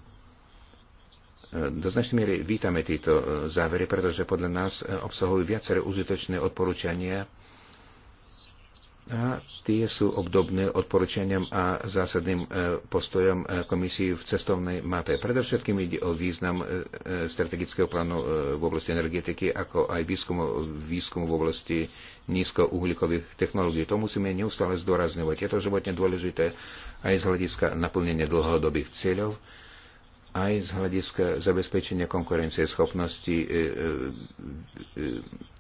Do značnej miery vítame tieto závery, pretože podľa nás obsahujú viaceré užitočné odporúčania a tie sú obdobné odporúčaniam a zásadným e, postojom e, komisii v cestovnej mape. Predovšetkým ide o význam e, strategického plánu v oblasti energetiky, ako aj výskumu, výskumu v oblasti nízkouhlíkových technológií. To musíme neustále zdôrazňovať. Je to životne dôležité aj z hľadiska naplnenia dlhodobých cieľov, aj z hľadiska zabezpečenia konkurencie schopnosti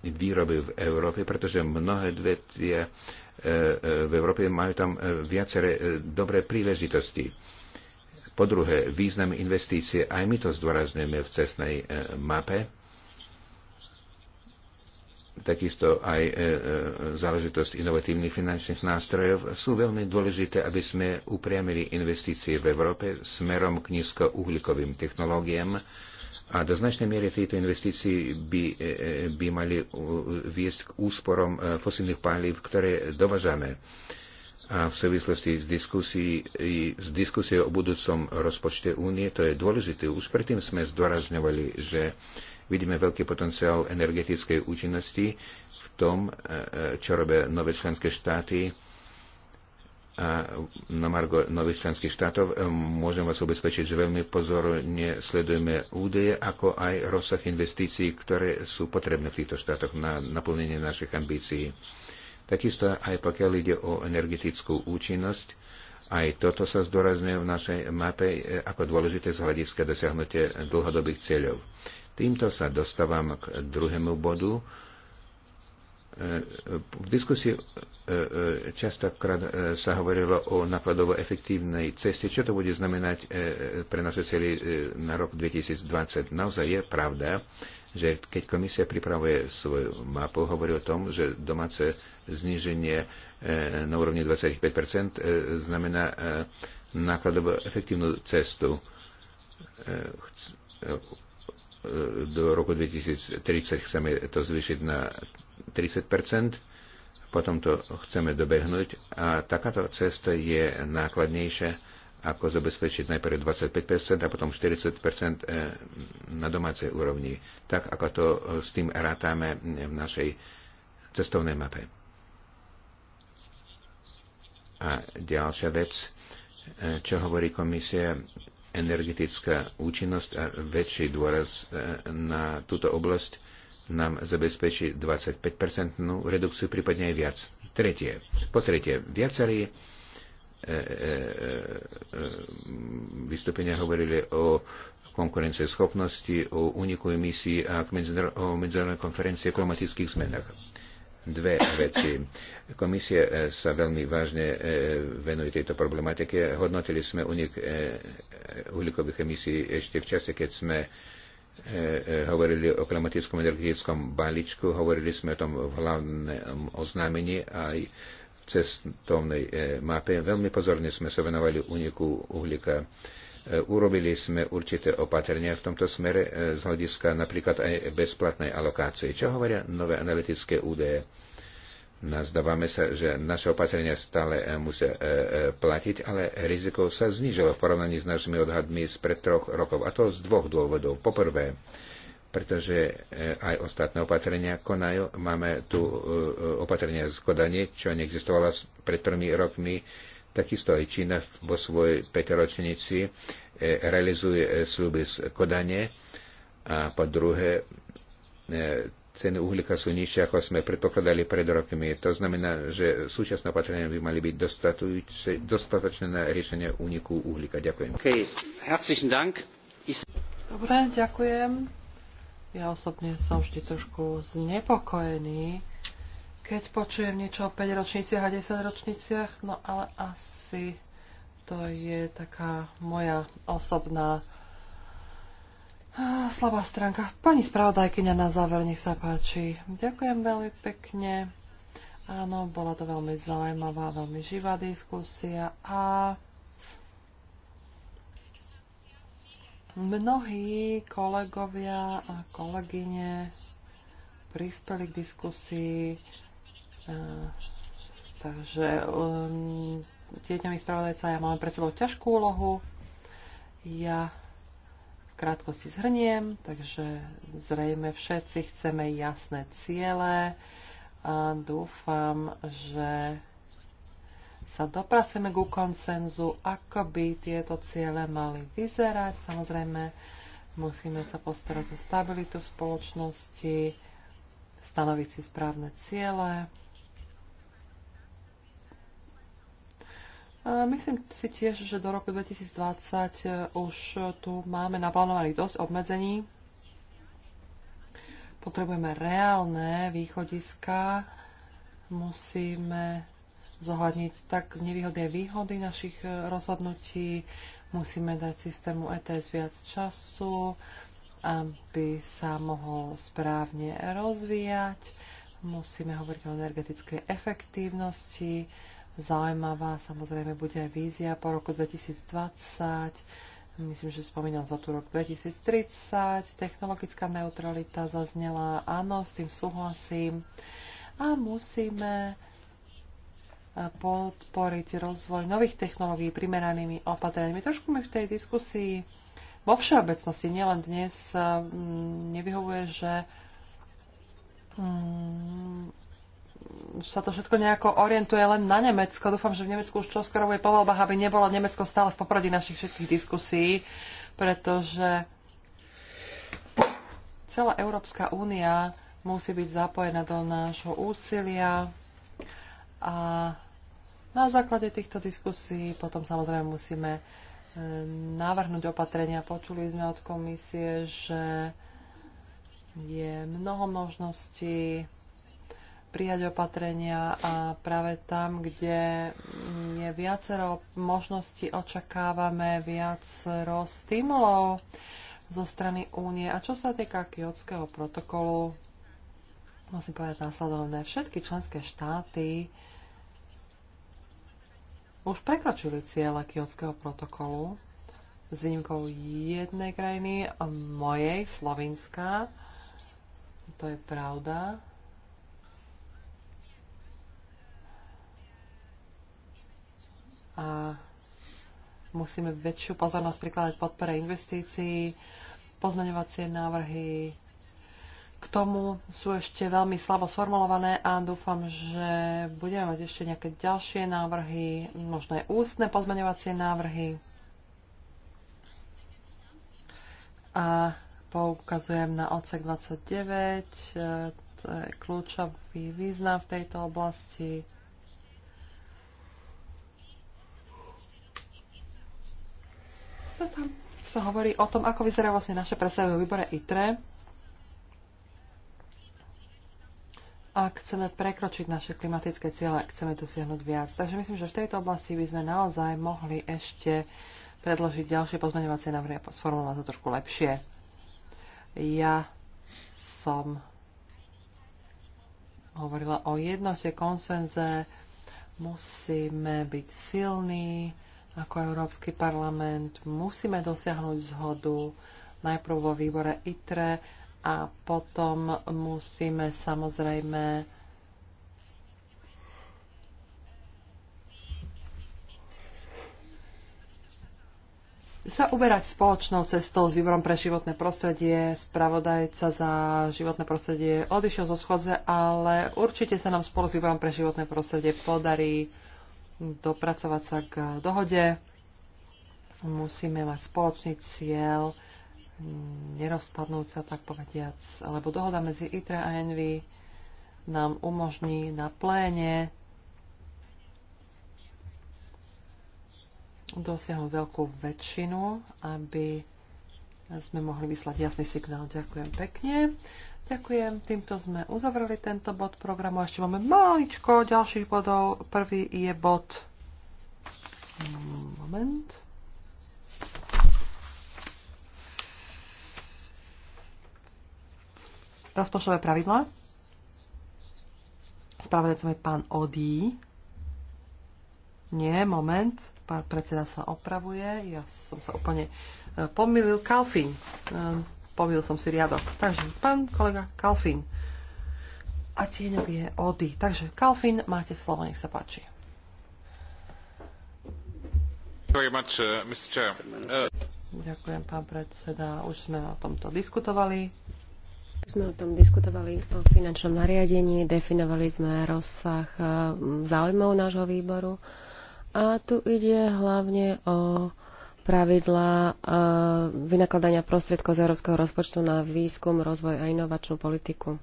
výroby v Európe, pretože mnohé dve tie E, e, v Európe, majú tam e, viaceré dobré príležitosti. Po druhé, význam investície, aj my to zdôrazňujeme v cestnej mape, takisto aj záležitosť inovatívnych finančných nástrojov sú veľmi dôležité, aby sme upriamili investície v Európe smerom k nízkouhlíkovým technológiám, a do značnej miery tieto investície by, e, e, by mali viesť k úsporom e, fosílnych palív, ktoré dovažame. A v súvislosti s, s diskusiou o budúcom rozpočte únie, to je dôležité. Už predtým sme zdôrazňovali, že vidíme veľký potenciál energetickej účinnosti v tom, čo robia nové členské štáty na margo nových členských štátov. E, môžem vás ubezpečiť, že veľmi pozorne sledujeme údaje, ako aj rozsah investícií, ktoré sú potrebné v týchto štátoch na naplnenie našich ambícií. Takisto aj pokiaľ ide o energetickú účinnosť, aj toto sa zdôrazňuje v našej mape e, ako dôležité z hľadiska dosiahnutia dlhodobých cieľov. Týmto sa dostávam k druhému bodu, E, e, v diskusii e, častokrát sa hovorilo o nakladovo efektívnej ceste, čo to bude znamenať pre naše cely na rok 2020. Naozaj je pravda, že keď komisia pripravuje svoju mapu, hovorí o tom, že domáce zníženie na úrovni 25 znamená nákladovo efektívnu cestu do roku 2030 chceme to zvýšiť na 30 potom to chceme dobehnúť a takáto cesta je nákladnejšia ako zabezpečiť najprv 25% a potom 40% eh, na domácej úrovni, tak ako to eh, s tým rátame eh, v našej cestovnej mape. A ďalšia vec, čo hovorí komisia, energetická účinnosť a väčší dôraz na túto oblasť nám zabezpečí 25-percentnú redukciu, prípadne aj viac. Tretie. Po tretie, viacerí e, e, e, e vystúpenia hovorili o konkurencie schopnosti, o uniku emisí a o medzinárodnej konferencii o klimatických zmenách dve veci. Komisia e, sa veľmi vážne e, venuje tejto problematike. Hodnotili sme unik uhlíkových emisí ešte v čase, keď sme E, e, hovorili o klimatickom energetickom balíčku, hovorili sme o tom v hlavnom oznámení aj v cestovnej e, mape. Veľmi pozorne sme sa venovali úniku uhlíka. Urobili sme určité opatrenia v tomto smere z hľadiska napríklad aj bezplatnej alokácie. Čo hovoria nové analytické údaje? Nazdávame sa, že naše opatrenia stále eh, musia eh, eh, platiť, ale riziko sa znížilo v porovnaní s našimi odhadmi spred troch rokov. A to z dvoch dôvodov. Poprvé, pretože aj ostatné opatrenia konajú. Máme tu opatrenia z Kodane, čo neexistovalo pred tromi rokmi. Takisto aj Čína vo svojej peteročnici realizuje sluby z Kodane. A po druhé, ceny uhlíka sú nižšie, ako sme predpokladali pred rokmi. To znamená, že súčasné opatrenia by mali byť dostatočné na riešenie úniku uhlíka. Ďakujem. Okay. Dank. Dobre, ďakujem. Ja osobne som vždy trošku znepokojený, keď počujem niečo o 5-ročníciach a 10-ročníciach, no ale asi to je taká moja osobná Slabá stránka. Pani spravodajkyňa na záver, nech sa páči. Ďakujem veľmi pekne. Áno, bola to veľmi zaujímavá, veľmi živá diskusia a mnohí kolegovia a kolegyne prispeli k diskusii, takže um, tieňový spravodajca, ja mám pred sebou ťažkú úlohu. Ja krátkosti zhrniem, takže zrejme všetci chceme jasné ciele a dúfam, že sa dopracujeme ku konsenzu, ako by tieto ciele mali vyzerať. Samozrejme, musíme sa postarať o stabilitu v spoločnosti, stanoviť si správne ciele Myslím si tiež, že do roku 2020 eh, už tu máme naplánovaných dosť obmedzení. Potrebujeme reálne východiska, musíme zohľadniť tak nevýhody a výhody našich eh, rozhodnutí, musíme dať systému ETS viac času, aby sa mohol správne rozvíjať, musíme hovoriť o energetickej efektívnosti, Zaujímavá samozrejme bude aj vízia po roku 2020, myslím, že spomínal za tu rok 2030, technologická neutralita zaznela, áno, s tým súhlasím. A musíme eh, podporiť rozvoj nových technológií primeranými opatreniami. Trošku mi v tej diskusii vo všeobecnosti, nielen dnes, eh, nevyhovuje, že mm, sa to všetko nejako orientuje len na Nemecko. Dúfam, že v Nemecku už čoskoro bude po voľbách, aby nebolo Nemecko stále v popradí našich všetkých diskusí, pretože celá Európska únia musí byť zapojená do nášho úsilia a na základe týchto diskusí potom samozrejme musíme e, navrhnúť opatrenia. Počuli sme od komisie, že je mnoho možností prijať opatrenia a práve tam, kde je viacero možností, očakávame viacero stimulov zo strany únie. A čo sa týka kiotského protokolu, musím povedať následovné. Všetky členské štáty už prekročili cieľa kiotského protokolu s výnimkou jednej krajiny, mojej, Slovenska. To je pravda a musíme väčšiu pozornosť prikladať podpore investícií, pozmeňovacie návrhy. K tomu sú ešte veľmi slabo sformulované a dúfam, že budeme mať ešte nejaké ďalšie návrhy, možno aj ústne pozmeňovacie návrhy. A poukazujem na odsek 29, e, to je kľúčový význam v tejto oblasti sa tam sa hovorí o tom, ako vyzerá vlastne naše predstavy o výbore ITRE. Ak chceme prekročiť naše klimatické ciele, ak chceme dosiahnuť viac. Takže myslím, že v tejto oblasti by sme naozaj mohli ešte predložiť ďalšie pozmeňovacie návrhy a sformulovať to trošku lepšie. Ja som hovorila o jednote, konsenze, musíme byť silní, ako Európsky parlament musíme dosiahnuť zhodu najprv vo výbore ITRE a potom musíme samozrejme sa uberať spoločnou cestou s výborom pre životné prostredie. Spravodajca za životné prostredie odišiel zo schodze, ale určite sa nám spolu s výborom pre životné prostredie podarí dopracovať sa k dohode. Musíme mať spoločný cieľ, mm, nerozpadnúť sa, tak povediac, lebo dohoda medzi Itra a ENVY nám umožní na pléne dosiahnuť veľkú väčšinu, aby sme mohli vyslať jasný signál. Ďakujem pekne. Ďakujem, týmto sme uzavreli tento bod programu. Ešte máme maličko ďalších bodov. Prvý je bod... Moment. Rozpočtové pravidla. Spravodajcom je pán Odí. Nie, moment. Pán predseda sa opravuje. Ja som sa úplne eh, pomýlil. Kalfin. Eh, pomýl som si riadok. Takže pán kolega Kalfín. A tieňok je Ody. Takže Kalfín, máte slovo, nech sa páči. Uh, uh, Ďakujem, pán predseda. Už sme o tomto diskutovali. Už sme o tom diskutovali o finančnom nariadení, definovali sme rozsah uh, záujmov nášho výboru. A tu ide hlavne o pravidlá e, vynakladania prostriedkov z európskeho rozpočtu na výskum, rozvoj a inovačnú politiku.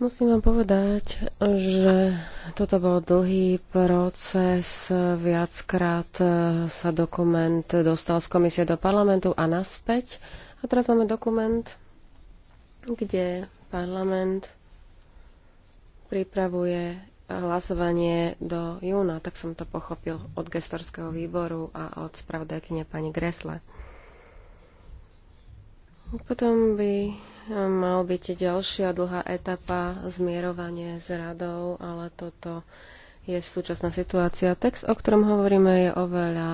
Musím vám povedať, že toto bol dlhý proces. Viackrát e, sa dokument dostal z komisie do parlamentu a naspäť. A teraz máme dokument, kde parlament pripravuje hlasovanie do júna, tak som to pochopil od gestorského výboru a od spravodajkyne pani Gresle. Potom by eh, mal byť ďalšia dlhá etapa zmierovanie s radou, ale toto je súčasná situácia. Text, o ktorom hovoríme, je oveľa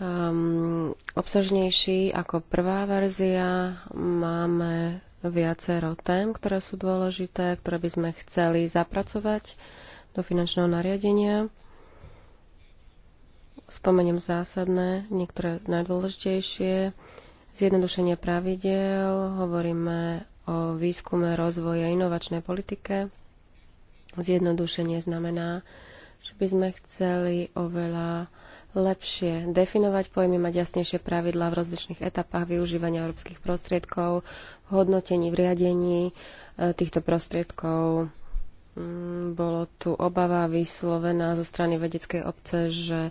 um, obsažnejší ako prvá verzia. Máme viacero tém, ktoré sú dôležité, ktoré by sme chceli zapracovať do finančného nariadenia. Spomeniem zásadné, niektoré najdôležitejšie. Zjednodušenie pravidel, hovoríme o výskume, rozvoje a inovačnej politike. Zjednodušenie znamená, že by sme chceli oveľa lepšie definovať pojmy, mať jasnejšie pravidlá v rozličných etapách využívania európskych prostriedkov, hodnotení, v riadení e, týchto prostriedkov. Mm, bolo tu obava vyslovená zo strany vedeckej obce, že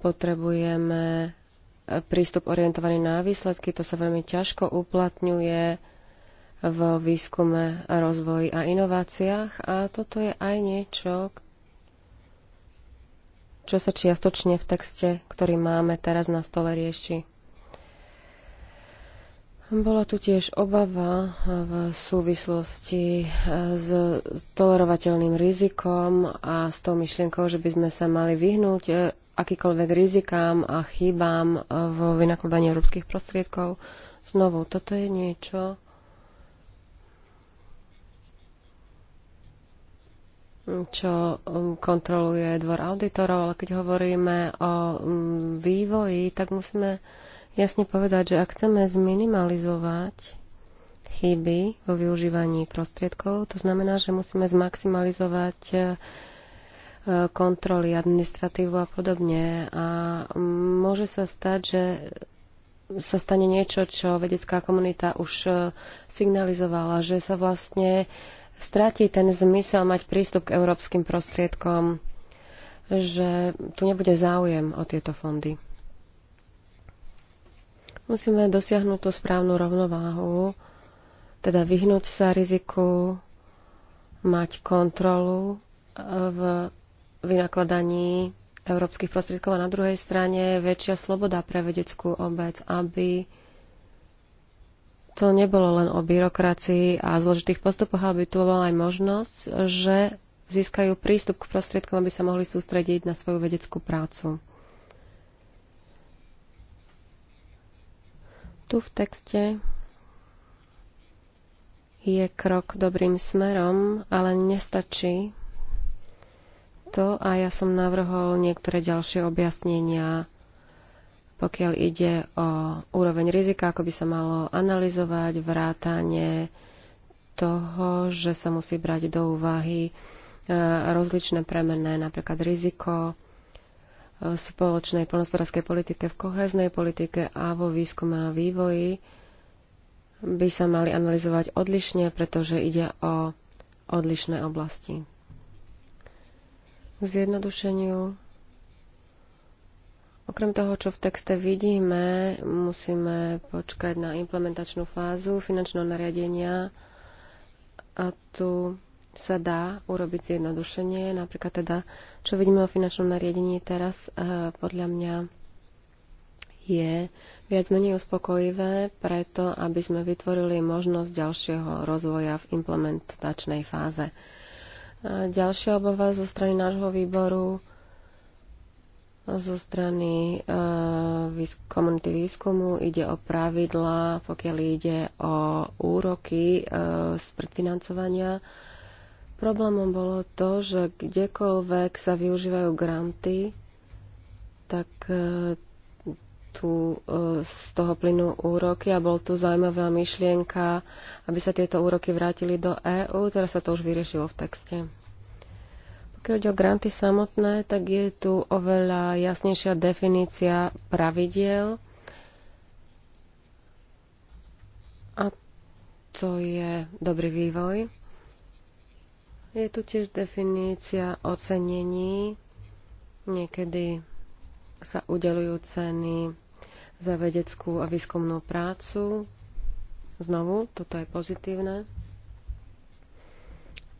potrebujeme e, prístup orientovaný na výsledky. To sa veľmi ťažko uplatňuje v výskume, rozvoji a inováciách. A toto je aj niečo, čo sa čiastočne v texte, ktorý máme teraz na stole, rieši. Bola tu tiež obava v súvislosti e, s tolerovateľným rizikom a s tou myšlienkou, že by sme sa mali vyhnúť e, akýkoľvek rizikám a chýbám e, vo vynakladaní európskych prostriedkov. Znovu, toto je niečo, čo um, kontroluje dvor auditorov, ale keď hovoríme o um, vývoji, tak musíme jasne povedať, že ak chceme zminimalizovať chyby vo využívaní prostriedkov, to znamená, že musíme zmaximalizovať e, kontroly, administratívu a podobne. A môže sa stať, že sa stane niečo, čo vedecká komunita už e, signalizovala, že sa vlastne stráti ten zmysel mať prístup k európskym prostriedkom, že tu nebude záujem o tieto fondy. Musíme dosiahnuť tú správnu rovnováhu, teda vyhnúť sa riziku, mať kontrolu e, v vynakladaní európskych prostriedkov a na druhej strane väčšia sloboda pre vedeckú obec, aby to nebolo len o byrokracii a zložitých postupoch, aby tu bola aj možnosť, že získajú prístup k prostriedkom, aby sa mohli sústrediť na svoju vedeckú prácu. Tu v texte je krok dobrým smerom, ale nestačí to a ja som navrhol niektoré ďalšie objasnenia pokiaľ ide o úroveň rizika, ako by sa malo analyzovať vrátanie toho, že sa musí brať do úvahy e, rozličné premenné, napríklad riziko v e, spoločnej plnospodárskej politike, v koheznej politike a vo výskume a vývoji by sa mali analyzovať odlišne, pretože ide o odlišné oblasti. K zjednodušeniu Okrem toho, čo v texte vidíme, musíme počkať na implementačnú fázu finančného nariadenia a tu sa dá urobiť zjednodušenie. Napríklad teda, čo vidíme o finančnom nariadení teraz, eh, podľa mňa je viac menej uspokojivé preto, aby sme vytvorili možnosť ďalšieho rozvoja v implementačnej fáze. A ďalšia obava zo strany nášho výboru zo strany e, komunity výskumu ide o pravidlá, pokiaľ ide o úroky e, z predfinancovania. Problémom bolo to, že kdekoľvek sa využívajú granty, tak e, tu z toho plynú úroky a bol tu zaujímavá myšlienka, aby sa tieto úroky vrátili do EÚ. Teraz sa to už vyriešilo v texte. Keď o granty samotné, tak je tu oveľa jasnejšia definícia pravidiel. A to je dobrý vývoj. Je tu tiež definícia ocenení. Niekedy sa udelujú ceny za vedeckú a výskumnú prácu. Znovu, toto je pozitívne.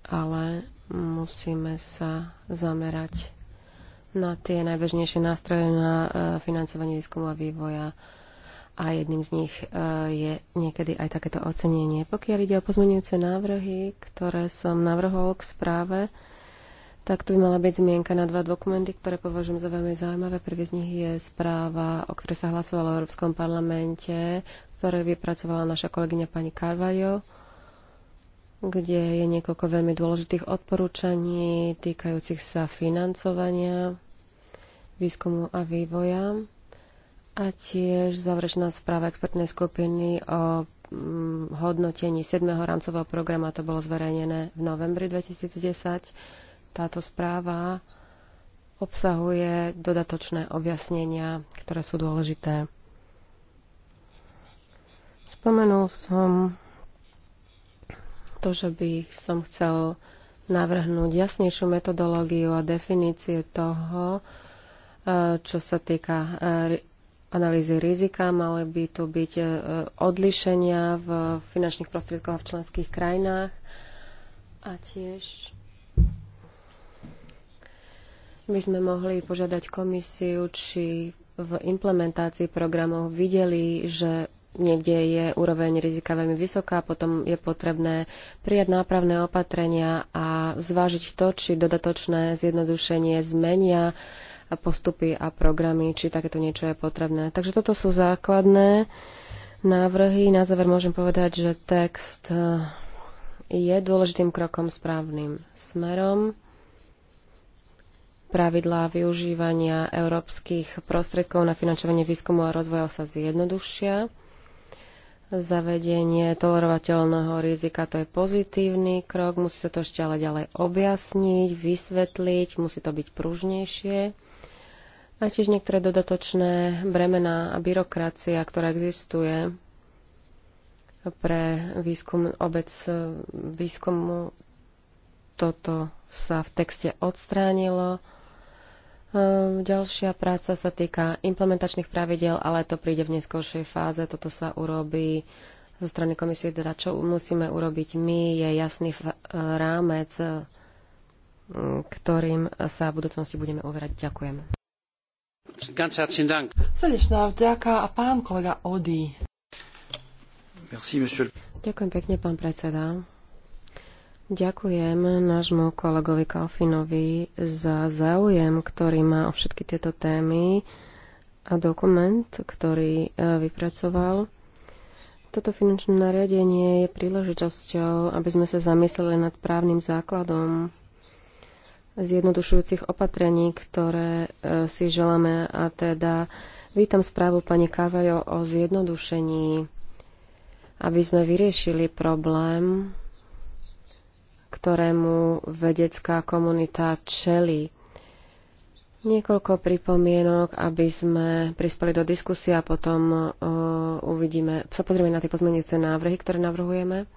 Ale musíme sa zamerať na tie najbežnejšie nástroje na e, financovanie výskumu a vývoja a jedným z nich e, je niekedy aj takéto ocenenie. Pokiaľ ide o pozmenujúce návrhy, ktoré som navrhol k správe, tak tu by mala byť zmienka na dva dokumenty, ktoré považujem za veľmi zaujímavé. Prvý z nich je správa, o ktorej sa hlasovalo v Európskom parlamente, ktoré vypracovala naša kolegyňa pani Carvalho kde je niekoľko veľmi dôležitých odporúčaní týkajúcich sa financovania, výskumu a vývoja a tiež záverečná správa expertnej skupiny o mm, hodnotení 7. rámcového programu, to bolo zverejnené v novembri 2010. Táto správa obsahuje dodatočné objasnenia, ktoré sú dôležité. Spomenul som to, že by som chcel navrhnúť jasnejšiu metodológiu a definície toho, eh, čo sa týka eh, analýzy rizika, mali by tu byť eh, odlišenia v finančných prostriedkoch v členských krajinách a tiež by sme mohli požiadať komisiu, či v implementácii programov videli, že niekde je úroveň rizika veľmi vysoká, potom je potrebné prijať nápravné opatrenia a zvážiť to, či dodatočné zjednodušenie zmenia postupy a programy, či takéto niečo je potrebné. Takže toto sú základné návrhy. Na záver môžem povedať, že text eh, je dôležitým krokom správnym smerom pravidlá využívania európskych prostriedkov na finančovanie výskumu a rozvoja sa zjednodušia. Zavedenie tolerovateľného rizika to je pozitívny krok, musí sa to ešte ale ďalej objasniť, vysvetliť, musí to byť pružnejšie. A tiež niektoré dodatočné bremená a byrokracia, ktorá existuje pre výskum, obec výskumu, toto sa v texte odstránilo Ehm, ďalšia práca sa týka implementačných pravidel, ale to príde v neskôršej fáze. Toto sa urobí zo strany komisie, teda čo musíme urobiť my, je jasný e, rámec, e, ktorým sa v budúcnosti budeme overať. Ďakujem. Srdečná vďaka a pán kolega Odi. Merci, Ďakujem pekne, pán predseda. Ďakujem nášmu kolegovi Kalfinovi za záujem, ktorý má o všetky tieto témy a dokument, ktorý e, vypracoval. Toto finančné nariadenie je príležitosťou, aby sme sa zamysleli nad právnym základom zjednodušujúcich opatrení, ktoré e, si želáme a teda vítam správu pani Kavajo o zjednodušení, aby sme vyriešili problém ktorému vedecká komunita čelí. Niekoľko pripomienok, aby sme prispeli do diskusie a potom uh, uvidíme, sa pozrieme na tie pozmeňujúce návrhy, ktoré navrhujeme.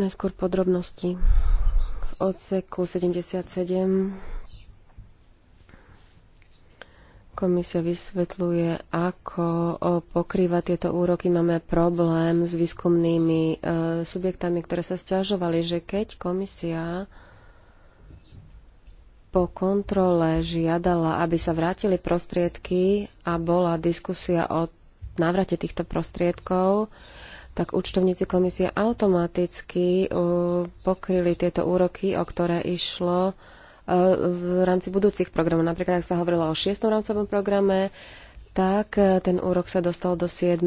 Najskôr podrobnosti. V odseku 77 Komisia vysvetľuje, ako pokrýva tieto úroky. Máme problém s výskumnými e, subjektami, ktoré sa stiažovali, že keď komisia po kontrole žiadala, aby sa vrátili prostriedky a bola diskusia o návrate týchto prostriedkov, tak účtovníci komisie automaticky e, pokryli tieto úroky, o ktoré išlo v rámci budúcich programov. Napríklad, ak sa hovorilo o 6. rámcovom programe, tak e, ten úrok sa dostal do 7.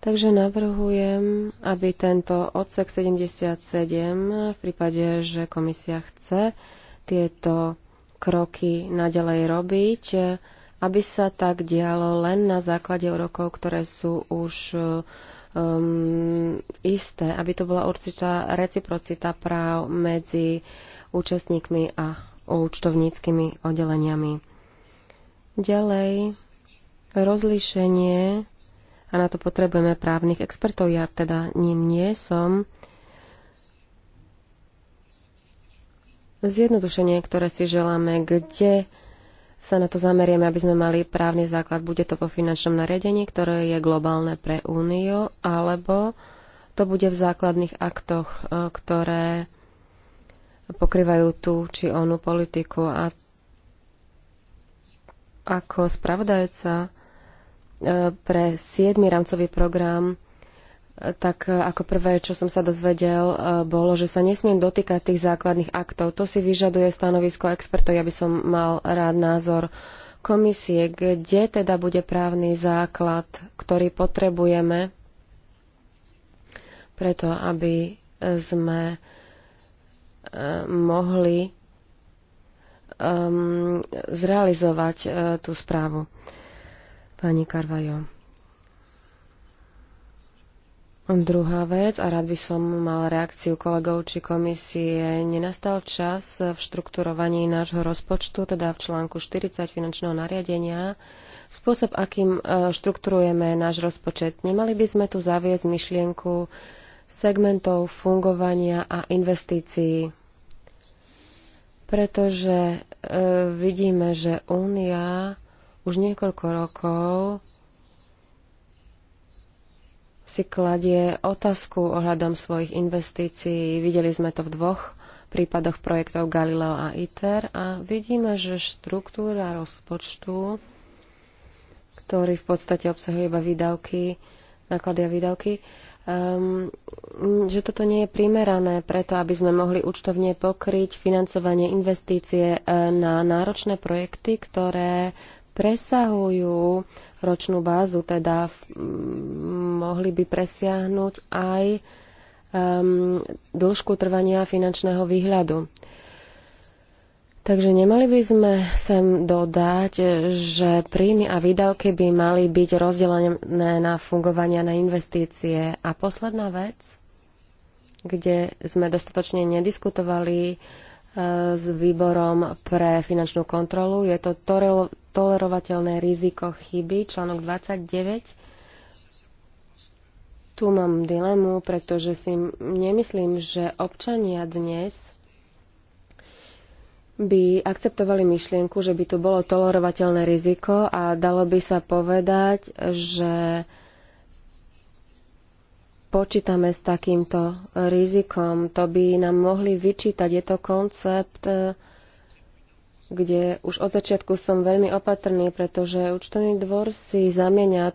Takže navrhujem, aby tento odsek 77 v prípade, že komisia chce tieto kroky naďalej robiť, e, aby sa tak dialo len na základe úrokov, ktoré sú už e, um, isté, aby to bola určitá reciprocita práv medzi účastníkmi a účtovníckými oddeleniami. Ďalej, rozlíšenie, a na to potrebujeme právnych expertov, ja teda ním nie som, zjednodušenie, ktoré si želáme, kde sa na to zamerieme, aby sme mali právny základ. Bude to vo finančnom nariadení, ktoré je globálne pre Úniu, alebo to bude v základných aktoch, e, ktoré pokrývajú tú či onú politiku a ako spravodajca e, pre 7. rámcový program e, tak e, ako prvé, čo som sa dozvedel, bolo, že sa nesmiem dotýkať tých základných aktov. To si vyžaduje stanovisko expertov. Ja by som mal rád názor komisie, kde teda bude právny základ, ktorý potrebujeme preto, aby sme mohli um, zrealizovať uh, tú správu. Pani Karvajo. Druhá vec, a rád by som mal reakciu kolegov či komisie, nenastal čas v štrukturovaní nášho rozpočtu, teda v článku 40 finančného nariadenia, spôsob, akým uh, štrukturujeme náš rozpočet. Nemali by sme tu zaviesť myšlienku segmentov fungovania a investícií pretože e, vidíme, že Únia už niekoľko rokov si kladie otázku ohľadom svojich investícií. Videli sme to v dvoch prípadoch projektov Galileo a ITER a vidíme, že štruktúra rozpočtu, ktorý v podstate obsahuje iba výdavky, náklady a výdavky, um, že toto nie je primerané preto, aby sme mohli účtovne pokryť financovanie investície e, na náročné projekty, ktoré presahujú ročnú bázu, teda mohli by presiahnuť aj um, dĺžku trvania finančného výhľadu. Takže nemali by sme sem dodať, že príjmy a výdavky by mali byť rozdelené na fungovanie na investície. A posledná vec, kde sme dostatočne nediskutovali e, s výborom pre finančnú kontrolu, je to tolerovateľné riziko chyby, článok 29. Tu mám dilemu, pretože si nemyslím, že občania dnes by akceptovali myšlienku, že by tu bolo tolerovateľné riziko a dalo by sa povedať, že počítame s takýmto rizikom. To by nám mohli vyčítať. Je to koncept, kde už od začiatku som veľmi opatrný, pretože účtovný dvor si zamieňa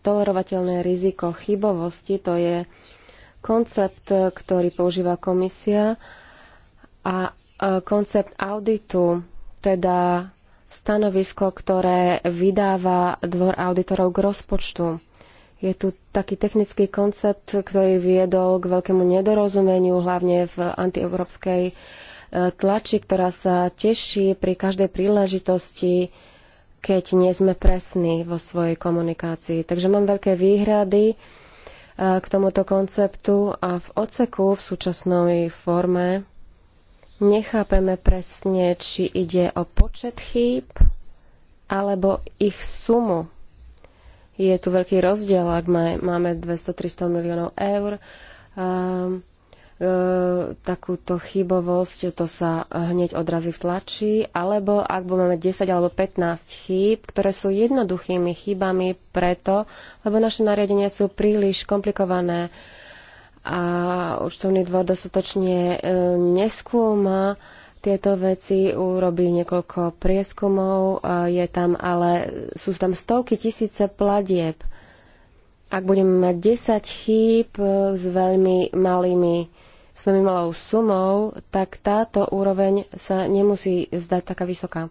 tolerovateľné riziko chybovosti. To je koncept, ktorý používa komisia. A E, koncept auditu, teda stanovisko, ktoré vydáva dvor auditorov k rozpočtu. Je tu taký technický koncept, ktorý viedol k veľkému nedorozumeniu, hlavne v antieurópskej e, tlači, ktorá sa teší pri každej príležitosti, keď nie sme presní vo svojej komunikácii. Takže mám veľké výhrady e, k tomuto konceptu a v oceku v súčasnej forme nechápeme presne, či ide o počet chýb alebo ich sumu. Je tu veľký rozdiel, ak máme 200-300 miliónov eur. Um, takúto chybovosť, to sa hneď odrazí v tlači, alebo ak máme 10 alebo 15 chýb, ktoré sú jednoduchými chybami preto, lebo naše nariadenia sú príliš komplikované, a účtovný dvor dostatočne e, neskúma tieto veci, urobí niekoľko prieskumov, je tam ale, sú tam stovky tisíce platieb. Ak budeme mať 10 chýb e, s veľmi malými s veľmi malou sumou, tak táto úroveň sa nemusí zdať taká vysoká.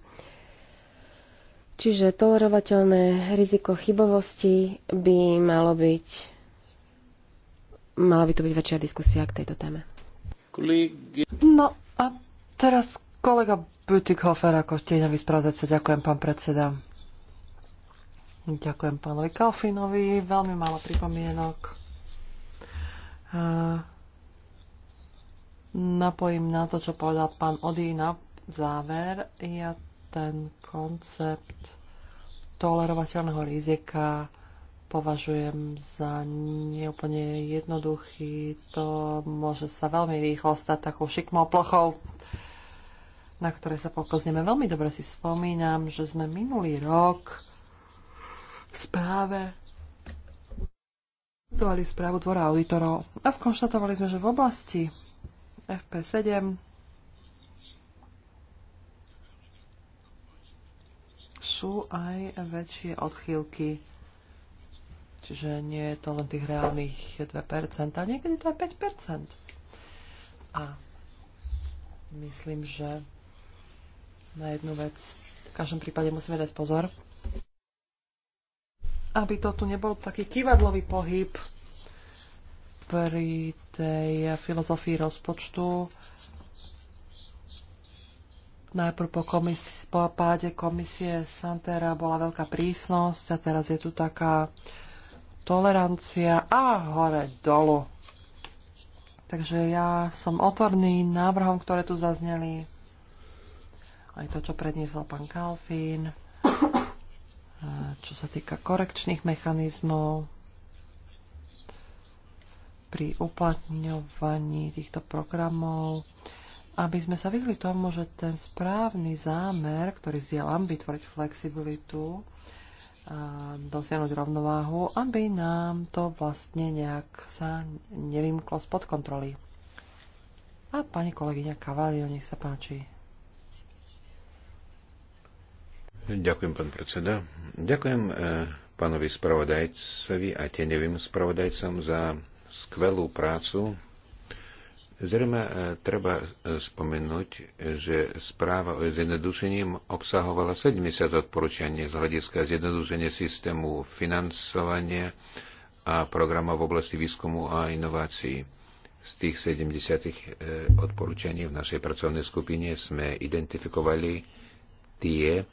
Čiže tolerovateľné riziko chybovosti by malo byť mala by to byť väčšia diskusia k tejto téme. No a teraz kolega Butikhofer ako tieňový spravodajca. Ďakujem, pán predseda. Ďakujem pánovi Kalfinovi. Veľmi málo pripomienok. E, napojím na to, čo povedal pán Odí na záver. Ja ten koncept tolerovateľného rizika považujem za neúplne jednoduchý. To môže sa veľmi rýchlo stať takou šikmou plochou, na ktoré sa poklzneme. Veľmi dobre si spomínam, že sme minulý rok v správe Zvali správu Dvora auditorov a skonštatovali sme, že v oblasti FP7 sú aj väčšie odchýlky Čiže nie je to len tých reálnych 2%, a niekedy to je 5%. A myslím, že na jednu vec v každom prípade musíme dať pozor, aby to tu nebol taký kývadlový pohyb pri tej filozofii rozpočtu. Najprv po, komis- po páde komisie Santera bola veľká prísnosť a teraz je tu taká uh, tolerancia a hore dolu. Takže ja som otvorný návrhom, ktoré tu zazneli. Aj to, čo predniesol pán Kalfín, čo sa týka korekčných mechanizmov pri uplatňovaní týchto programov, aby sme sa vyhli tomu, že ten správny zámer, ktorý zdieľam, vytvoriť flexibilitu, dosiahnuť rovnováhu, aby nám to vlastne nejak sa nevymklo spod kontroly. A pani kolegyňa Kavalio, nech sa páči. Ďakujem, pán predseda. Ďakujem e, pánovi spravodajcovi a tie nevým spravodajcom za skvelú prácu Zrejme e, treba e, spomenúť, že správa o zjednodušení obsahovala 70 odporúčaní z hľadiska zjednodušenia systému financovania a programa v oblasti výskumu a inovácií. Z tých 70 e, odporúčaní v našej pracovnej skupine sme identifikovali tie,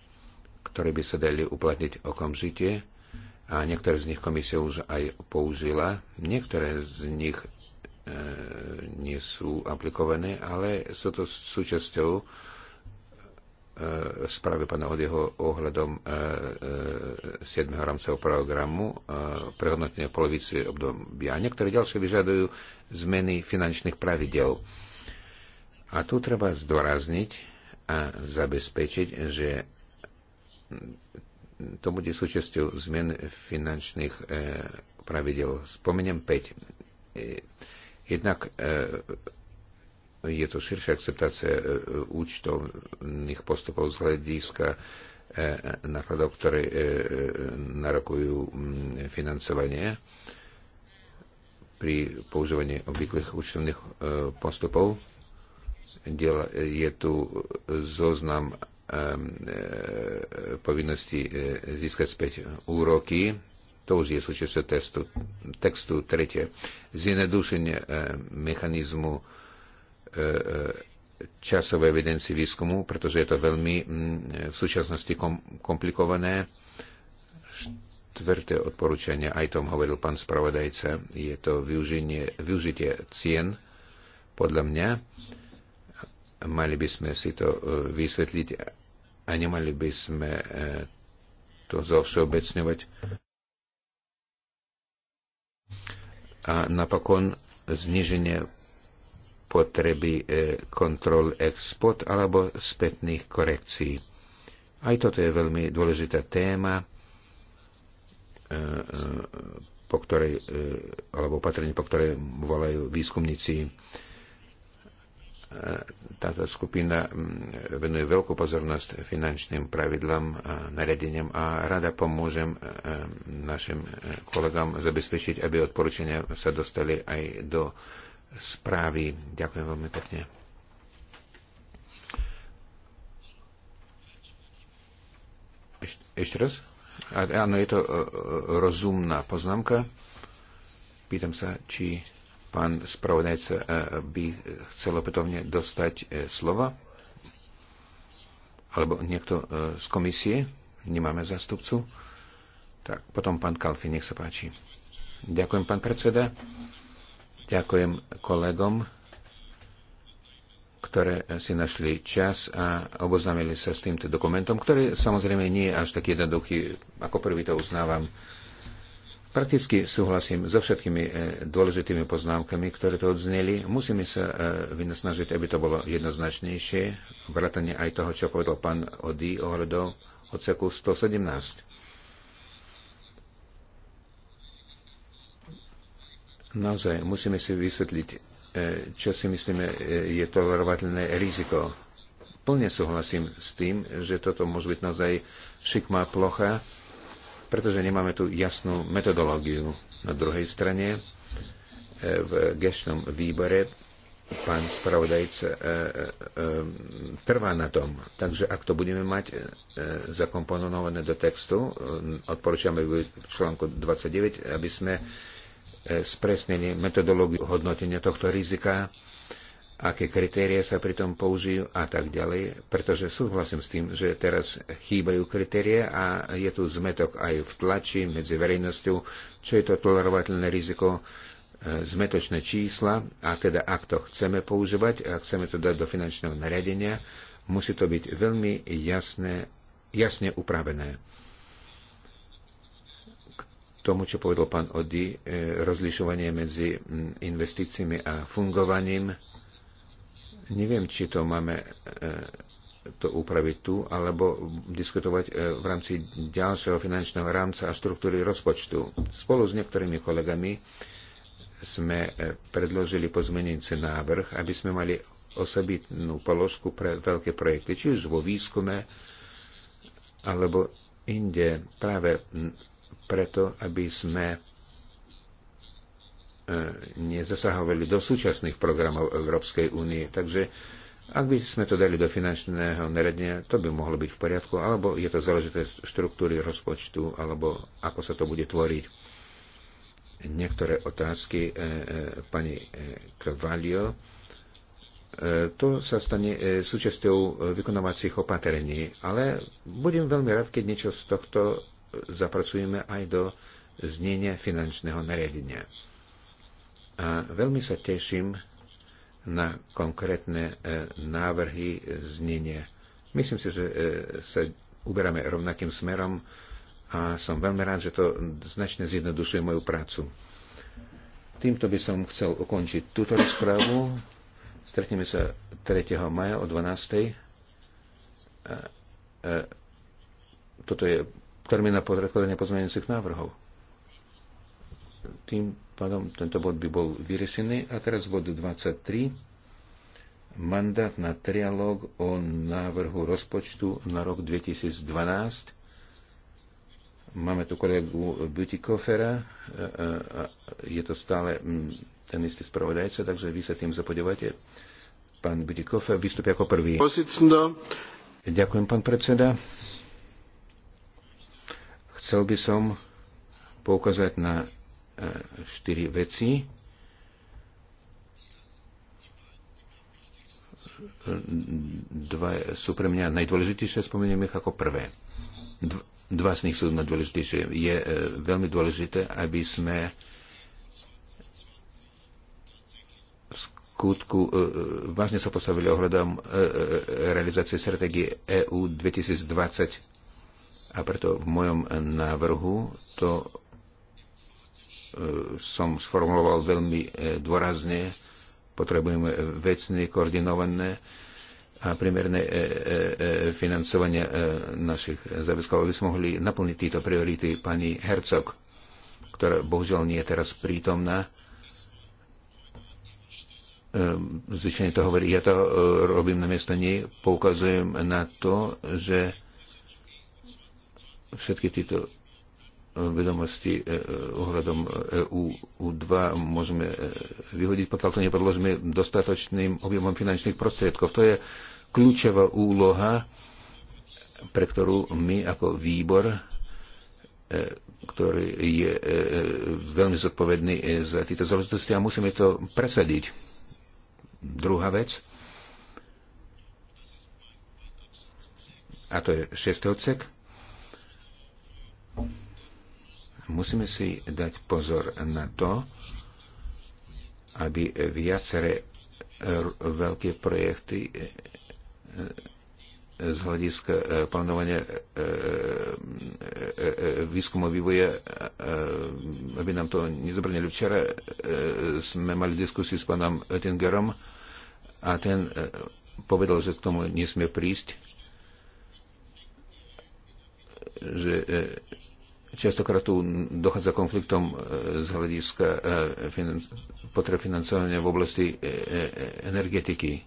ktoré by sa dali uplatniť okamžite a niektoré z nich komisia už aj použila. Niektoré z nich nie sú aplikované, ale sú to súčasťou e, správy pána Odeho ohľadom 7. E, e, rámcov programu prehodnotenia polovice obdobia. niektoré ďalšie vyžadujú zmeny finančných pravidel. A tu treba zdôrazniť a zabezpečiť, že to bude súčasťou zmen finančných pravidel. Spomeniem 5 Jednak e, je to širšia akceptácia e, účtovných postupov z hľadiska e, nákladov, ktoré narokujú mm, financovanie pri používaní obvyklých účtovných postupov. Je tu zoznam povinnosti získať späť úroky to už je súčasťou textu, textu. Tretie, zjednodušenie e, mechanizmu e, e, časovej evidencie výskumu, pretože je to veľmi v súčasnosti komplikované. Štvrté odporúčanie, aj tom hovoril pán spravodajca, je to využitie cien, podľa mňa. Mali by sme si to vysvetliť a nemali by sme to zovšeobecňovať. a napokon zniženie potreby e, kontrol export alebo spätných korekcií. Aj toto je veľmi dôležitá téma, e, e, po ktorej, alebo opatrenie, po ktorej volajú výskumníci táto skupina mm, venuje veľkú pozornosť finančným pravidlám a nariadeniam a rada pomôžem e, e, našim e, kolegám zabezpečiť, aby odporúčania sa dostali aj do správy. Ďakujem veľmi pekne. Ešte raz? Áno, je to rozumná poznámka. Pýtam sa, či Pán spravodajca e, by chcel opätovne dostať e, slovo? Alebo niekto e, z komisie? Nemáme zastupcu? Tak potom pán Kalfi, nech sa páči. Ďakujem, pán predseda. Ďakujem kolegom, ktoré si našli čas a oboznámili sa s týmto dokumentom, ktorý samozrejme nie je až taký jednoduchý, ako prvý to uznávam. Prakticky súhlasím so všetkými e, dôležitými poznámkami, ktoré tu odzneli. Musíme sa e, vynasnažiť, aby to bolo jednoznačnejšie, vrátane aj toho, čo povedal pán Odí ohľadu odseku 117. Naozaj musíme si vysvetliť, e, čo si myslíme je tolerovateľné riziko. Plne súhlasím s tým, že toto môže byť naozaj šikmá plocha, pretože nemáme tu jasnú metodológiu. Na druhej strane e, v gešnom výbore pán spravodajca e, e, trvá na tom. Takže ak to budeme mať zakomponované do textu, odporúčame v článku 29, aby sme spresnili metodológiu hodnotenia tohto rizika aké kritéria sa tom použijú a tak ďalej, pretože súhlasím s tým, že teraz chýbajú kritéria a je tu zmetok aj v tlači medzi verejnosťou, čo je to tolerovateľné riziko, e, zmetočné čísla a teda ak to chceme používať, a chceme to dať do finančného nariadenia, musí to byť veľmi jasné, jasne upravené. K tomu, čo povedal pán Odi, e, rozlišovanie medzi investíciami a fungovaním Neviem, či to máme e, to upraviť tu, alebo diskutovať e, v rámci ďalšieho finančného rámca a štruktúry rozpočtu. Spolu s niektorými kolegami sme e, predložili pozmenujúci návrh, aby sme mali osobitnú položku pre veľké projekty, či už vo výskume, alebo inde, práve preto, aby sme E, nezasahovali do súčasných programov Európskej únie. Takže ak by sme to dali do finančného naredenia, to by mohlo byť v poriadku, alebo je to záležité štruktúry rozpočtu, alebo ako sa to bude tvoriť. Niektoré otázky e, e, pani e, Kvalio. E, to sa stane e, súčasťou vykonovacích opatrení, ale budem veľmi rád, keď niečo z tohto zapracujeme aj do znenia finančného nariadenia. A veľmi sa teším na konkrétne e, návrhy e, znenia. Myslím si, že e, sa uberáme rovnakým smerom a som veľmi rád, že to značne zjednodušuje moju prácu. Týmto by som chcel ukončiť túto rozprávu. Stretneme sa 3. maja o 12. Toto je termín na podredkladanie pozmeňujúcich návrhov. Tým pádom tento bod by bol vyriešený. A teraz bod 23. Mandát na trialóg o návrhu rozpočtu na rok 2012. Máme tu kolegu Butikofera. E, e, je to stále mm, ten istý spravodajca, takže vy sa tým zapodevate. Pán Butikofer vystúpi ako prvý. Ďakujem, pán predseda. Chcel by som poukázať na štyri veci. Dva sú pre mňa najdôležitejšie, spomeniem ich ako prvé. Dva z nich sú najdôležitejšie. Je e, veľmi dôležité, aby sme v skutku e, e, vážne sa postavili ohľadom realizácie stratégie EU 2020 a preto v mojom návrhu to E, som sformuloval veľmi e, dôrazne. Potrebujeme vecne koordinované a primerné e, financovanie našich záväzkov, aby sme mohli naplniť tieto priority pani Hercog, ktorá bohužiaľ nie je teraz prítomná. Zvyčajne to hovorí, ja to robím na miesto nej, poukazujem na to, že všetky tieto vedomosti e, e, ohľadom e, EU2 môžeme vyhodiť, pokiaľ to nepodložíme dostatočným objemom finančných prostriedkov. To je kľúčová úloha, pre ktorú my ako výbor, ktorý je veľmi zodpovedný za tieto záležitosti a musíme to presadiť. Druhá vec, a to je 6. odsek, Musíme si dať pozor na to, aby viaceré veľké projekty e, e, z hľadiska e, plánovania výskumu vývoja, aby nám to nezobrnili. Včera sme mali diskusiu s pánom Oettingerom a ten povedal, že k tomu nesmie prísť, že Častokrát tu dochádza konfliktom e, z hľadiska e, finan- potreb financovania v oblasti e, energetiky.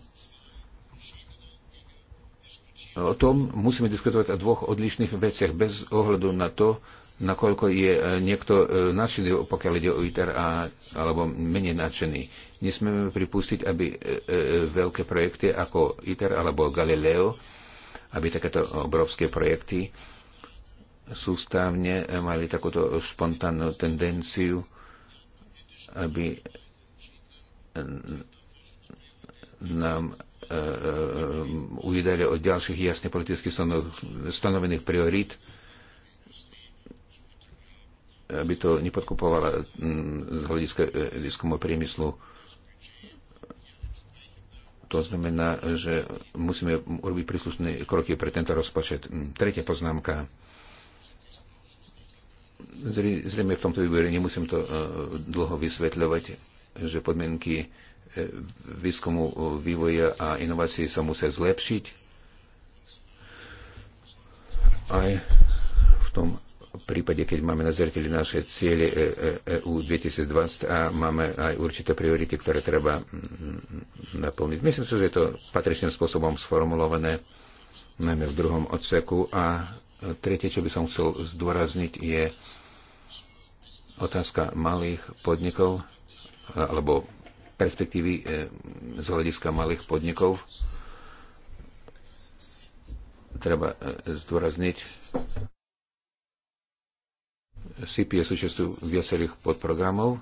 O tom musíme diskutovať o dvoch odlišných veciach bez ohľadu na to, nakoľko je niekto nadšený, pokiaľ ide o ITER, a, alebo menej nadšený. Nesmieme pripustiť, aby veľké projekty ako ITER alebo Galileo, aby takéto obrovské projekty sústavne mali takúto spontánnu tendenciu, aby nám e, e, ujedali od ďalších jasne politicky stanovených priorít, aby to nepodkupovalo z hľadiska e, výskumu priemyslu. To znamená, že musíme urobiť príslušné kroky pre tento rozpočet. Tretia poznámka zrejme v tomto výbore nemusím to e, dlho vysvetľovať, že podmienky e, výskumu, e, vývoja a inovácií sa musia zlepšiť. Aj v tom prípade, keď máme na zreteli naše ciele EU 2020 a máme aj určité priority, ktoré treba naplniť. Myslím si, že je to patričným spôsobom sformulované, najmä v druhom odseku. A tretie, čo by som chcel zdôrazniť, je otázka malých podnikov eh, alebo perspektívy eh, z hľadiska malých podnikov. Treba eh, zdôrazniť, SIP je súčasťou viacerých podprogramov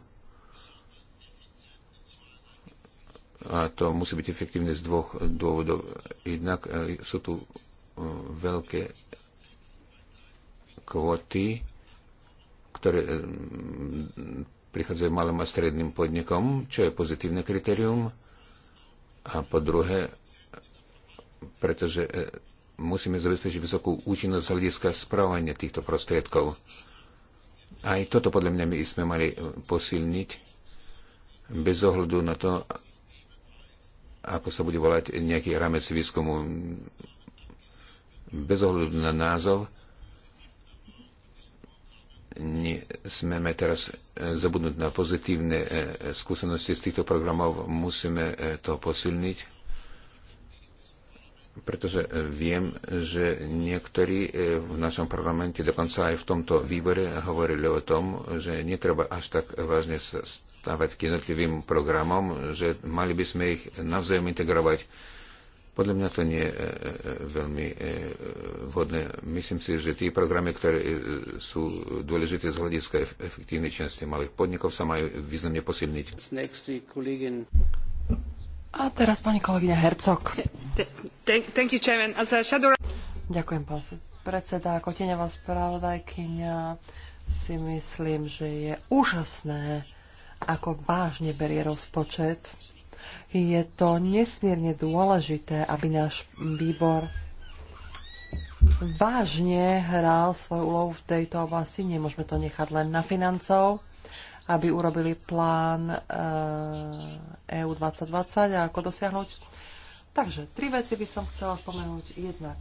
a to musí byť efektívne z dvoch dôvodov. Jednak sú tu veľké kvóty, ktoré prichádzajú malým a stredným podnikom, čo je pozitívne kritérium. A po druhé, pretože e, musíme zabezpečiť vysokú účinnosť z hľadiska správania týchto prostriedkov. Aj toto podľa mňa my sme mali e, posilniť bez ohľadu na to, ako sa bude volať nejaký ramec výskumu. Bez ohľadu na názov, smeme teraz e, zabudnúť na pozitívne e, e, skúsenosti z týchto programov, musíme to posilniť, pretože viem, že niektorí v našom parlamente, dokonca aj v tomto výbore, hovorili o tom, že netreba až tak vážne stávať k jednotlivým programom, že mali by sme ich navzájom integrovať podľa mňa to nie je e, e, veľmi e, vhodné. Myslím si, že tie programy, ktoré sú dôležité z hľadiska efektívnej časti malých podnikov, sa majú významne posilniť. A teraz pani kolegyňa Hercog. You, shadow... Ďakujem, pán predseda. Ako tieňová spravodajkyňa si myslím, že je úžasné, ako vážne berie rozpočet je to nesmierne dôležité, aby náš výbor vážne hral svoju úlohu v tejto oblasti. Nemôžeme to nechať len na financov, aby urobili plán EU eh, e 2020 a ako dosiahnuť. Takže tri veci by som chcela spomenúť. Jednak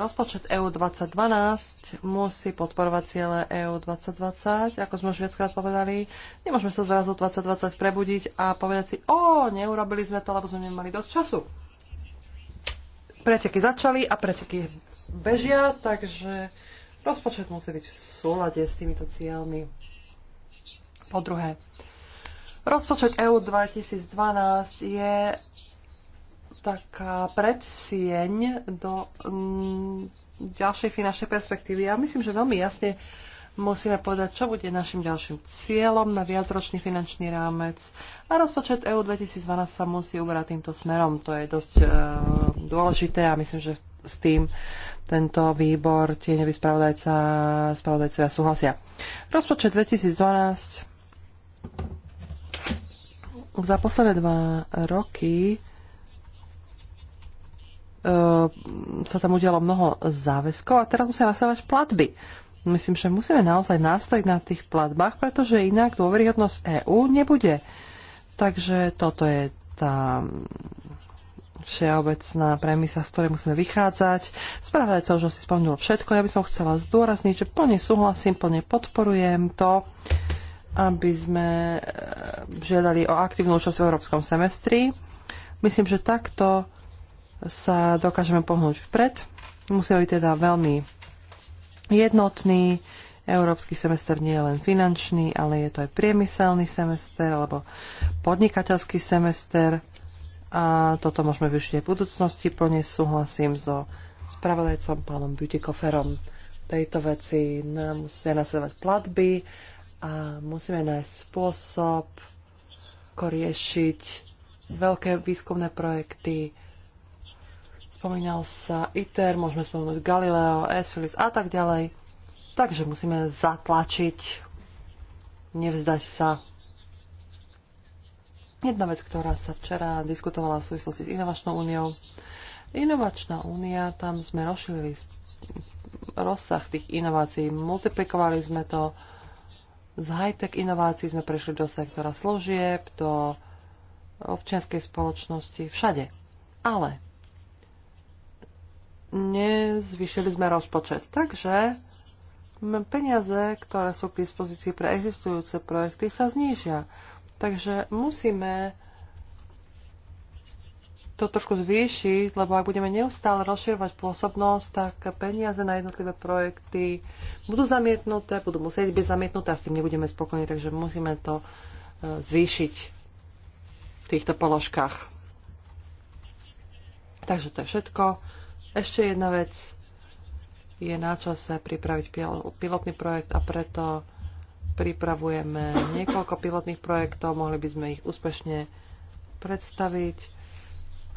Rozpočet EU 2012 musí podporovať ciele EU 2020. Ako sme už viackrát povedali, nemôžeme sa zrazu 2020 prebudiť a povedať si, o, neurobili sme to, lebo sme nemali dosť času. Preteky začali a preteky bežia, takže rozpočet musí byť v súlade s týmito cieľmi. Po druhé, rozpočet EU 2012 je taká predsieň do mm, ďalšej finančnej perspektívy. Ja myslím, že veľmi jasne musíme povedať, čo bude našim ďalším cieľom na viacročný finančný rámec a rozpočet EU 2012 sa musí uberať týmto smerom. To je dosť e, dôležité a myslím, že s tým tento výbor, tieňový spravodajca, spravodajcovia súhlasia. Rozpočet 2012 za posledné dva roky Ehm, sa tam udialo mnoho záväzkov a teraz musia nastavať platby. Myslím, že musíme naozaj nástojiť na tých platbách, pretože inak dôveryhodnosť EÚ nebude. Takže toto je tá všeobecná premisa, z ktorej musíme vychádzať. Spravodajca už si spomenul všetko. Ja by som chcela zdôrazniť, že plne súhlasím, plne podporujem to, aby sme eh, žiadali o aktívnu účasť v európskom semestri. Myslím, že takto sa dokážeme pohnúť vpred. Musíme byť teda veľmi jednotný Európsky semester nie je len finančný, ale je to aj priemyselný semester alebo podnikateľský semester. A toto môžeme využiť aj v budúcnosti. Plne súhlasím so spravodajcom pánom v tejto veci. Nám musia nasledovať platby a musíme nájsť spôsob, ako riešiť veľké výskumné projekty, Spomínal sa ITER, môžeme spomenúť Galileo, Esfilis a tak ďalej. Takže musíme zatlačiť, nevzdať sa. Jedna vec, ktorá sa včera diskutovala v súvislosti s Inovačnou úniou. Inovačná únia, tam sme rozšírili rozsah tých inovácií, multiplikovali sme to. Z high-tech inovácií sme prešli do sektora služieb, do občianskej spoločnosti, všade. Ale nezvyšili sme rozpočet. Takže peniaze, ktoré sú k dispozícii pre existujúce projekty, sa znížia. Takže musíme to trošku zvýšiť, lebo ak budeme neustále rozširovať pôsobnosť, tak peniaze na jednotlivé projekty budú zamietnuté, budú musieť byť zamietnuté a s tým nebudeme spokojní, takže musíme to e, zvýšiť v týchto položkách. Takže to je všetko. Ešte jedna vec. Je na čase pripraviť pilotný projekt a preto pripravujeme niekoľko pilotných projektov, mohli by sme ich úspešne predstaviť.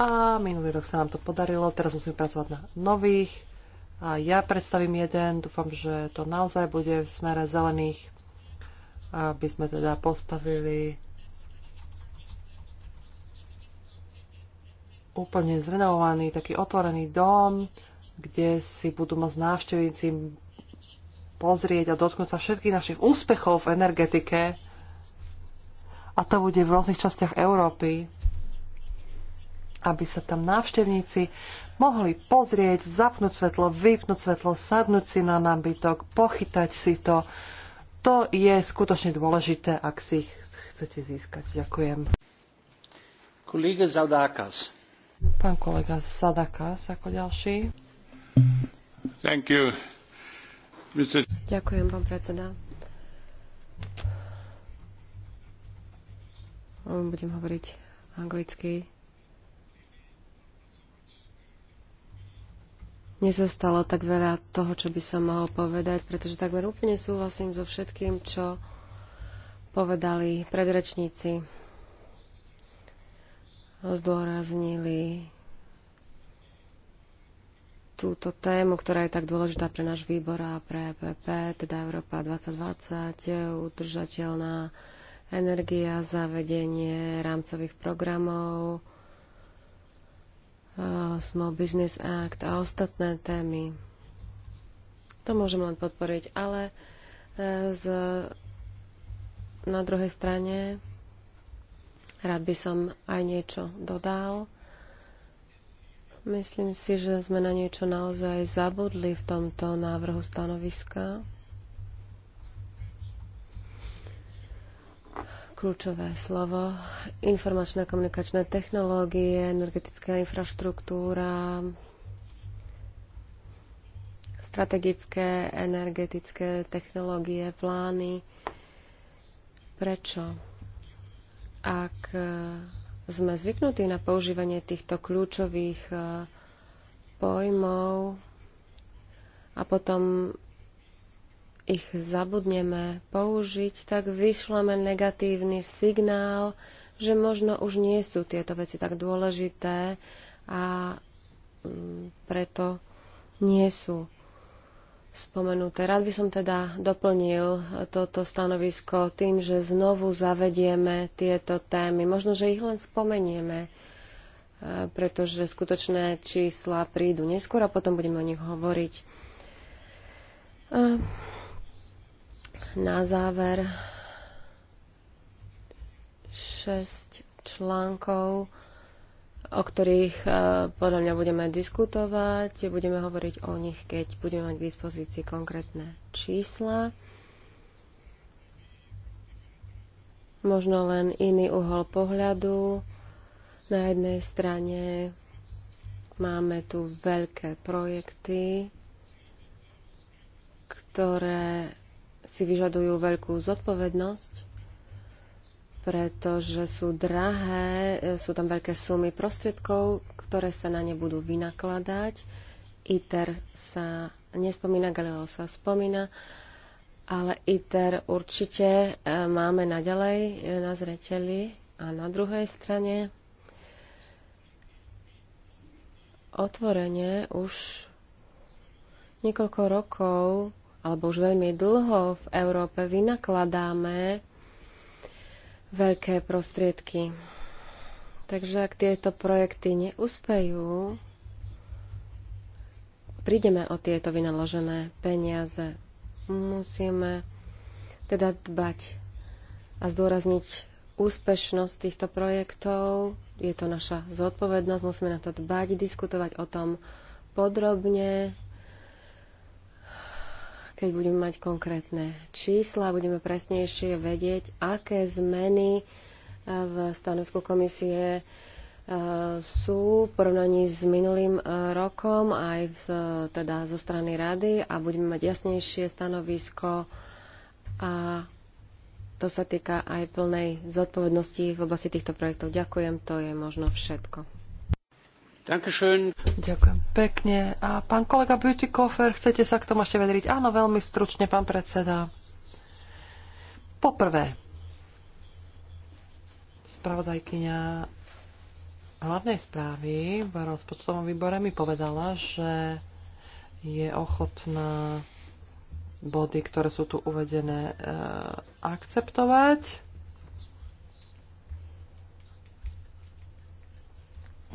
A minulý rok sa nám to podarilo, teraz musíme pracovať na nových. A ja predstavím jeden, dúfam, že to naozaj bude v smere zelených, aby sme teda postavili úplne zrenovovaný, taký otvorený dom, kde si budú môcť návštevníci pozrieť a dotknúť sa všetkých našich úspechov v energetike. A to bude v rôznych častiach Európy, aby sa tam návštevníci mohli pozrieť, zapnúť svetlo, vypnúť svetlo, sadnúť si na nábytok, pochytať si to. To je skutočne dôležité, ak si ich chcete získať. Ďakujem. Kolega Zaudákas. Pán kolega Sadakas ako ďalší. Thank you. Mr. Ďakujem, pán predseda. Budem hovoriť anglicky. Nezostalo tak veľa toho, čo by som mohol povedať, pretože takmer úplne súhlasím so všetkým, čo povedali predrečníci zdôraznili túto tému, ktorá je tak dôležitá pre náš výbor a pre EPP, teda Európa 2020, udržateľná energia, zavedenie rámcových programov, e, Small Business Act a ostatné témy. To môžem len podporiť, ale e, z, na druhej strane Rád by som aj niečo dodal. Myslím si, že sme na niečo naozaj zabudli v tomto návrhu stanoviska. Kľúčové slovo. Informačné a komunikačné technológie, energetická infraštruktúra, strategické energetické technológie, plány. Prečo? Ak e, sme zvyknutí na používanie týchto kľúčových e, pojmov a potom ich zabudneme použiť, tak vyšleme negatívny signál, že možno už nie sú tieto veci tak dôležité a mm, preto nie sú spomenuté. Rád by som teda doplnil e, toto stanovisko tým, že znovu zavedieme tieto témy. Možno, že ich len spomenieme, e, pretože skutočné čísla prídu neskôr a potom budeme o nich hovoriť. na záver 6 článkov o ktorých e, podľa mňa budeme diskutovať. Budeme hovoriť o nich, keď budeme mať k dispozícii konkrétne čísla. Možno len iný uhol pohľadu. Na jednej strane máme tu veľké projekty, ktoré si vyžadujú veľkú zodpovednosť pretože sú drahé, e, sú tam veľké sumy prostriedkov, ktoré sa na ne budú vynakladať. ITER sa nespomína, Galileo sa spomína, ale ITER určite e, máme naďalej e, na zreteli a na druhej strane otvorenie už niekoľko rokov alebo už veľmi dlho v Európe vynakladáme veľké prostriedky. Takže ak tieto projekty neúspejú, prídeme o tieto vynaložené peniaze. Musíme teda dbať a zdôrazniť úspešnosť týchto projektov. Je to naša zodpovednosť, musíme na to dbať, diskutovať o tom podrobne, keď budeme mať konkrétne čísla, budeme presnejšie vedieť, aké zmeny eh, v stanovsku komisie eh, sú v porovnaní s minulým eh, rokom aj v, teda zo strany rady a budeme mať jasnejšie stanovisko a to sa týka aj plnej zodpovednosti v oblasti týchto projektov. Ďakujem, to je možno všetko. Ďakujem pekne. A pán kolega Bütikofer, chcete sa k tomu ešte vedriť? Áno, veľmi stručne, pán predseda. Poprvé, spravodajkyňa hlavnej správy v rozpočtovom výbore mi povedala, že je ochotná body, ktoré sú tu uvedené, e, akceptovať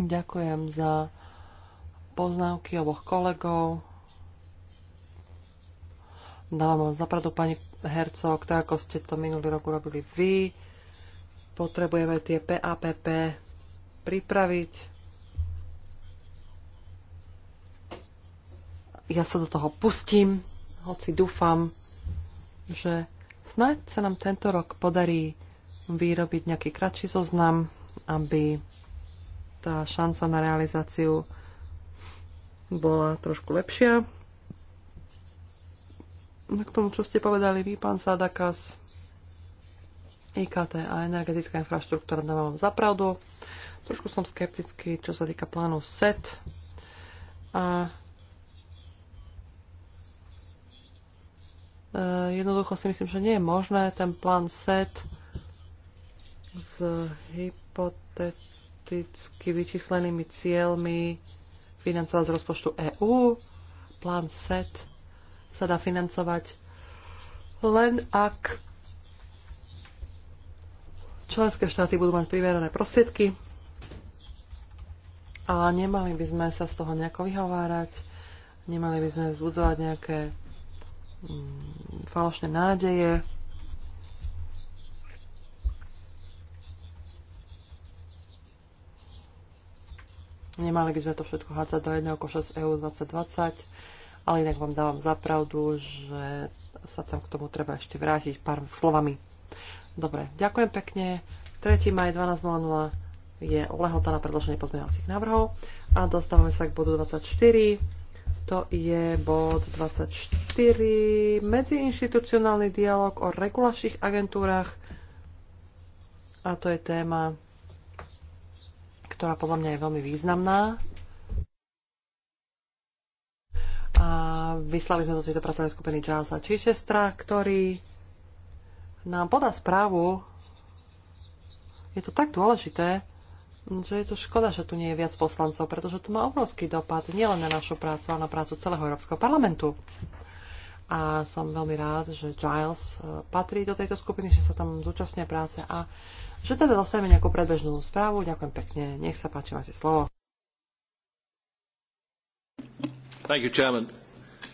Ďakujem za poznámky oboch kolegov. Dávam vám zapravdu, pani Hercog, tak ako ste to minulý rok urobili vy. Potrebujeme tie PAPP pripraviť. Ja sa do toho pustím, hoci dúfam, že snáď sa nám tento rok podarí vyrobiť nejaký kratší zoznam, aby tá šanca na realizáciu bola trošku lepšia. K tomu, čo ste povedali vy, pán Sadakas, IKT a energetická infraštruktúra dávam vám zapravdu. Trošku som skeptický, čo sa týka plánu SET. A e, jednoducho si myslím, že nie je možné ten plán SET z hypotéty politicky vyčíslenými cieľmi financovať z rozpočtu EÚ. Plán SET sa dá financovať len ak členské štáty budú mať primerané prostriedky a nemali by sme sa z toho nejako vyhovárať, nemali by sme vzbudzovať nejaké mm, falošné nádeje, Nemali by sme to všetko hádzať do jedného koša z EU 2020, ale inak vám dávam zapravdu, že sa tam k tomu treba ešte vrátiť pár slovami. Dobre, ďakujem pekne. 3. maj 12.00 je lehota na predloženie pozmeňovacích návrhov a dostávame sa k bodu 24. To je bod 24. Medziinstitucionálny dialog o regulačných agentúrach a to je téma ktorá podľa mňa je veľmi významná. A vyslali sme do tejto pracovnej skupiny Charlesa Chichestra, ktorý nám podá správu. Je to tak dôležité, že je to škoda, že tu nie je viac poslancov, pretože to má obrovský dopad nielen na našu prácu, ale na prácu celého Európskeho parlamentu a som veľmi rád, že Giles e, patrí do tejto skupiny, že sa tam zúčastňuje práce a že teda dostaneme nejakú predbežnú správu. Ďakujem pekne, nech sa páči, máte slovo. Thank you, Chairman.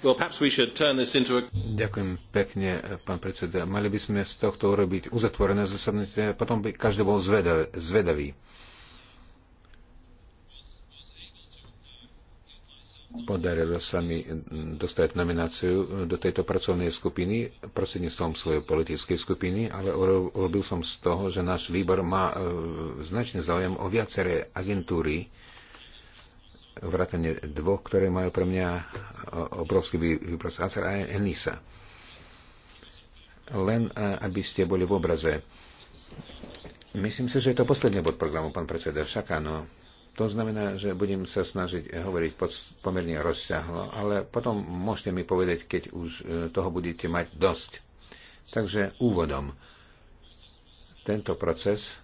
Well, perhaps we should turn this into a... Ďakujem pekne, pán predseda. Mali by sme z tohto urobiť uzatvorené zasadnutie, potom by každý bol zvedavý. zvedavý. Podarilo sa mi dostať nomináciu do tejto pracovnej skupiny prostredníctvom svojej politickej skupiny, ale urobil som z toho, že náš výbor má e, značný záujem o viaceré agentúry, vrátane dvoch, ktoré majú pre mňa e, obrovský výprost Acer a teda Enisa. Len e, aby ste boli v obraze. Myslím si, že je to posledný bod programu, pán predseda. Však áno. To znamená, že budem sa snažiť eh, hovoriť pod, pomerne rozsiahlo, ale potom môžete mi povedať, keď už eh, toho budete mať dosť. Takže úvodom. Tento proces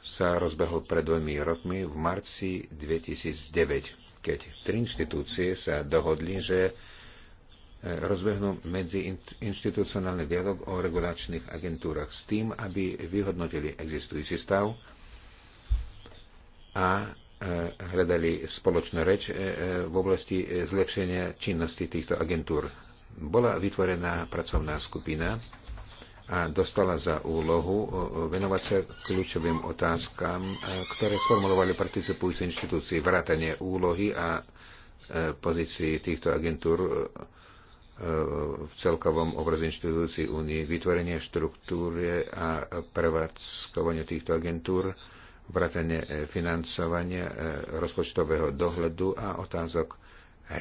sa rozbehol pred dvomi rokmi v marci 2009, keď tri inštitúcie sa dohodli, že eh, rozbehnú medziinstitucionálny dialog o regulačných agentúrach s tým, aby vyhodnotili existujúci stav a E, hľadali spoločnú reč e, e, v oblasti zlepšenia činnosti týchto agentúr. Bola vytvorená pracovná skupina a dostala za úlohu venovať sa kľúčovým otázkam, ktoré sformulovali participujúce inštitúcie, vrátanie úlohy a pozícii týchto agentúr v celkovom obraze inštitúcií únie, vytvorenie štruktúry a prevádzkovanie týchto agentúr, vrátane e, financovania, e, rozpočtového dohľadu a otázok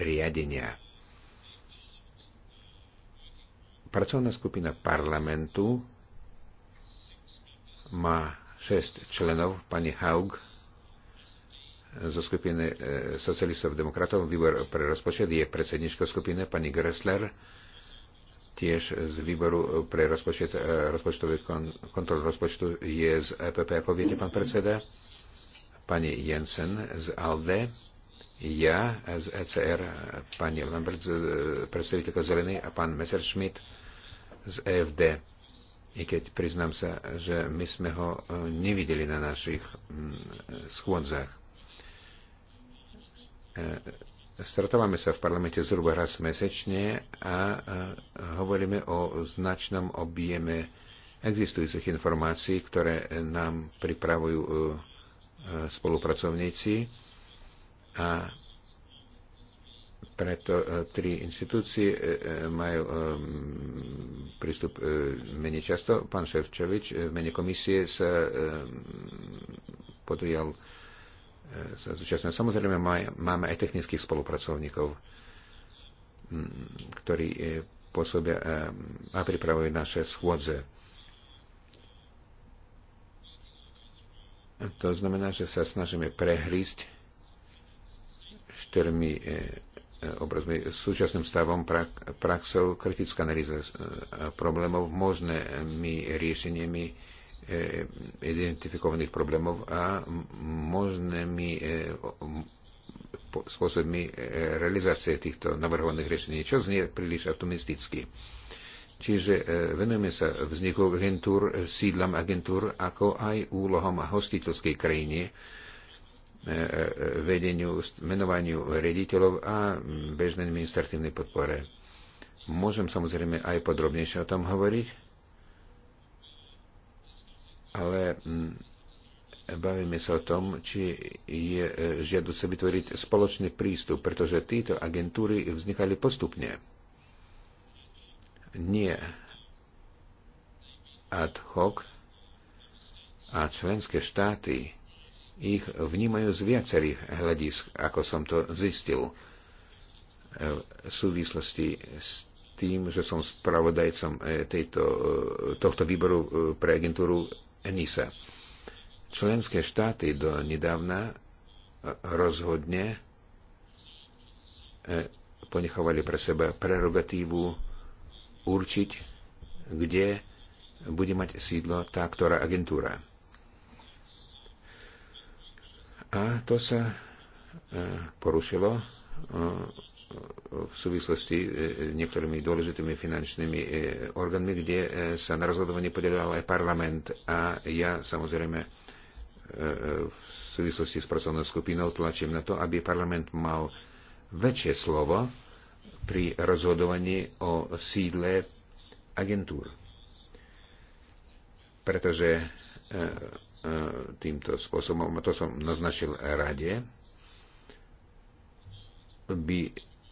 riadenia. Pracovná skupina parlamentu má šest členov, pani Haug zo skupiny e, socialistov demokratov, výbor pre rozpočet je predsednička skupiny, pani Gressler, tiež z výboru pre rozpočet, e, rozpočtový kon, kontrol rozpočtu je z EPP, ako viete, pán predseda, pani Jensen z ALDE, ja z ECR, pani Lambert, e, predstaviteľka Zelený a pán Messerschmidt z EFD. I keď priznám sa, že my sme ho e, nevideli na našich schôdzach Stretávame sa v parlamente zhruba raz mesečne a hovoríme o značnom objeme existujúcich informácií, ktoré nám pripravujú e, e, spolupracovníci a preto e, tri inštitúcie majú prístup menej často. Pán Ševčovič v mene komisie sa podujal E, sa zúčastňujú. Samozrejme, máme aj technických spolupracovníkov, ktorí e, pôsobia e, a pripravujú naše schôdze. To znamená, že sa snažíme prehrísť štyrmi obrazmi, súčasným stavom praxov kritická analýza problémov, možnými riešeniami, Eh, identifikovaných problémov a možnými eh, spôsobmi eh, realizácie týchto navrhovaných riešení, čo znie príliš optimisticky. Čiže venujeme sa vzniku agentúr, sídlam agentúr, ako aj úlohom hostiteľskej krajine, vedeniu, menovaniu rediteľov a bežnej administratívnej podpore. Môžem samozrejme aj podrobnejšie o tom hovoriť, ale mm, bavíme sa o tom, či je e, žiaduce vytvoriť spoločný prístup, pretože títo agentúry vznikali postupne. Nie ad hoc a členské štáty ich vnímajú z viacerých hľadisk, ako som to zistil e, v súvislosti s tým, že som spravodajcom e, tejto, tohto výboru pre agentúru ENISA. Členské štáty do nedávna e, rozhodne e, ponechovali pre seba prerogatívu určiť, kde bude mať sídlo tá ktorá agentúra. A to sa e, porušilo v súvislosti s e, e, niektorými dôležitými finančnými e, orgánmi, kde sa na rozhodovanie podelal aj parlament a ja samozrejme v súvislosti s pracovnou skupinou tlačím na to, aby parlament mal väčšie slovo pri rozhodovaní o sídle agentúr. Pretože týmto spôsobom, to som naznačil rade, by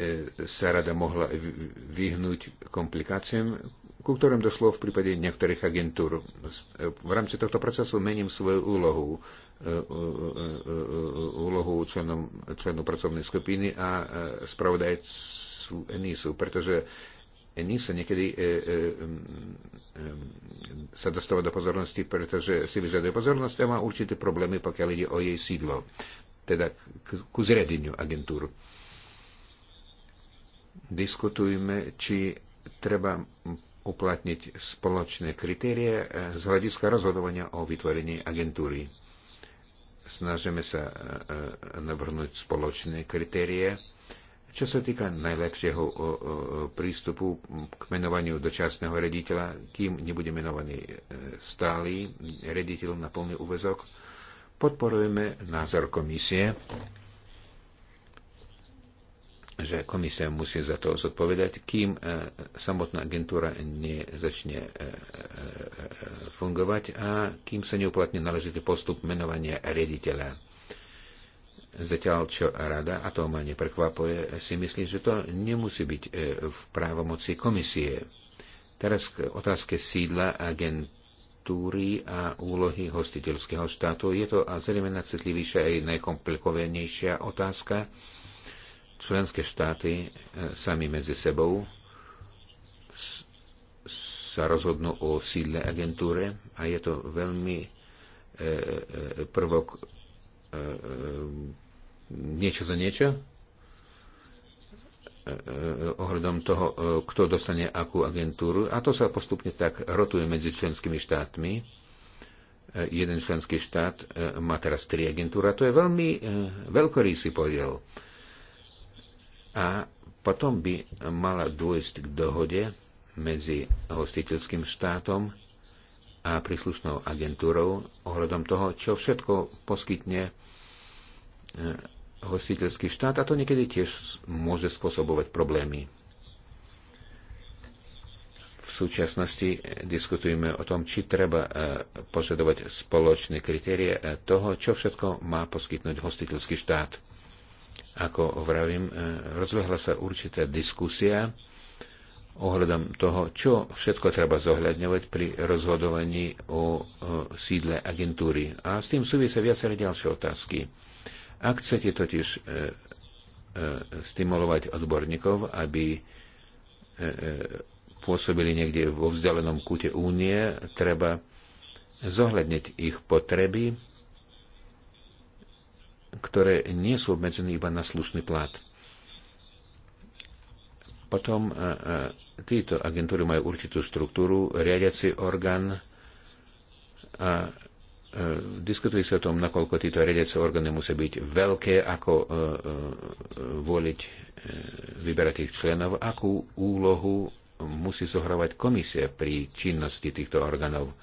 E, sa rada mohla vyhnúť komplikáciám, ku ktorým došlo v prípade niektorých agentúr. V rámci tohto procesu mením svoju úlohu e, e, úlohu členom, členu pracovnej skupiny a spravodajcu ENISu, pretože ENISa niekedy e, e, e, e, sa dostáva do pozornosti, pretože si vyžaduje pozornosť a má určité problémy, pokiaľ ide o jej sídlo, teda k, ku zriadeniu agentúru diskutujme, či treba uplatniť spoločné kritérie eh, z hľadiska rozhodovania o vytvorení agentúry. Snažíme sa eh, eh, navrhnúť spoločné kritérie, čo sa týka najlepšieho prístupu k menovaniu dočasného rediteľa, kým nebude menovaný stály rediteľ na plný úvezok, podporujeme názor komisie, že komisia musí za to zodpovedať, kým e, samotná agentúra nezačne e, e, fungovať a kým sa neuplatní náležitý postup menovania riaditeľa. Zatiaľ, čo rada, a to ma neprekvapuje, si myslí, že to nemusí byť v právomoci komisie. Teraz k otázke sídla agentúry a úlohy hostiteľského štátu. Je to zrejme najcitlivejšia aj najkomplikovanejšia otázka členské štáty e, sami medzi sebou sa rozhodnú o sídle agentúre a je to veľmi e, e, prvok niečo za niečo ohľadom toho, kto dostane akú agentúru. A to sa postupne tak rotuje medzi členskými štátmi. Jeden členský štát má teraz tri agentúry. A to je veľmi si podiel a potom by mala dôjsť k dohode medzi hostiteľským štátom a príslušnou agentúrou ohľadom toho, čo všetko poskytne e, hostiteľský štát a to niekedy tiež môže spôsobovať problémy. V súčasnosti e, diskutujeme o tom, či treba e, požadovať spoločné kritérie toho, čo všetko má poskytnúť hostiteľský štát. Ako vravím, e, rozvehla sa určitá diskusia ohľadom toho, čo všetko treba zohľadňovať pri rozhodovaní o, sídle agentúry. A s tým súvisia viaceré ďalšie otázky. Ak chcete totiž e, e, stimulovať odborníkov, aby pôsobili niekde vo vzdialenom kúte únie, treba zohľadniť ich potreby ktoré nie sú obmedzené iba na slušný plat. Potom e, e, títo agentúry majú určitú štruktúru, riadiaci orgán a e, diskutuje sa o tom, nakoľko títo riadiace orgány musia byť veľké, ako voliť, vyberať tých členov, akú úlohu musí zohrávať komisia pri činnosti týchto orgánov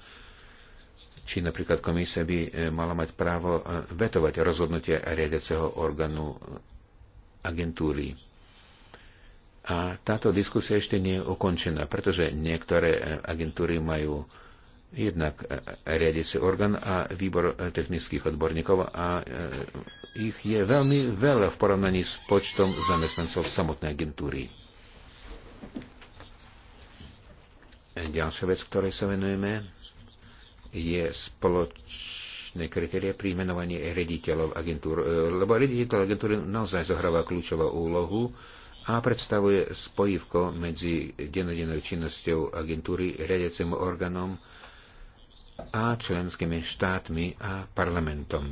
či napríklad komisia by e, mala mať právo e, vetovať rozhodnutie riadiaceho orgánu e, agentúry. A táto diskusia ešte nie je ukončená, pretože niektoré agentúry majú jednak riadiaci orgán a výbor technických odborníkov a ich je veľmi veľa v porovnaní s počtom zamestnancov samotnej agentúry. Ďalšia vec, ktorej sa venujeme, je spoločné kritéria pri menovaní rediteľov agentúr, e, lebo rediteľ agentúry naozaj zohráva kľúčovú úlohu a predstavuje spojivko medzi denodennou činnosťou agentúry, riadiacim orgánom a členskými štátmi a parlamentom.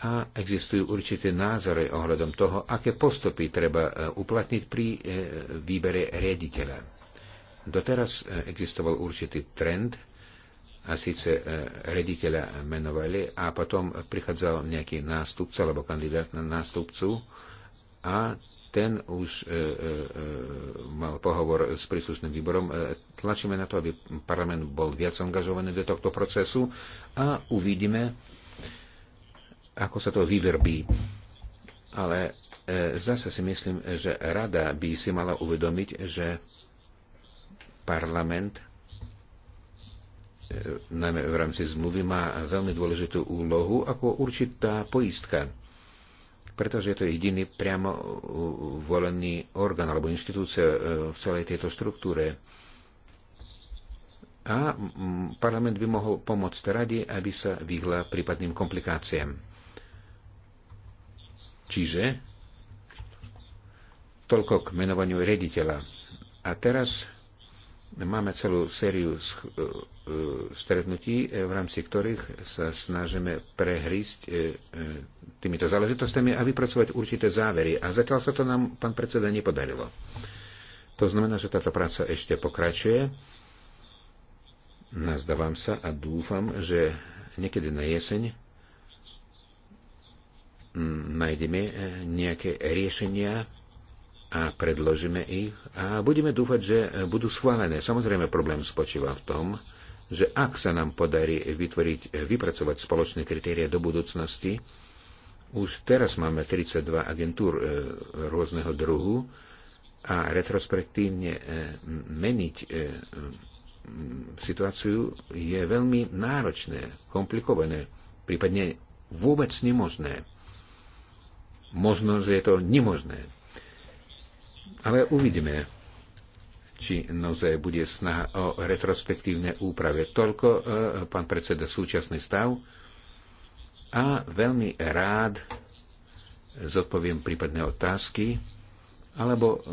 A existujú určité názory ohľadom toho, aké postupy treba e, uplatniť pri e, výbere riaditeľa. Doteraz existoval určitý trend, a síce e, rediteľa menovali a potom prichádzal nejaký nástupca alebo kandidát na nástupcu a ten už e, e, e mal pohovor s príslušným výborom. E, tlačíme na to, aby parlament bol viac angažovaný do tohto procesu a uvidíme, ako sa to vyverbí. Ale e, zase si myslím, že rada by si mala uvedomiť, že parlament E, najmä v rámci zmluvy, má veľmi dôležitú úlohu ako určitá poistka. Pretože je to jediný priamo volený orgán alebo inštitúcia e, v celej tejto štruktúre. A parlament by mohol pomôcť radi, aby sa vyhla prípadným komplikáciám. Čiže toľko k menovaniu rediteľa. A teraz Máme celú sériu e, e, stretnutí, e, v rámci ktorých sa snažíme prehrísť týmito záležitostami a vypracovať určité závery. A zatiaľ sa to nám, pán predseda, nepodarilo. To znamená, že táto práca ešte pokračuje. Nazdávam sa a dúfam, že niekedy na jeseň nájdeme nejaké riešenia a predložíme ich a budeme dúfať, že budú schválené. Samozrejme, problém spočíva v tom, že ak sa nám podarí vytvoriť, vypracovať spoločné kritéria do budúcnosti, už teraz máme 32 agentúr e, rôzneho druhu a retrospektívne e, meniť e, situáciu je veľmi náročné, komplikované, prípadne vôbec nemožné. Možno, že je to nemožné. Ale uvidíme, či noze bude snaha o retrospektívne úprave. Toľko, e, pán predseda, súčasný stav. A veľmi rád zodpoviem prípadné otázky alebo e,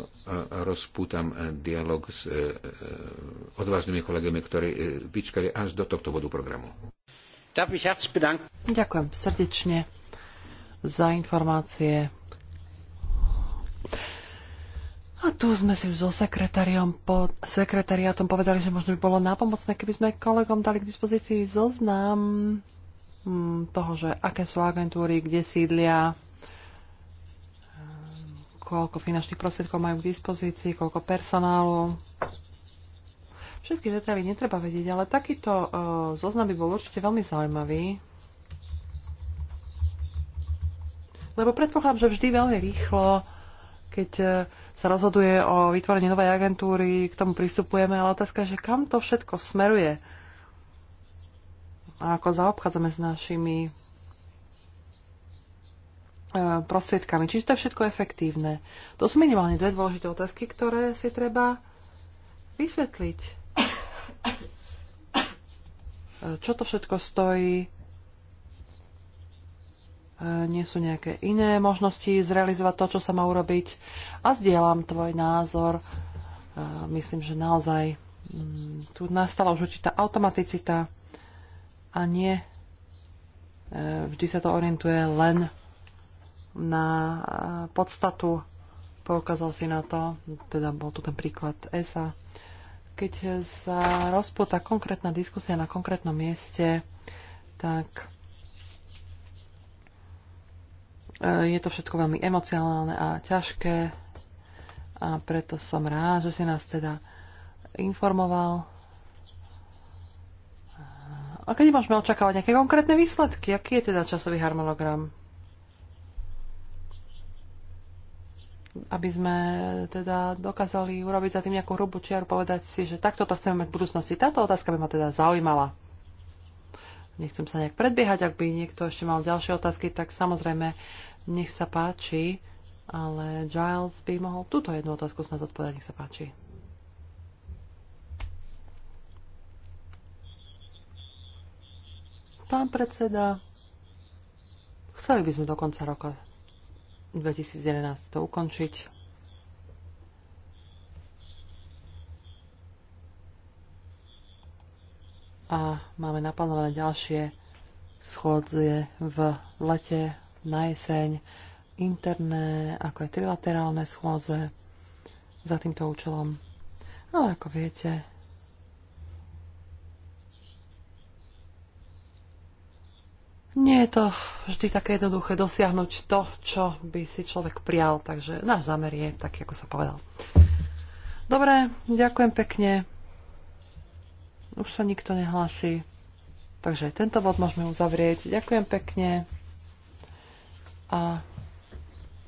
rozpútam e, dialog s odvážnymi kolegami, ktorí vyčkali až do tohto bodu programu. Ďakujem srdečne za informácie. A tu sme si už so sekretariom po, sekretariátom povedali, že možno by bolo nápomocné, keby sme kolegom dali k dispozícii zoznam hm, toho, že aké sú agentúry, kde sídlia, hm, koľko finančných prostriedkov majú k dispozícii, koľko personálu. Všetky detaily netreba vedieť, ale takýto uh, zoznam by bol určite veľmi zaujímavý. Lebo predpokladám, že vždy veľmi rýchlo, keď uh, sa rozhoduje o vytvorení novej agentúry, k tomu pristupujeme, ale otázka je, že kam to všetko smeruje a ako zaobchádzame s našimi e, prostriedkami. Čiže to je všetko efektívne. To sú minimálne dve dôležité otázky, ktoré si treba vysvetliť. Čo to všetko stojí, nie sú nejaké iné možnosti zrealizovať to, čo sa má urobiť. A zdieľam tvoj názor. E, myslím, že naozaj mm, tu nastala už určitá automaticita a nie e, vždy sa to orientuje len na e, podstatu. Poukázal si na to, teda bol tu ten príklad ESA. Keď sa rozputa konkrétna diskusia na konkrétnom mieste, tak Eh, je to všetko veľmi emocionálne a ťažké a preto som rád, že si nás teda informoval. A kedy môžeme očakávať nejaké konkrétne výsledky? Aký je teda časový harmonogram? Aby sme teda dokázali urobiť za tým nejakú hrubú čiaru, povedať si, že takto to chceme mať v budúcnosti. Táto otázka by ma teda zaujímala. Nechcem sa nejak predbiehať, ak by niekto ešte mal ďalšie otázky, tak samozrejme nech sa páči, ale Giles by mohol túto jednu otázku snad odpovedať. Nech sa páči. Pán predseda, chceli by sme do konca roka 2011 to ukončiť. a máme naplánované ďalšie schôdzie v lete na jeseň interné, ako aj trilaterálne schôdze za týmto účelom. Ale ako viete, nie je to vždy také jednoduché dosiahnuť to, čo by si človek prial, takže náš zámer je taký, ako sa povedal. Dobre, ďakujem pekne. Už sa nikto nehlasí. Takže tento bod môžeme uzavrieť. Ďakujem pekne a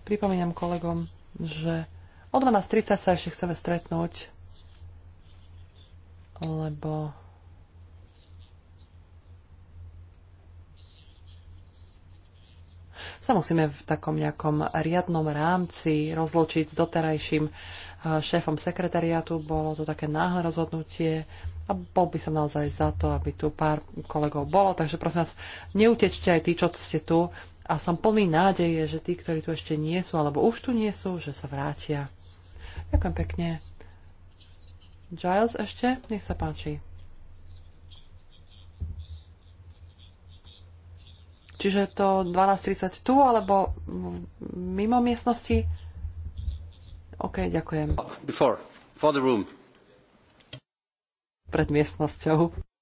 pripomínam kolegom, že o 12.30 sa ešte chceme stretnúť, lebo sa musíme v takom nejakom riadnom rámci rozločiť s doterajším eh, šéfom sekretariátu. Bolo to také náhle rozhodnutie a bol by som naozaj za to, aby tu pár kolegov bolo. Takže prosím vás, neutečte aj tí, čo ste tu, a som plný nádeje, že tí, ktorí tu ešte nie sú, alebo už tu nie sú, že sa vrátia. Ďakujem pekne. Giles ešte, nech sa páči. Čiže to 12.30 tu, alebo mimo miestnosti? OK, ďakujem. Before, for the room. Pred miestnosťou.